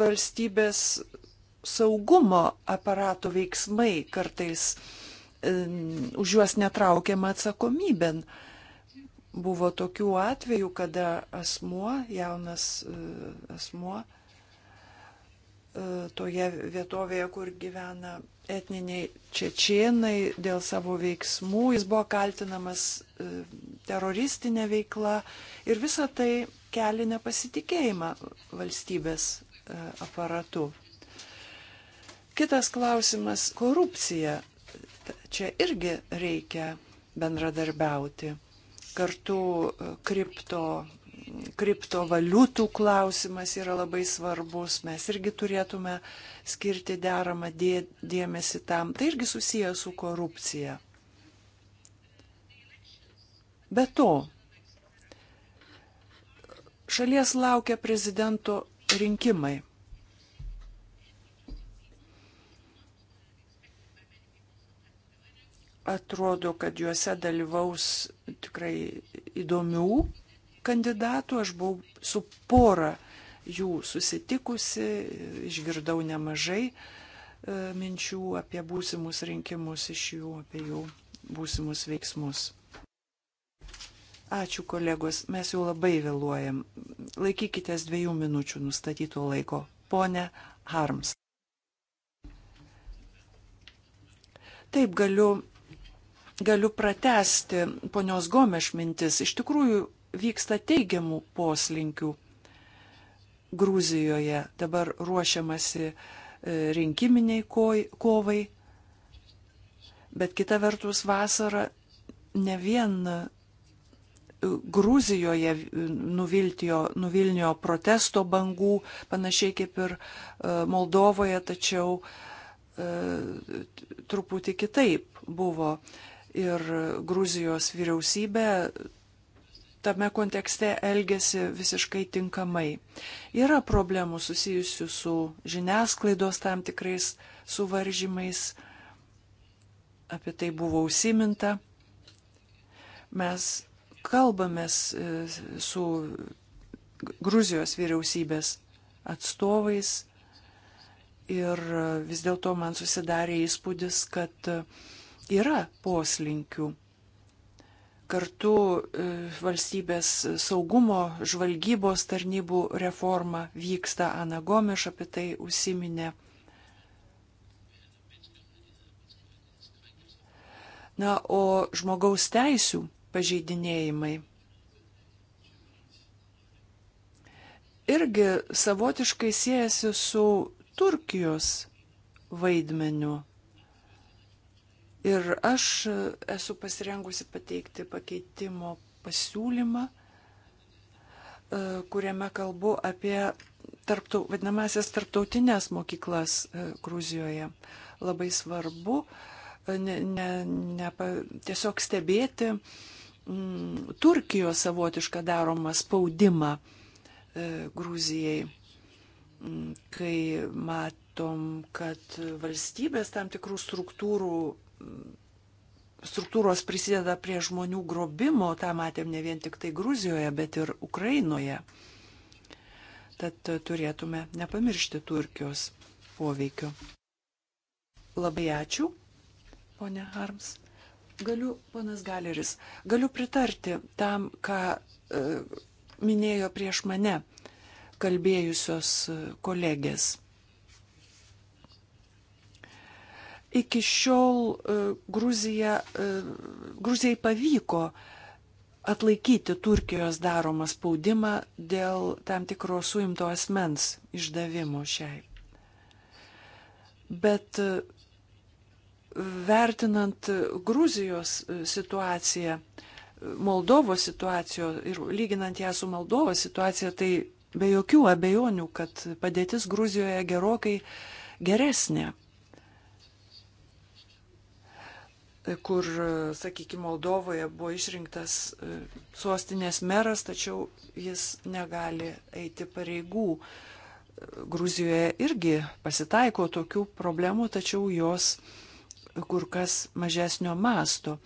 valstybės saugumo aparato veiksmai kartais um, už juos netraukiama atsakomybėn. Uh, Buvo tokių atvejų, kada asmuo, jaunas e, asmuo, e, toje vietovėje, kur gyvena etniniai čečienai, dėl savo veiksmų jis buvo kaltinamas e, teroristinė veikla ir visa tai kelia nepasitikėjimą valstybės aparatu. Kitas klausimas - korupcija. Čia irgi reikia bendradarbiauti. Kartu e, kripto, kriptovaliutų klausimas yra labai svarbus. Mes irgi turėtume skirti deramą dė, dėmesį tam. Tai irgi susiję su korupcija. Be to, šalies laukia prezidento rinkimai. Atrodo, kad juose dalyvaus tikrai įdomių kandidatų. Aš buvau su pora jų susitikusi, išgirdau nemažai e, minčių apie būsimus rinkimus iš jų, apie jų būsimus veiksmus. Ačiū kolegos, mes jau labai vėluojam. Laikykitės dviejų minučių nustatyto laiko. Pone Harms. Taip galiu galiu pratesti ponios Gomeš mintis. Iš tikrųjų vyksta teigiamų poslinkių. Gruzijoje dabar ruošiamasi e, rinkiminiai kovai, bet kita vertus vasara ne vien e, Gruzijoje e, nuvilnijo protesto bangų, panašiai kaip ir Moldovoje, tačiau truputį kitaip buvo ir Gruzijos vyriausybė tame kontekste elgesi visiškai tinkamai. Yra problemų susijusių su žiniasklaidos tam tikrais suvaržymais, apie tai buvo užsiminta. Mes kalbamės e, su Gruzijos vyriausybės atstovais ir e, vis dėlto man susidarė įspūdis, kad uh, yra poslinkių. Kartu e, valstybės saugumo žvalgybos tarnybų reforma vyksta, Ana Gomeš apie tai užsiminė. Na, o žmogaus teisų pažeidinėjimai irgi savotiškai siejasi su Turkijos vaidmeniu. Ir aš esu pasirengusi pateikti pakeitimo pasiūlymą, e, kuriame kalbu apie tarptau, vadinamasias tarptautinės mokyklas e, Gruzijoje. Labai svarbu e, ne, ne, ne, tiesiog stebėti mm, Turkijos savotišką daromą spaudimą e, Gruzijai, mm, kai matom, kad valstybės tam tikrų struktūrų struktūros prisideda prie žmonių grobimo, tą matėm ne vien tik tai Gruzijoje, bet ir Ukrainoje. Tad turėtume nepamiršti Turkijos poveikio. Labai ačiū, ponia Harms. Galiu, ponas Galeris, galiu pritarti tam, ką e, minėjo prieš mane kalbėjusios e, kolegės. iki šiol e, Gruzija, e, Gruzijai pavyko atlaikyti Turkijos daromą spaudimą dėl tam tikro suimto asmens išdavimo šiai. Bet e, vertinant Gruzijos situaciją, Moldovos situaciją ir lyginant ją su Moldovos situacija, tai be jokių abejonių, kad padėtis Gruzijoje gerokai geresnė. kur, sakykime, Moldovoje buvo išrinktas e, sostinės meras, tačiau jis negali eiti pareigų. E, Gruzijoje irgi pasitaiko tokių problemų, tačiau jos kur kas mažesnio masto.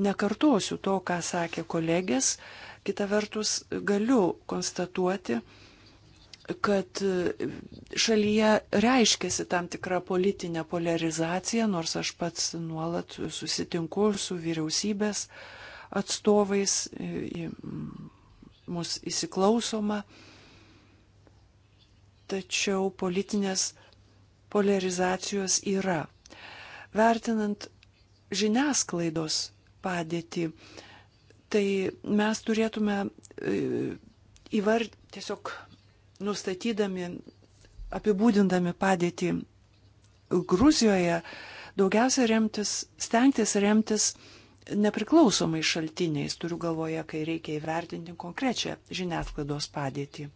Nekartosiu to, ką sakė kolegės, kita vertus galiu konstatuoti, kad e, šalyje reiškiasi tam tikra politinė polarizacija, nors aš pats nuolat susitinku su vyriausybės atstovais, e, mus įsiklausoma, tačiau politinės polarizacijos yra. Vertinant žiniasklaidos padėtį, tai mes turėtume e, įvardinti tiesiog nustatydami, apibūdindami padėtį Gruzijoje, daugiausia remtis, stengtis remtis nepriklausomais šaltiniais, turiu galvoje, kai reikia įvertinti konkrečią žiniasklaidos padėtį.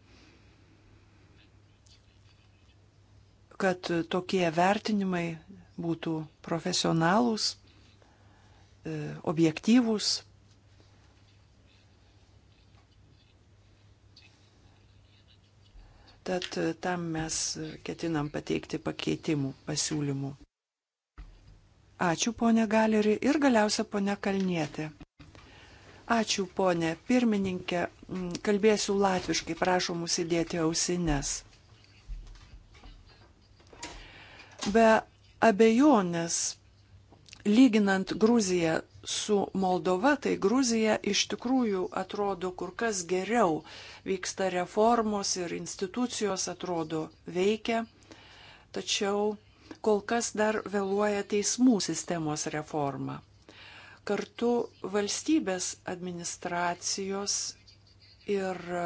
Kad tokie vertinimai būtų profesionalūs, e, objektyvūs, Tad e, tam mes ketinam pateikti pakeitimų, pasiūlymų. Ačiū, ponė Galeri ir galiausia ponė Kalnietė. Ačiū, ponė pirmininkė. Mm, kalbėsiu latviškai, prašom užsidėti ausines. Be abejonės, lyginant Gruziją su Moldova, tai Gruzija iš tikrųjų atrodo kur kas geriau. Vyksta reformos ir institucijos atrodo veikia, tačiau kol kas dar vėluoja teismų sistemos reforma. Kartu valstybės administracijos ir e,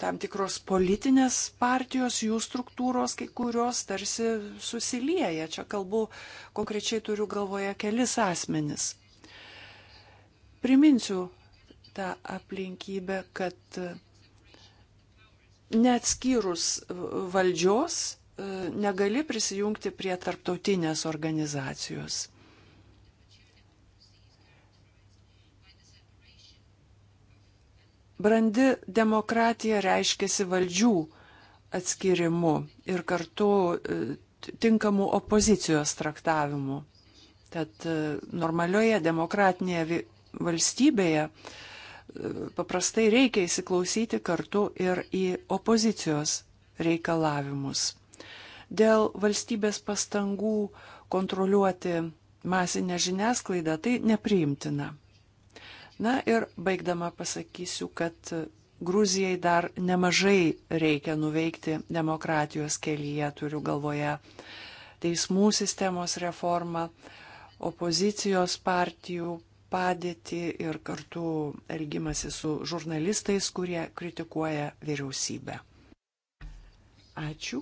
tam tikros politinės partijos, jų struktūros, kai kurios tarsi susilieja. Čia kalbu, konkrečiai turiu galvoje kelis asmenis Priminsiu tą aplinkybę, kad neatskyrus valdžios e, negali prisijungti prie tarptautinės organizacijos. Brandi demokratija reiškiasi valdžių atskirimu ir kartu e, tinkamu opozicijos traktavimu. Tad e, normalioje demokratinėje valstybėje paprastai reikia įsiklausyti kartu ir į opozicijos reikalavimus. Dėl valstybės pastangų kontroliuoti masinę žiniasklaidą tai nepriimtina. Na ir baigdama pasakysiu, kad Gruzijai dar nemažai reikia nuveikti demokratijos kelyje, turiu galvoje teismų sistemos reformą, opozicijos partijų padėtį ir kartu elgimasi su žurnalistais, kurie kritikuoja vyriausybę. Ačiū.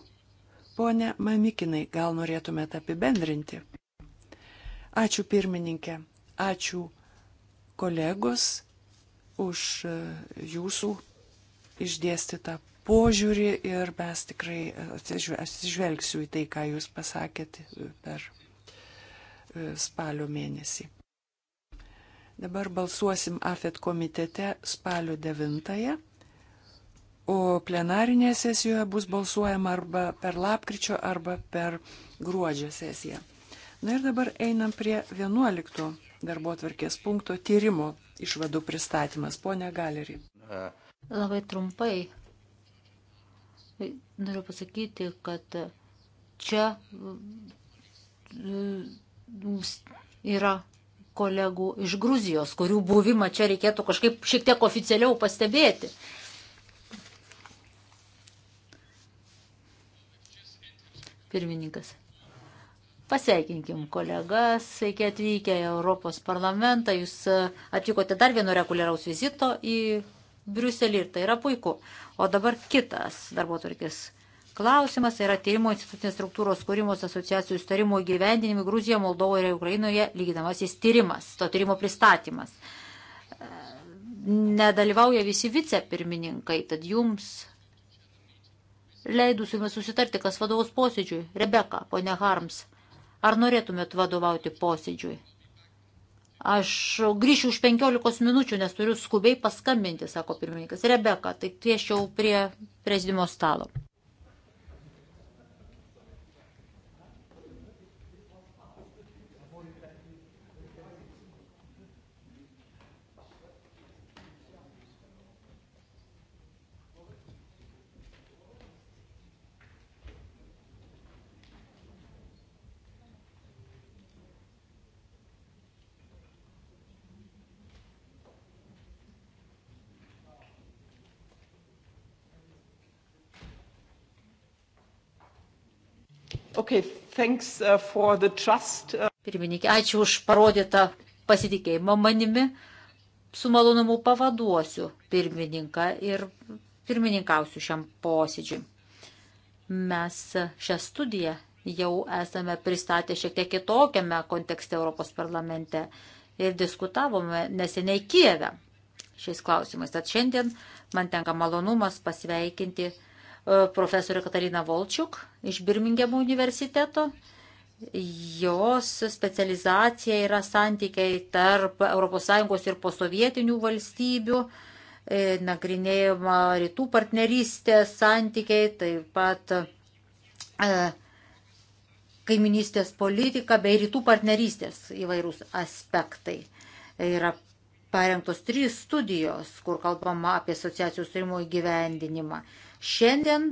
Pone Mamikinai, gal norėtumėte apibendrinti? Ačiū pirmininkė, ačiū kolegos už e, jūsų išdėstytą požiūrį ir mes tikrai atsižvelgsiu į tai, ką jūs pasakėte per e, spalio mėnesį. Dabar balsuosim AFET komitete spalio 9, o plenarinėje sesijoje bus balsuojama arba per lapkričio, arba per gruodžio sesiją. Na ir dabar einam prie 11 darbo tvarkės punkto tyrimo išvadų pristatymas. Pone Galerį. Labai trumpai. Noriu pasakyti, kad čia mm, mm, yra kolegų iš Gruzijos, kurių buvimą čia reikėtų kažkaip šiek tiek oficialiau pastebėti. Pirmininkas. Pasveikinkim kolegas, sveiki atvykę į Europos parlamentą, jūs e, atvykote dar vieno reguliaraus vizito į Briuselį ir tai yra puiku. O dabar kitas darbo turkis klausimas yra tyrimo institucinės struktūros kūrimos asociacijų starimo įgyvendinimui Gruzija, Moldovoje ir Ukrainoje lyginamasis tyrimas, to tyrimo pristatymas. Nedalyvauja visi vicepirmininkai, tad jums leidusime susitarti, kas vadovaus posėdžiui. Rebeka, ponia Harms, ar norėtumėt vadovauti posėdžiui? Aš grįšiu už 15 minučių, nes turiu skubiai paskambinti, sako pirmininkas. Rebeka, tai tieščiau prie prezidimo stalo. Okay, thanks uh, for the trust. Uh. Pirmininkė, ačiū už parodytą pasitikėjimą manimi. Su malonumu pavaduosiu pirmininką ir pirmininkausiu šiam posėdžiui. Mes šią studiją jau esame pristatę šiek tiek kitokiame kontekste Europos parlamente ir diskutavome neseniai Kijeve šiais klausimais. Tad šiandien man tenka malonumas pasveikinti profesorė Katarina Volčiuk iš Birmingemo universiteto. Jos specializacija yra santykiai tarp ES ir posovietinių valstybių, e, nagrinėjama rytų partnerystės santykiai, taip pat e, kaiminystės politika bei rytų partnerystės įvairūs aspektai. Yra parengtos trys studijos, kur kalbama apie asociacijos turimo įgyvendinimą. Šiandien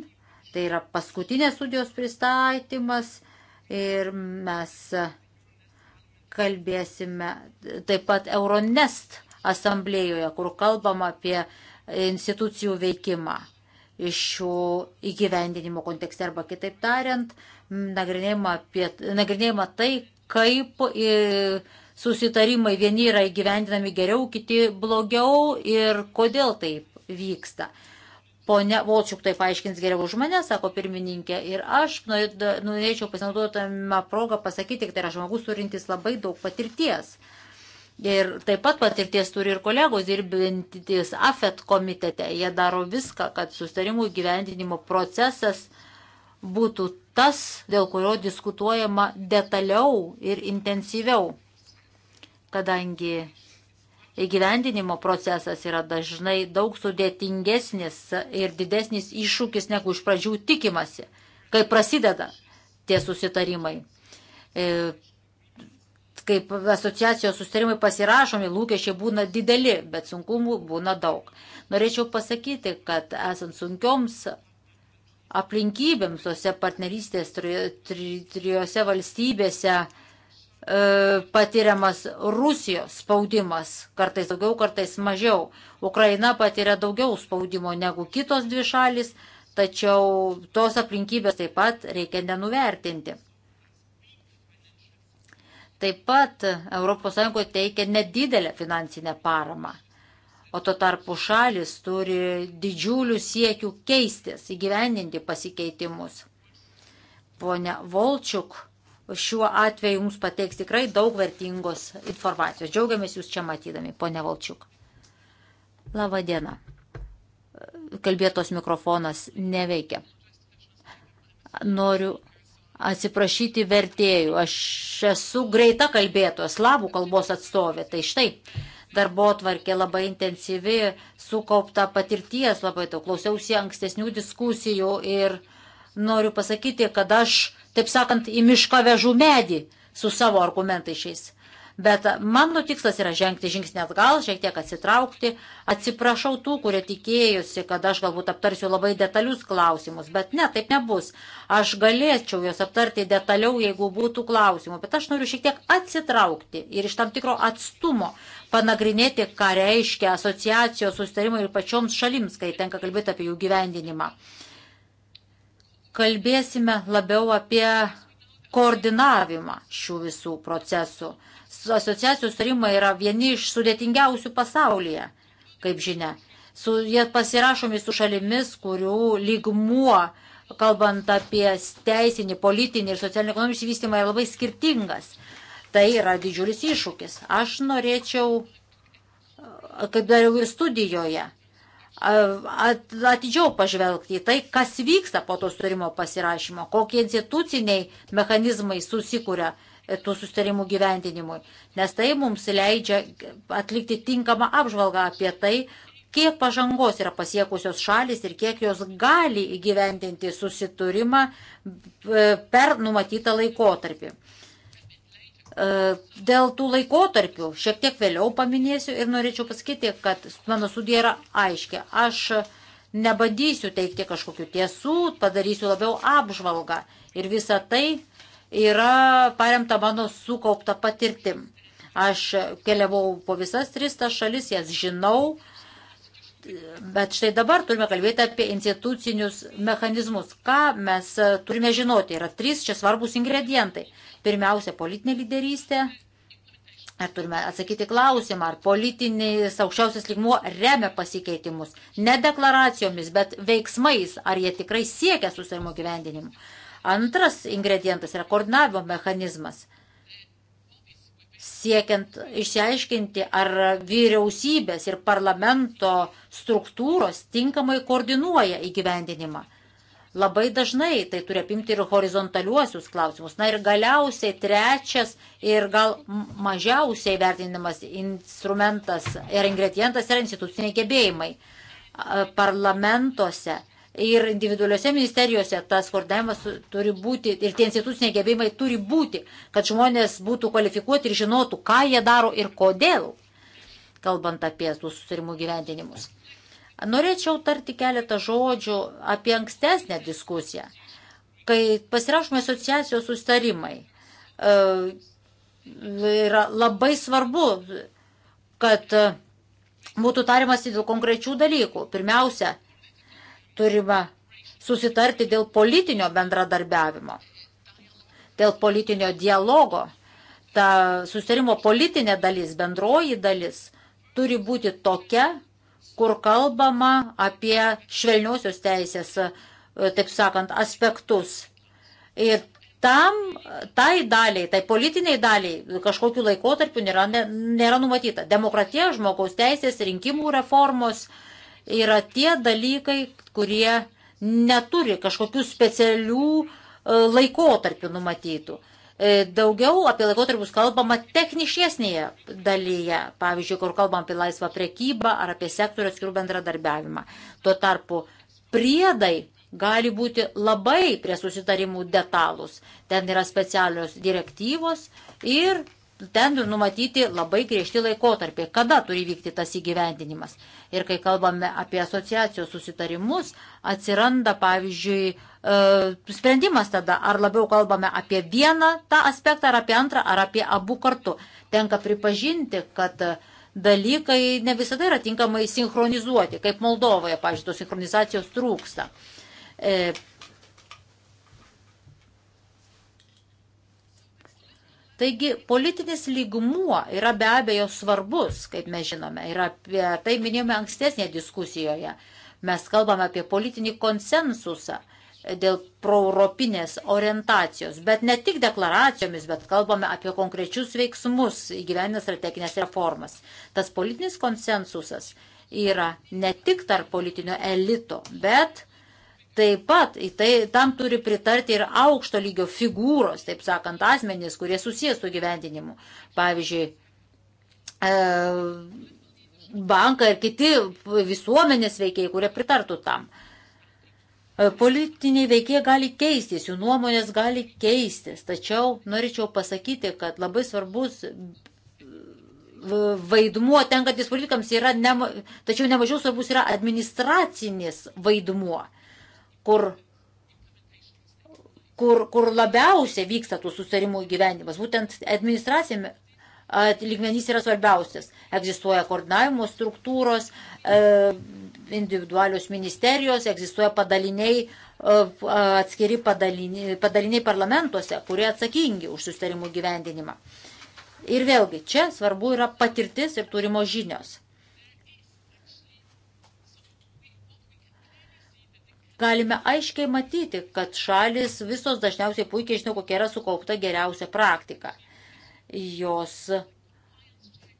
tai yra paskutinės studijos pristatymas ir mes kalbėsime taip pat Euronest asamblėjoje, kur kalbama apie institucijų veikimą iš šių įgyvendinimo kontekste arba kitaip tariant, nagrinėjama, apie, nagrinėjama tai, kaip e, susitarimai vieni yra įgyvendinami geriau, kiti blogiau ir kodėl taip vyksta. Pone Vočiuk tai paaiškins geriau už mane, sako pirmininkė. Ir aš norėčiau pasinaudotame progą pasakyti, kad tai yra žmogus turintis labai daug patirties. Ir taip pat patirties turi ir kolegos dirbintys AFET komitete. Jie daro viską, kad sustarimų gyvendinimo procesas būtų tas, dėl kurio diskutuojama detaliau ir intensyviau. Kadangi įgyvendinimo procesas yra dažnai daug sudėtingesnis ir didesnis iššūkis, negu iš pradžių tikimasi, kai prasideda tie susitarimai. E, kaip asociacijos susitarimai pasirašomi, lūkesčiai būna dideli, bet sunkumų būna daug. Norėčiau pasakyti, kad esant sunkioms aplinkybėms tose partnerystės trijose valstybėse, E, patiriamas Rusijos spaudimas, kartais daugiau, kartais mažiau. Ukraina patiria daugiau spaudimo negu kitos dvi šalis, tačiau tos aplinkybės taip pat reikia nenuvertinti. Taip pat ES teikia nedidelę finansinę paramą, o tuo tarpu šalis turi didžiulių siekių keistis, įgyvendinti pasikeitimus. Pone Volčiuk šiuo atveju mums pateiks tikrai daug vertingos informacijos. Džiaugiamės jūs čia matydami, ponia Valčiuk. Labą dieną. Kalbėtos mikrofonas neveikia. Noriu atsiprašyti vertėjų. Aš esu greita kalbėtoja, slavų kalbos atstovė. Tai štai, darbo tvarkė labai intensyvi, sukaupta patirties labai daug. Klausiausi ankstesnių diskusijų ir noriu pasakyti, kad aš taip sakant, į mišką vežu medį su savo argumentais šiais. Bet mano tikslas yra žengti žingsnį atgal, šiek tiek atsitraukti. Atsiprašau tų, kurie tikėjosi, kad aš galbūt aptarsiu labai detalius klausimus, bet ne, taip nebus. Aš galėčiau juos aptarti detaliau, jeigu būtų klausimų, bet aš noriu šiek tiek atsitraukti ir iš tam tikro atstumo panagrinėti, ką reiškia asociacijos sustarimai ir pačioms šalims, kai tenka kalbėti apie jų gyvendinimą. Uh, kalbėsime labiau apie koordinavimą šių visų procesų. Asociacijos tarimai yra vieni iš sudėtingiausių pasaulyje, kaip žinia. Su, jie pasirašomi su šalimis, kurių lygmuo, kalbant apie teisinį, politinį ir socialinį ekonominį išvystymą, yra labai skirtingas. Tai yra didžiulis iššūkis. Aš norėčiau, kaip dariau ir studijoje, atidžiau pažvelgti į tai, kas vyksta po to sustarimo pasirašymo, kokie instituciniai mechanizmai susikūrė e, tų sustarimų gyvendinimui, nes tai mums leidžia atlikti tinkamą apžvalgą apie tai, kiek pažangos yra pasiekusios šalis ir kiek jos gali įgyvendinti susiturimą e, per numatytą laikotarpį. E, dėl tų laikotarpių šiek tiek vėliau paminėsiu ir norėčiau pasakyti, kad mano studija yra aiški. Aš nebandysiu teikti kažkokių tiesų, padarysiu labiau apžvalgą ir visa tai yra paremta mano sukaupta patirtim. Aš keliavau po visas tris tas šalis, jas žinau, Bet štai dabar turime kalbėti apie institucinius mechanizmus. Ką mes turime žinoti? Yra trys čia svarbus ingredientai. Pirmiausia, politinė lyderystė. Ar turime atsakyti klausimą, ar politinis aukščiausias lygmuo remia pasikeitimus. Ne deklaracijomis, bet veiksmais, ar jie tikrai siekia susirimo gyvendinimu. Antras ingredientas yra koordinavimo mechanizmas siekiant išsiaiškinti, ar vyriausybės ir parlamento struktūros tinkamai koordinuoja įgyvendinimą. Labai dažnai tai turi apimti ir horizontaliuosius klausimus. Na ir galiausiai trečias ir gal mažiausiai vertinimas instrumentas ir ingredientas yra instituciniai gebėjimai. Parlamentuose ir individualiuose ministerijose tas koordinavimas turi būti ir tie instituciniai gebėjimai turi būti, kad žmonės būtų kvalifikuoti ir žinotų, ką jie daro ir kodėl, kalbant apie tų susirimų gyventinimus. Norėčiau tarti keletą žodžių apie ankstesnę diskusiją. Kai pasirašome asociacijos sustarimai, e, yra labai svarbu, kad e, būtų tariamasi dėl konkrečių dalykų. Pirmiausia, turime susitarti dėl politinio bendradarbiavimo, dėl politinio dialogo. Ta susitarimo politinė dalis, bendroji dalis turi būti tokia, kur kalbama apie švelniosios teisės, e, taip sakant, aspektus. Ir tam, tai daliai, tai politiniai daliai kažkokiu laikotarpiu nėra, nėra numatyta. Demokratija, žmogaus teisės, rinkimų reformos, uh, yra tie dalykai, kurie neturi kažkokių specialių e, laikotarpių numatytų. E, daugiau apie laikotarpius kalbama techniškesnėje dalyje, pavyzdžiui, kur kalbam apie laisvą prekybą ar apie sektorių atskirų bendradarbiavimą. Tuo tarpu priedai gali būti labai prie susitarimų detalus. Ten yra specialios direktyvos ir ten numatyti labai griežti laikotarpiai, kada turi vykti tas įgyvendinimas. Ir kai kalbame apie asociacijos susitarimus, atsiranda, pavyzdžiui, e, sprendimas tada, ar labiau kalbame apie vieną tą aspektą, ar apie antrą, ar apie abu kartu. Tenka pripažinti, kad dalykai ne visada yra tinkamai sinchronizuoti, kaip Moldovoje, pavyzdžiui, tos sinchronizacijos trūksta. E, Taigi politinis lygmuo yra be abejo svarbus, kaip mes žinome, ir apie tai minėjome ankstesnėje diskusijoje. Mes kalbame apie politinį konsensusą dėl proeuropinės orientacijos, bet ne tik deklaracijomis, bet kalbame apie konkrečius veiksmus įgyvenęs strateginės reformas. Tas politinis konsensusas yra ne tik tarp politinio elito, bet Taip pat tai, tam turi pritarti ir aukšto lygio figūros, taip sakant, asmenys, kurie susijęs su gyvendinimu. Pavyzdžiui, e, bankai ir kiti visuomenės veikiai, kurie pritartų tam. E, politiniai veikiai gali keistis, jų nuomonės gali keistis, tačiau norėčiau pasakyti, kad labai svarbus vaidmuo tenkantis politikams yra, ne, tačiau nemažiau svarbus yra administracinis vaidmuo kur, kur, kur labiausiai vyksta tų sustarimų įgyvendimas. Būtent administracijame lygmenys yra svarbiausias. Egzistuoja koordinavimo struktūros, e, individualios ministerijos, egzistuoja padaliniai, e, atskiri padaliniai, padaliniai parlamentuose, kurie atsakingi už sustarimų gyvendinimą. Ir vėlgi, čia svarbu yra patirtis ir turimos žinios. galime aiškiai matyti, kad šalis visos dažniausiai puikiai žino, kokia yra sukaupta geriausia praktika. Jos,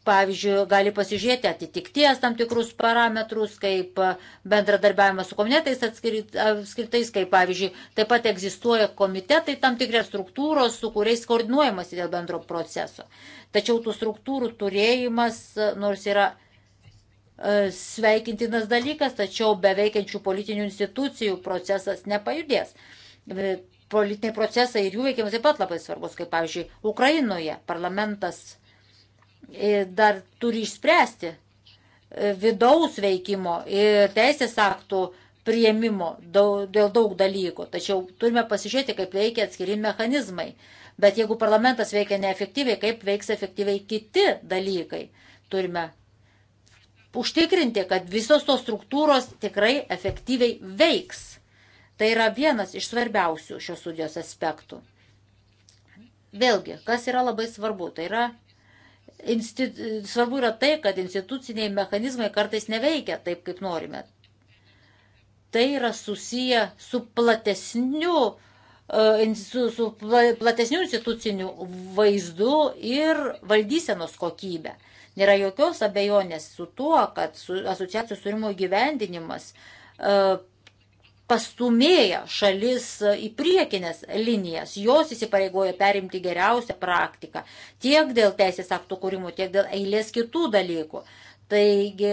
pavyzdžiui, gali pasižiūrėti atitikties tam tikrus parametrus, kaip bendradarbiavimas su komitetais apskritais, kaip, pavyzdžiui, taip pat egzistuoja komitetai tam tikros struktūros, su kuriais koordinuojamasi dėl bendro proceso. Tačiau tų struktūrų turėjimas, nors yra E, sveikintinas dalykas, tačiau be veikiančių politinių institucijų procesas nepajudės. E, politiniai procesai ir jų veikimas taip pat labai svarbus, kaip pavyzdžiui, Ukrainoje parlamentas e, dar turi išspręsti vidaus veikimo ir teisės aktų prieimimo daug, dėl daug dalykų. Tačiau turime pasižiūrėti, kaip veikia atskiri mechanizmai. Bet jeigu parlamentas veikia neefektyviai, kaip veiks efektyviai kiti dalykai. Turime užtikrinti, kad visos tos struktūros tikrai efektyviai veiks. Tai yra vienas iš svarbiausių šios studijos aspektų. Vėlgi, kas yra labai svarbu, tai yra institu, svarbu yra tai, kad instituciniai mechanizmai kartais neveikia taip, kaip norime. Tai yra susiję su platesniu, e, su, su platesniu instituciniu vaizdu ir valdysenos kokybė. Nėra jokios abejonės su tuo, kad su asociacijos surimo įgyvendinimas e, pastumėja šalis į priekinės linijas, jos įsipareigoja perimti geriausią praktiką tiek dėl teisės aktų kūrimo, tiek dėl eilės kitų dalykų. Taigi,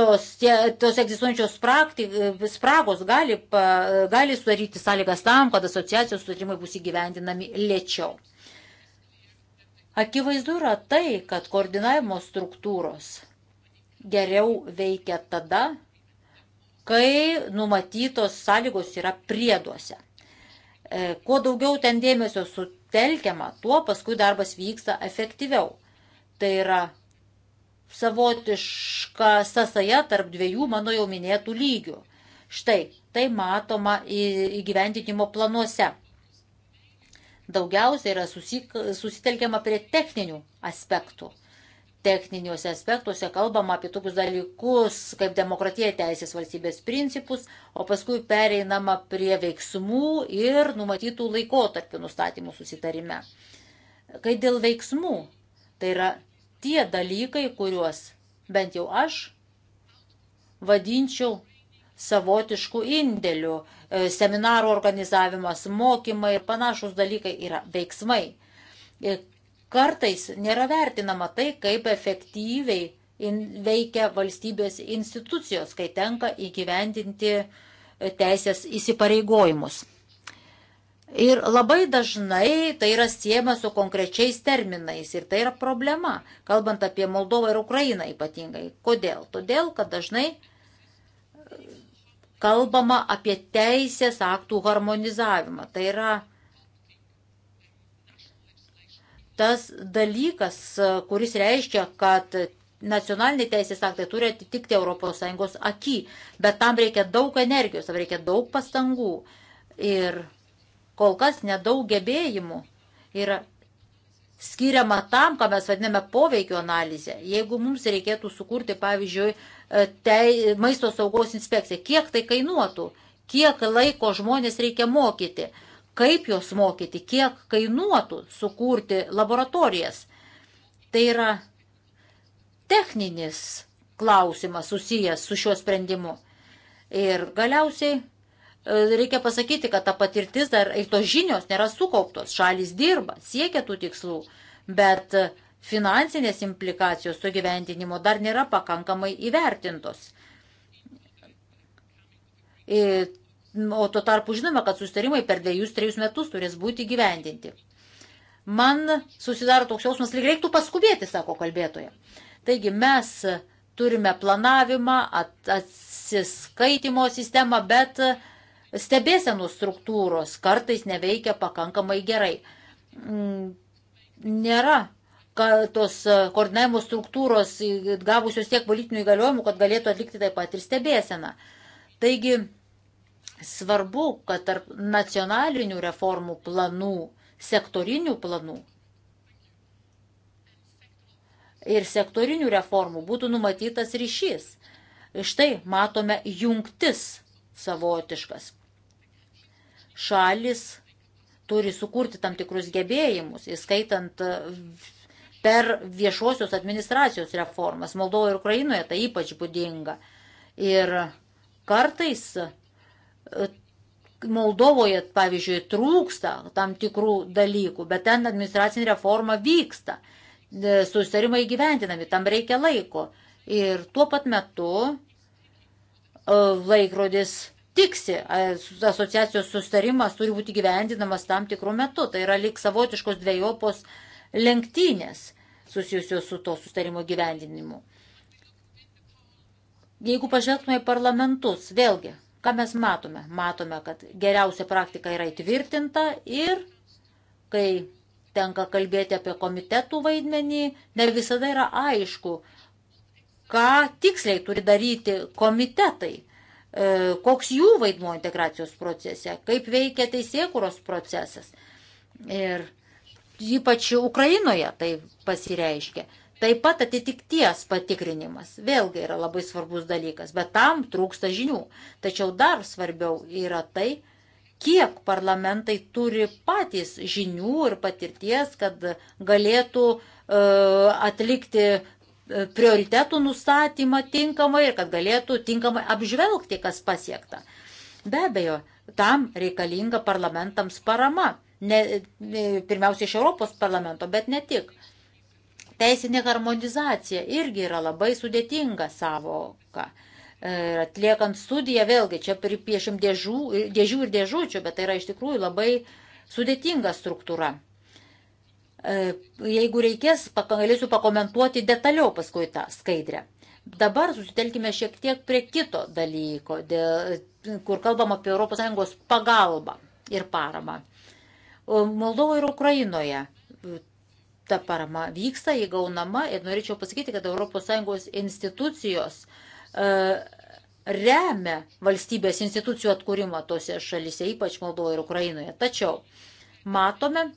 tos, tie, tos egzistuojančios praktik, spragos gali, pa, gali sudaryti sąlygas tam, kad asociacijos sutarimai bus įgyvendinami lėčiau. Akivaizdu yra tai, kad koordinavimo struktūros geriau veikia tada, kai numatytos sąlygos yra prieduose. E, kuo daugiau ten dėmesio sutelkiama, tuo paskui darbas vyksta efektyviau. Tai yra savotiška sąsaja tarp dviejų mano jau minėtų lygių. Štai tai matoma įgyvendinimo planuose daugiausia yra susitelkiama prie techninių aspektų. Techniniuose aspektuose kalbama apie tokius dalykus kaip demokratija, teisės valstybės principus, o paskui pereinama prie veiksmų ir numatytų laikotarpių nustatymų susitarime. Kai dėl veiksmų, tai yra tie dalykai, kuriuos bent jau aš vadinčiau savotiškų indėlių. E, seminarų organizavimas, mokymai ir panašus dalykai yra veiksmai. E, kartais nėra vertinama tai, kaip efektyviai veikia valstybės institucijos, kai tenka įgyvendinti e, teisės įsipareigojimus. Ir labai dažnai tai yra siema su konkrečiais terminais ir tai yra problema, kalbant apie Moldovą ir Ukrainą ypatingai. Kodėl? Todėl, kad dažnai kalbama apie teisės aktų harmonizavimą. Tai yra tas dalykas, kuris reiškia, kad nacionaliniai teisės aktai turi atitikti ES akį, bet tam reikia daug energijos, tam reikia daug pastangų ir kol kas nedaug gebėjimų yra skiriama tam, ką mes vadiname poveikio analizę. Jeigu mums reikėtų sukurti, pavyzdžiui, e, tei, maisto saugos inspekciją, kiek tai kainuotų, kiek laiko žmonės reikia mokyti, kaip juos mokyti, kiek kainuotų sukurti laboratorijas. Tai yra techninis klausimas susijęs su šiuo sprendimu. Ir galiausiai E, reikia pasakyti, kad ta patirtis dar ir tos žinios nėra sukauptos. Šalis dirba, siekia tų tikslų, bet finansinės implikacijos to gyventinimo dar nėra pakankamai įvertintos. Ir, e, o tuo tarpu žinome, kad sustarimai per dviejus, trejus metus turės būti gyvendinti. Man susidaro toks jausmas, lyg reiktų paskubėti, sako kalbėtoja. Taigi mes turime planavimą, at, atsiskaitimo sistemą, bet uh, stebėsenų struktūros kartais neveikia pakankamai gerai. Mm, nėra kad tos e, koordinavimo struktūros gavusios tiek politinių įgaliojimų, kad galėtų atlikti taip pat ir stebėseną. Taigi svarbu, kad tarp nacionalinių reformų planų, sektorinių planų ir sektorinių reformų būtų numatytas ryšys. Štai matome jungtis savotiškas šalis turi sukurti tam tikrus gebėjimus, įskaitant e, per viešosios administracijos reformas. Moldovoje ir Ukrainoje tai ypač būdinga. Ir kartais e, Moldovoje, pavyzdžiui, trūksta tam tikrų dalykų, bet ten administracinė reforma vyksta, e, susitarimai gyventinami, tam reikia laiko. Ir tuo pat metu laikrodis tiksi. Asociacijos sustarimas turi būti gyvendinamas tam tikrų metų. Tai yra lik savotiškos dviejopos lenktynės susijusios su to sustarimo gyvendinimu. Jeigu pažvelgtume į parlamentus, vėlgi, ką mes matome? Matome, kad geriausia praktika yra įtvirtinta ir kai tenka kalbėti apie komitetų vaidmenį, ne visada yra aišku, ką tiksliai turi daryti komitetai. E, koks jų vaidmo integracijos procese, kaip veikia teisėkuros procesas. Ir ypač Ukrainoje tai pasireiškia. Taip pat atitikties patikrinimas vėlgi yra labai svarbus dalykas, bet tam trūksta žinių. Tačiau dar svarbiau yra tai, kiek parlamentai turi patys žinių ir patirties, kad galėtų e, atlikti prioritetų nustatymą tinkamai ir kad galėtų tinkamai apžvelgti, kas pasiekta. Be abejo, tam reikalinga parlamentams parama. Ne, pirmiausia, iš Europos parlamento, bet ne tik. Teisinė harmonizacija irgi yra labai sudėtinga savoka. E, atliekant studiją, vėlgi čia pripiešim dėžų, dėžių ir dėžučių, bet tai yra iš tikrųjų labai sudėtinga struktūra. E, jeigu reikės, galėsiu pakomentuoti detaliau paskui tą skaidrę. Dabar susitelkime šiek tiek prie kito dalyko, dėl, kur kalbam apie ES pagalbą ir paramą. Moldovoje ir Ukrainoje ta parama vyksta, įgaunama ir norėčiau pasakyti, kad ES institucijos e, remia valstybės institucijų atkūrimą tose šalise, ypač Moldovoje ir Ukrainoje. Tačiau matome,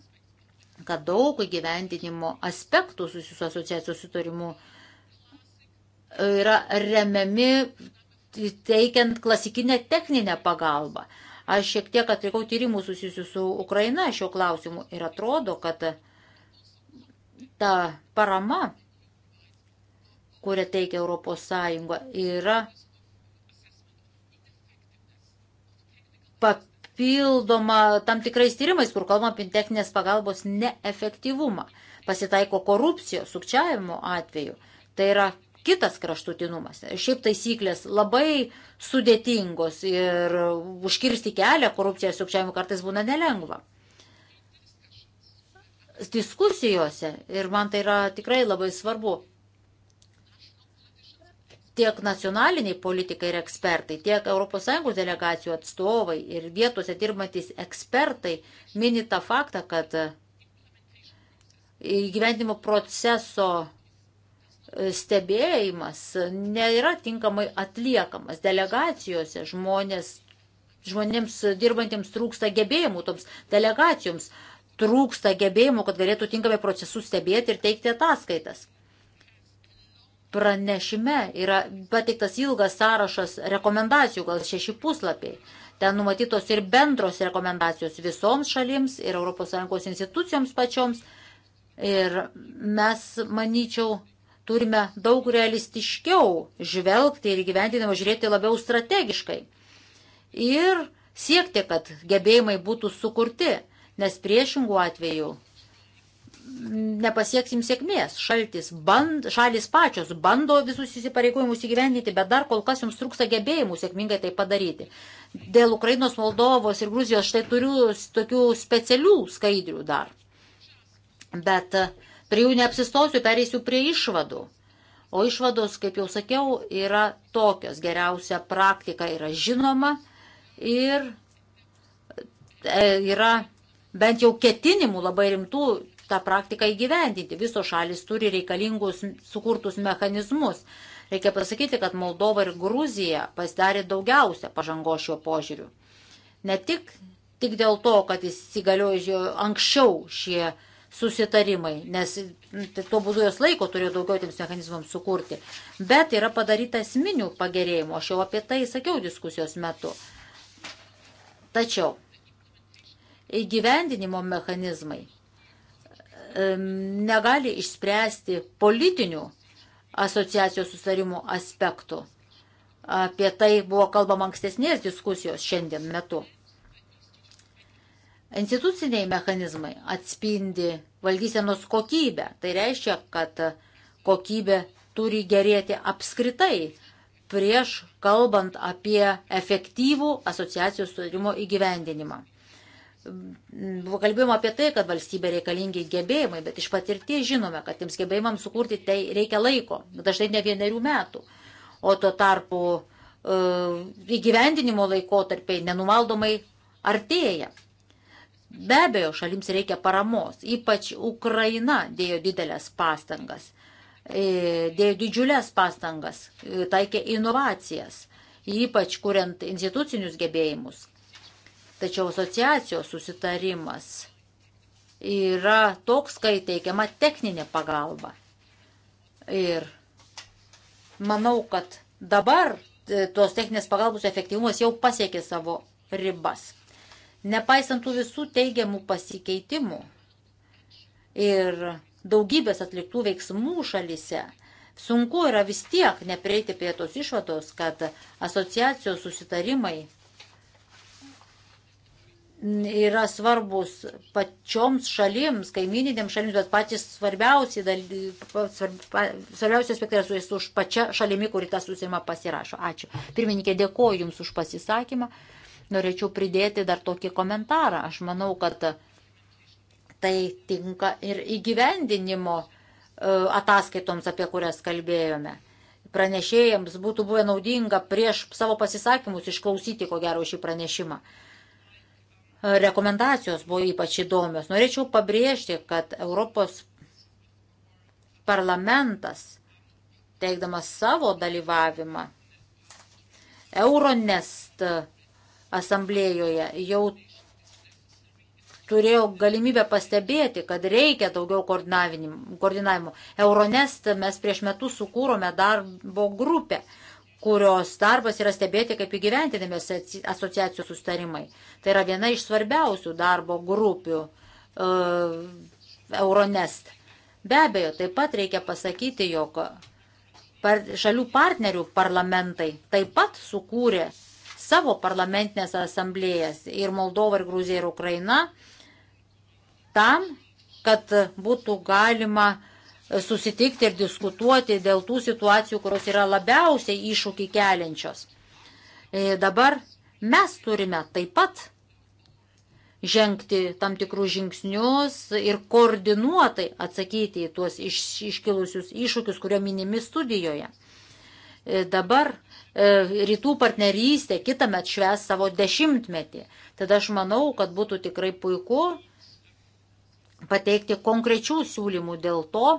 kad daug įgyvendinimo aspektų susijusių asociacijos sutarimu e, yra remiami teikiant klasikinę techninę pagalbą. Aš šiek tiek atlikau tyrimų susijusių su Ukraina šiuo klausimu ir atrodo, kad ta parama, kurią teikia Europos Sąjunga, yra pap papildoma tam tikrais tyrimais, kur kalbama apie techninės pagalbos neefektyvumą. Pasitaiko korupcijos, sukčiavimo atveju. Tai yra kitas kraštutinumas. Šiaip taisyklės labai sudėtingos ir užkirsti kelią korupciją ir sukčiavimą kartais būna nelengva. Diskusijose, ir man tai yra tikrai labai svarbu, tiek nacionaliniai politikai ir ekspertai, tiek ES delegacijų atstovai ir vietose dirbantis ekspertai mini tą faktą, kad įgyvendimo proceso e, stebėjimas nėra tinkamai atliekamas. Delegacijose žmonės, žmonėms dirbantiems trūksta gebėjimų, toms delegacijoms trūksta gebėjimų, kad galėtų tinkamai procesus stebėti ir teikti ataskaitas. Pranešime yra pateiktas ilgas sąrašas rekomendacijų, gal šeši puslapiai. Ten numatytos ir bendros rekomendacijos visoms šalims ir ES institucijoms pačioms. Ir mes, manyčiau, turime daug realistiškiau žvelgti ir gyventinimą žiūrėti labiau strategiškai. Ir siekti, kad gebėjimai būtų sukurti, nes priešingų atveju nepasieksim sėkmės. Šaltis band, šalis pačios bando visus įsipareigojimus įgyvendinti, bet dar kol kas jums trūksta gebėjimų sėkmingai tai padaryti. Dėl Ukrainos, Moldovos ir Gruzijos štai turiu tokių specialių skaidrių dar. Bet e, prie jų neapsistosiu, pereisiu prie išvadų. O išvados, kaip jau sakiau, yra tokios. Geriausia praktika yra žinoma ir e, yra bent jau ketinimų labai rimtų tą praktiką įgyvendinti. Visos šalis turi reikalingus sukurtus mechanizmus. Reikia pasakyti, kad Moldova ir Gruzija pasidarė daugiausia pažango šiuo požiūriu. Ne tik, tik dėl to, kad įsigaliojo anksčiau šie susitarimai, nes tai tuo būdu jos laiko turėjo daugiau tiems mechanizmams sukurti. Bet yra padaryta esminių pagerėjimų, aš jau apie tai sakiau diskusijos metu. Tačiau įgyvendinimo mechanizmai negali išspręsti politinių asociacijos sustarimų aspektų. Apie tai buvo kalbama ankstesnės diskusijos šiandien metu. Instituciniai mechanizmai atspindi valdysenos kokybę. Tai reiškia, kad kokybė turi gerėti apskritai prieš kalbant apie efektyvų asociacijos sutarimo įgyvendinimą. Buvo kalbėjoma apie tai, kad valstybė reikalingi gebėjimai, bet iš patirties žinome, kad tiems gebėjimams sukurti tai reikia laiko, dažnai ne vienerių metų. O tuo tarpu e, įgyvendinimo laikotarpiai nenumaldomai artėja. Be abejo, šalims reikia paramos, ypač Ukraina dėjo didelės pastangas, e, dėjo didžiulės pastangas, e, taikė inovacijas, ypač kuriant institucinius gebėjimus, Tačiau asociacijos susitarimas yra toks, kai teikiama techninė pagalba. Ir manau, kad dabar e, tos techninės pagalbos efektyvumas jau pasiekė savo ribas. Nepaisant tų visų teigiamų pasikeitimų ir daugybės atliktų veiksmų šalise, sunku yra vis tiek neprieiti prie tos išvados, kad asociacijos susitarimai yra svarbus pačioms šalims, kaimininėms šalims, bet patys svarbiausi, svarbiausi aspektai yra su jais už pačią šalimi, kuri tą susimą pasirašo. Ačiū. Pirmininkė, dėkoju Jums už pasisakymą. Norėčiau pridėti dar tokį komentarą. Aš manau, kad tai tinka ir įgyvendinimo e, ataskaitoms, apie kurias kalbėjome pranešėjams būtų buvę naudinga prieš savo pasisakymus išklausyti, ko gero, šį pranešimą rekomendacijos buvo ypač įdomios. Norėčiau pabrėžti, kad Europos parlamentas, teikdamas savo dalyvavimą, Euronest asamblėjoje jau turėjau galimybę pastebėti, kad reikia daugiau koordinavimo. Euronest mes prieš metus sukūrome darbo grupę, kurios darbas yra stebėti, kaip įgyventinami asociacijos sustarimai. Tai yra viena iš svarbiausių darbo grupių e, Euronest. Be abejo, taip pat reikia pasakyti, jog par, šalių partnerių parlamentai taip pat sukūrė savo parlamentinės asamblėjas ir Moldova, ir Gruzija, ir Ukraina tam, kad būtų galima susitikti ir diskutuoti dėl tų situacijų, kurios yra labiausiai iššūkį keliančios. E, dabar mes turime taip pat žengti tam tikrus žingsnius ir koordinuotai atsakyti į tuos iš, iškilusius iššūkius, kurio minimi studijoje. E, dabar e, rytų partnerystė kitą metą šves savo dešimtmetį. Tada aš manau, kad būtų tikrai puiku pateikti konkrečių siūlymų dėl to,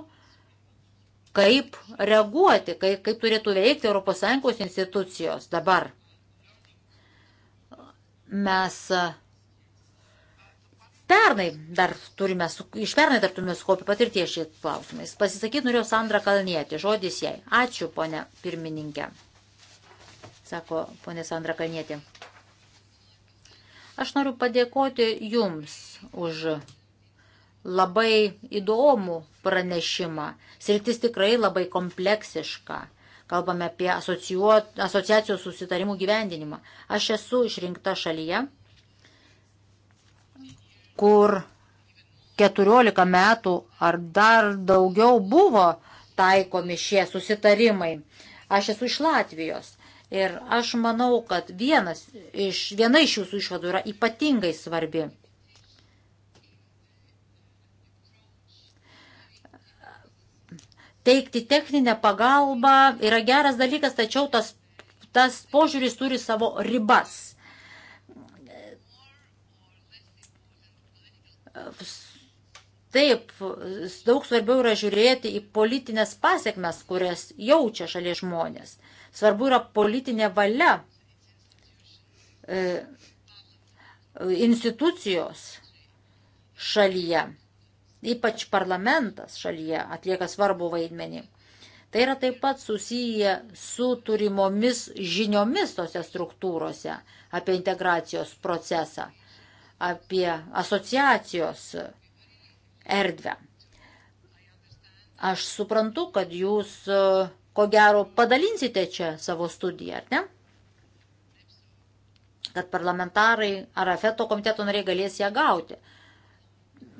kaip reaguoti, kaip, kaip turėtų veikti ES institucijos dabar. Mes pernai dar turime, iš pernai dar turime skopį patirties šiais klausimais. Pasisakyti norėjau Sandra Kalnietė, žodis jai. Ačiū, ponė pirmininkė, sako ponė Sandra Kalnietė. Aš noriu padėkoti Jums už labai įdomų pranešimą. Sritis tikrai labai kompleksiška. Kalbame apie asociacijos susitarimų gyvendinimą. Aš esu išrinkta šalyje, kur 14 metų ar dar daugiau buvo taikomi šie susitarimai. Aš esu iš Latvijos ir aš manau, kad vienas iš, viena iš jūsų išvadų yra ypatingai svarbi. teikti techninę pagalbą yra geras dalykas, tačiau tas, tas požiūris turi savo ribas. Taip, daug svarbiau yra žiūrėti į politinės pasiekmes, kurias jaučia šalies žmonės. Svarbu yra politinė valia e, institucijos šalyje. Ypač parlamentas šalyje atlieka svarbu vaidmenį. Tai yra taip pat susiję su turimomis žiniomis tose struktūrose apie integracijos procesą, apie asociacijos erdvę. Aš suprantu, kad jūs e, ko gero padalinsite čia savo studiją, ar ne? Kad parlamentarai ar afeto komiteto nariai galės ją gauti.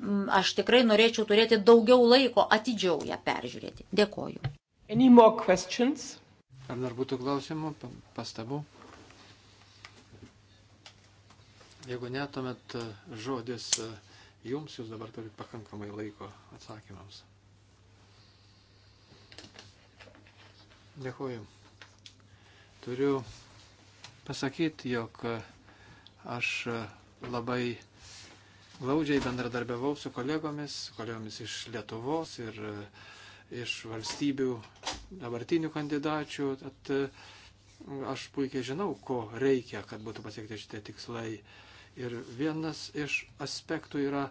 Mm, aš tikrai norėčiau turėti daugiau laiko atidžiau ją peržiūrėti. Dėkoju. Ar dar būtų klausimų, pastabų? Jeigu ne, tuomet e, žodis e, jums, jūs dabar turite pakankamai laiko atsakymams. Dėkuoju. Turiu pasakyti, jog e, aš labai glaudžiai bendradarbiavau su kolegomis, kolegomis iš Lietuvos ir e, iš valstybių dabartinių kandidačių. Tad e, aš puikiai žinau, ko reikia, kad būtų pasiekti šitie tikslai. Ir vienas iš aspektų yra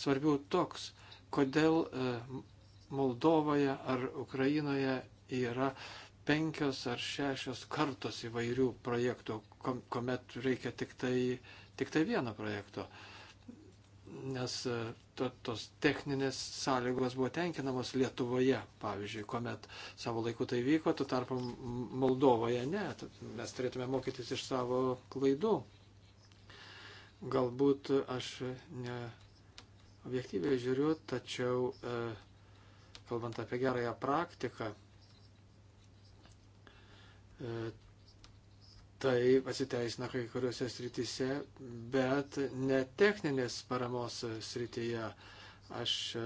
svarbiau toks, kodėl e, Moldovoje ar Ukrainoje yra penkios ar šešios kartos įvairių projektų, kuomet reikia tik tai, tik tai vieno projekto. Uh, nes e, to, tos techninės sąlygos buvo tenkinamos Lietuvoje, pavyzdžiui, kuomet savo laiku tai vyko, tu tarpu Moldovoje ne, mes turėtume mokytis iš savo klaidų. Galbūt aš ne objektyviai žiūriu, tačiau e, kalbant apie gerąją praktiką, e, tai pasiteisina kai kuriuose srityse, bet ne techninės paramos srityje. Aš e,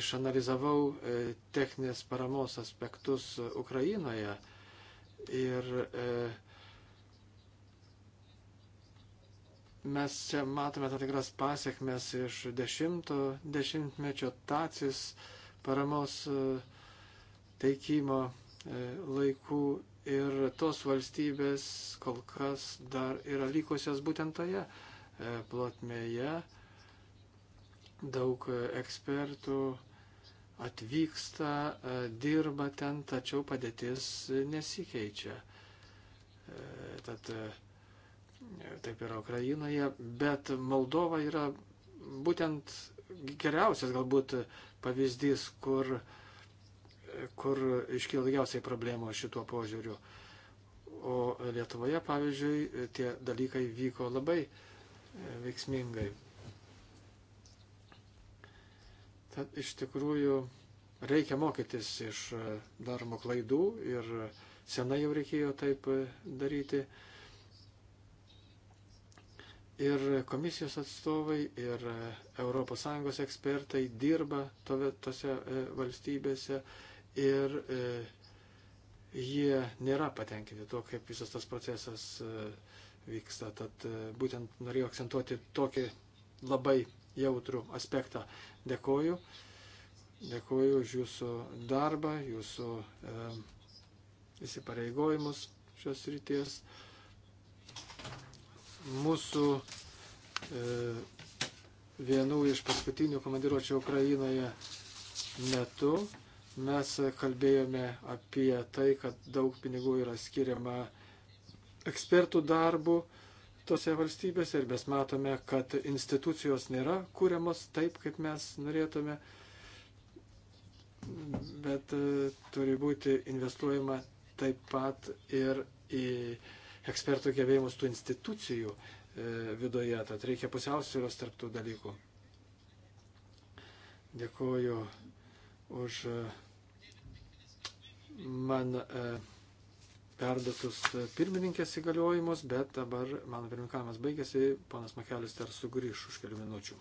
išanalizavau e, techninės paramos aspektus Ukrainoje ir e, mes čia matome tam tikras pasiekmes iš dešimto dešimtmečio tacis paramos teikimo laikų ir tos valstybės kol kas dar yra likusios būtent toje e, plotmėje. Daug e, ekspertų atvyksta, e, dirba ten, tačiau padėtis nesikeičia. Tad taip yra Ukrainoje, bet Moldova yra būtent geriausias galbūt pavyzdys, kur uh, kur iškyla daugiausiai problemų šituo požiūriu. O Lietuvoje, pavyzdžiui, tie dalykai vyko labai e, veiksmingai. Tad iš tikrųjų reikia mokytis iš e, daromo klaidų ir senai jau reikėjo taip e, daryti. Ir komisijos atstovai, ir ES ekspertai dirba tove, tose valstybėse, ir e, jie nėra patenkinti tuo, kaip visas tas procesas e, vyksta. Tad e, būtent norėjau akcentuoti tokį labai jautrų aspektą. Dėkoju. Dėkoju už jūsų darbą, jūsų e, įsipareigojimus šios ryties. Mūsų e, vienų iš paskutinių komandiruočio Ukrainoje metu Mes kalbėjome apie tai, kad daug pinigų yra skiriama ekspertų darbų tose valstybėse ir mes matome, kad institucijos nėra kūriamos taip, kaip mes norėtume, bet e, turi būti investuojama taip pat ir į ekspertų gebėjimus tų institucijų e, viduje, tad reikia pusiausvėros tarptų dalykų. Dėkuoju už. Uh man e, perdotus pirmininkės įgaliojimus, bet dabar mano pirmininkavimas baigėsi, ponas Makelis dar sugrįš už kelių minučių.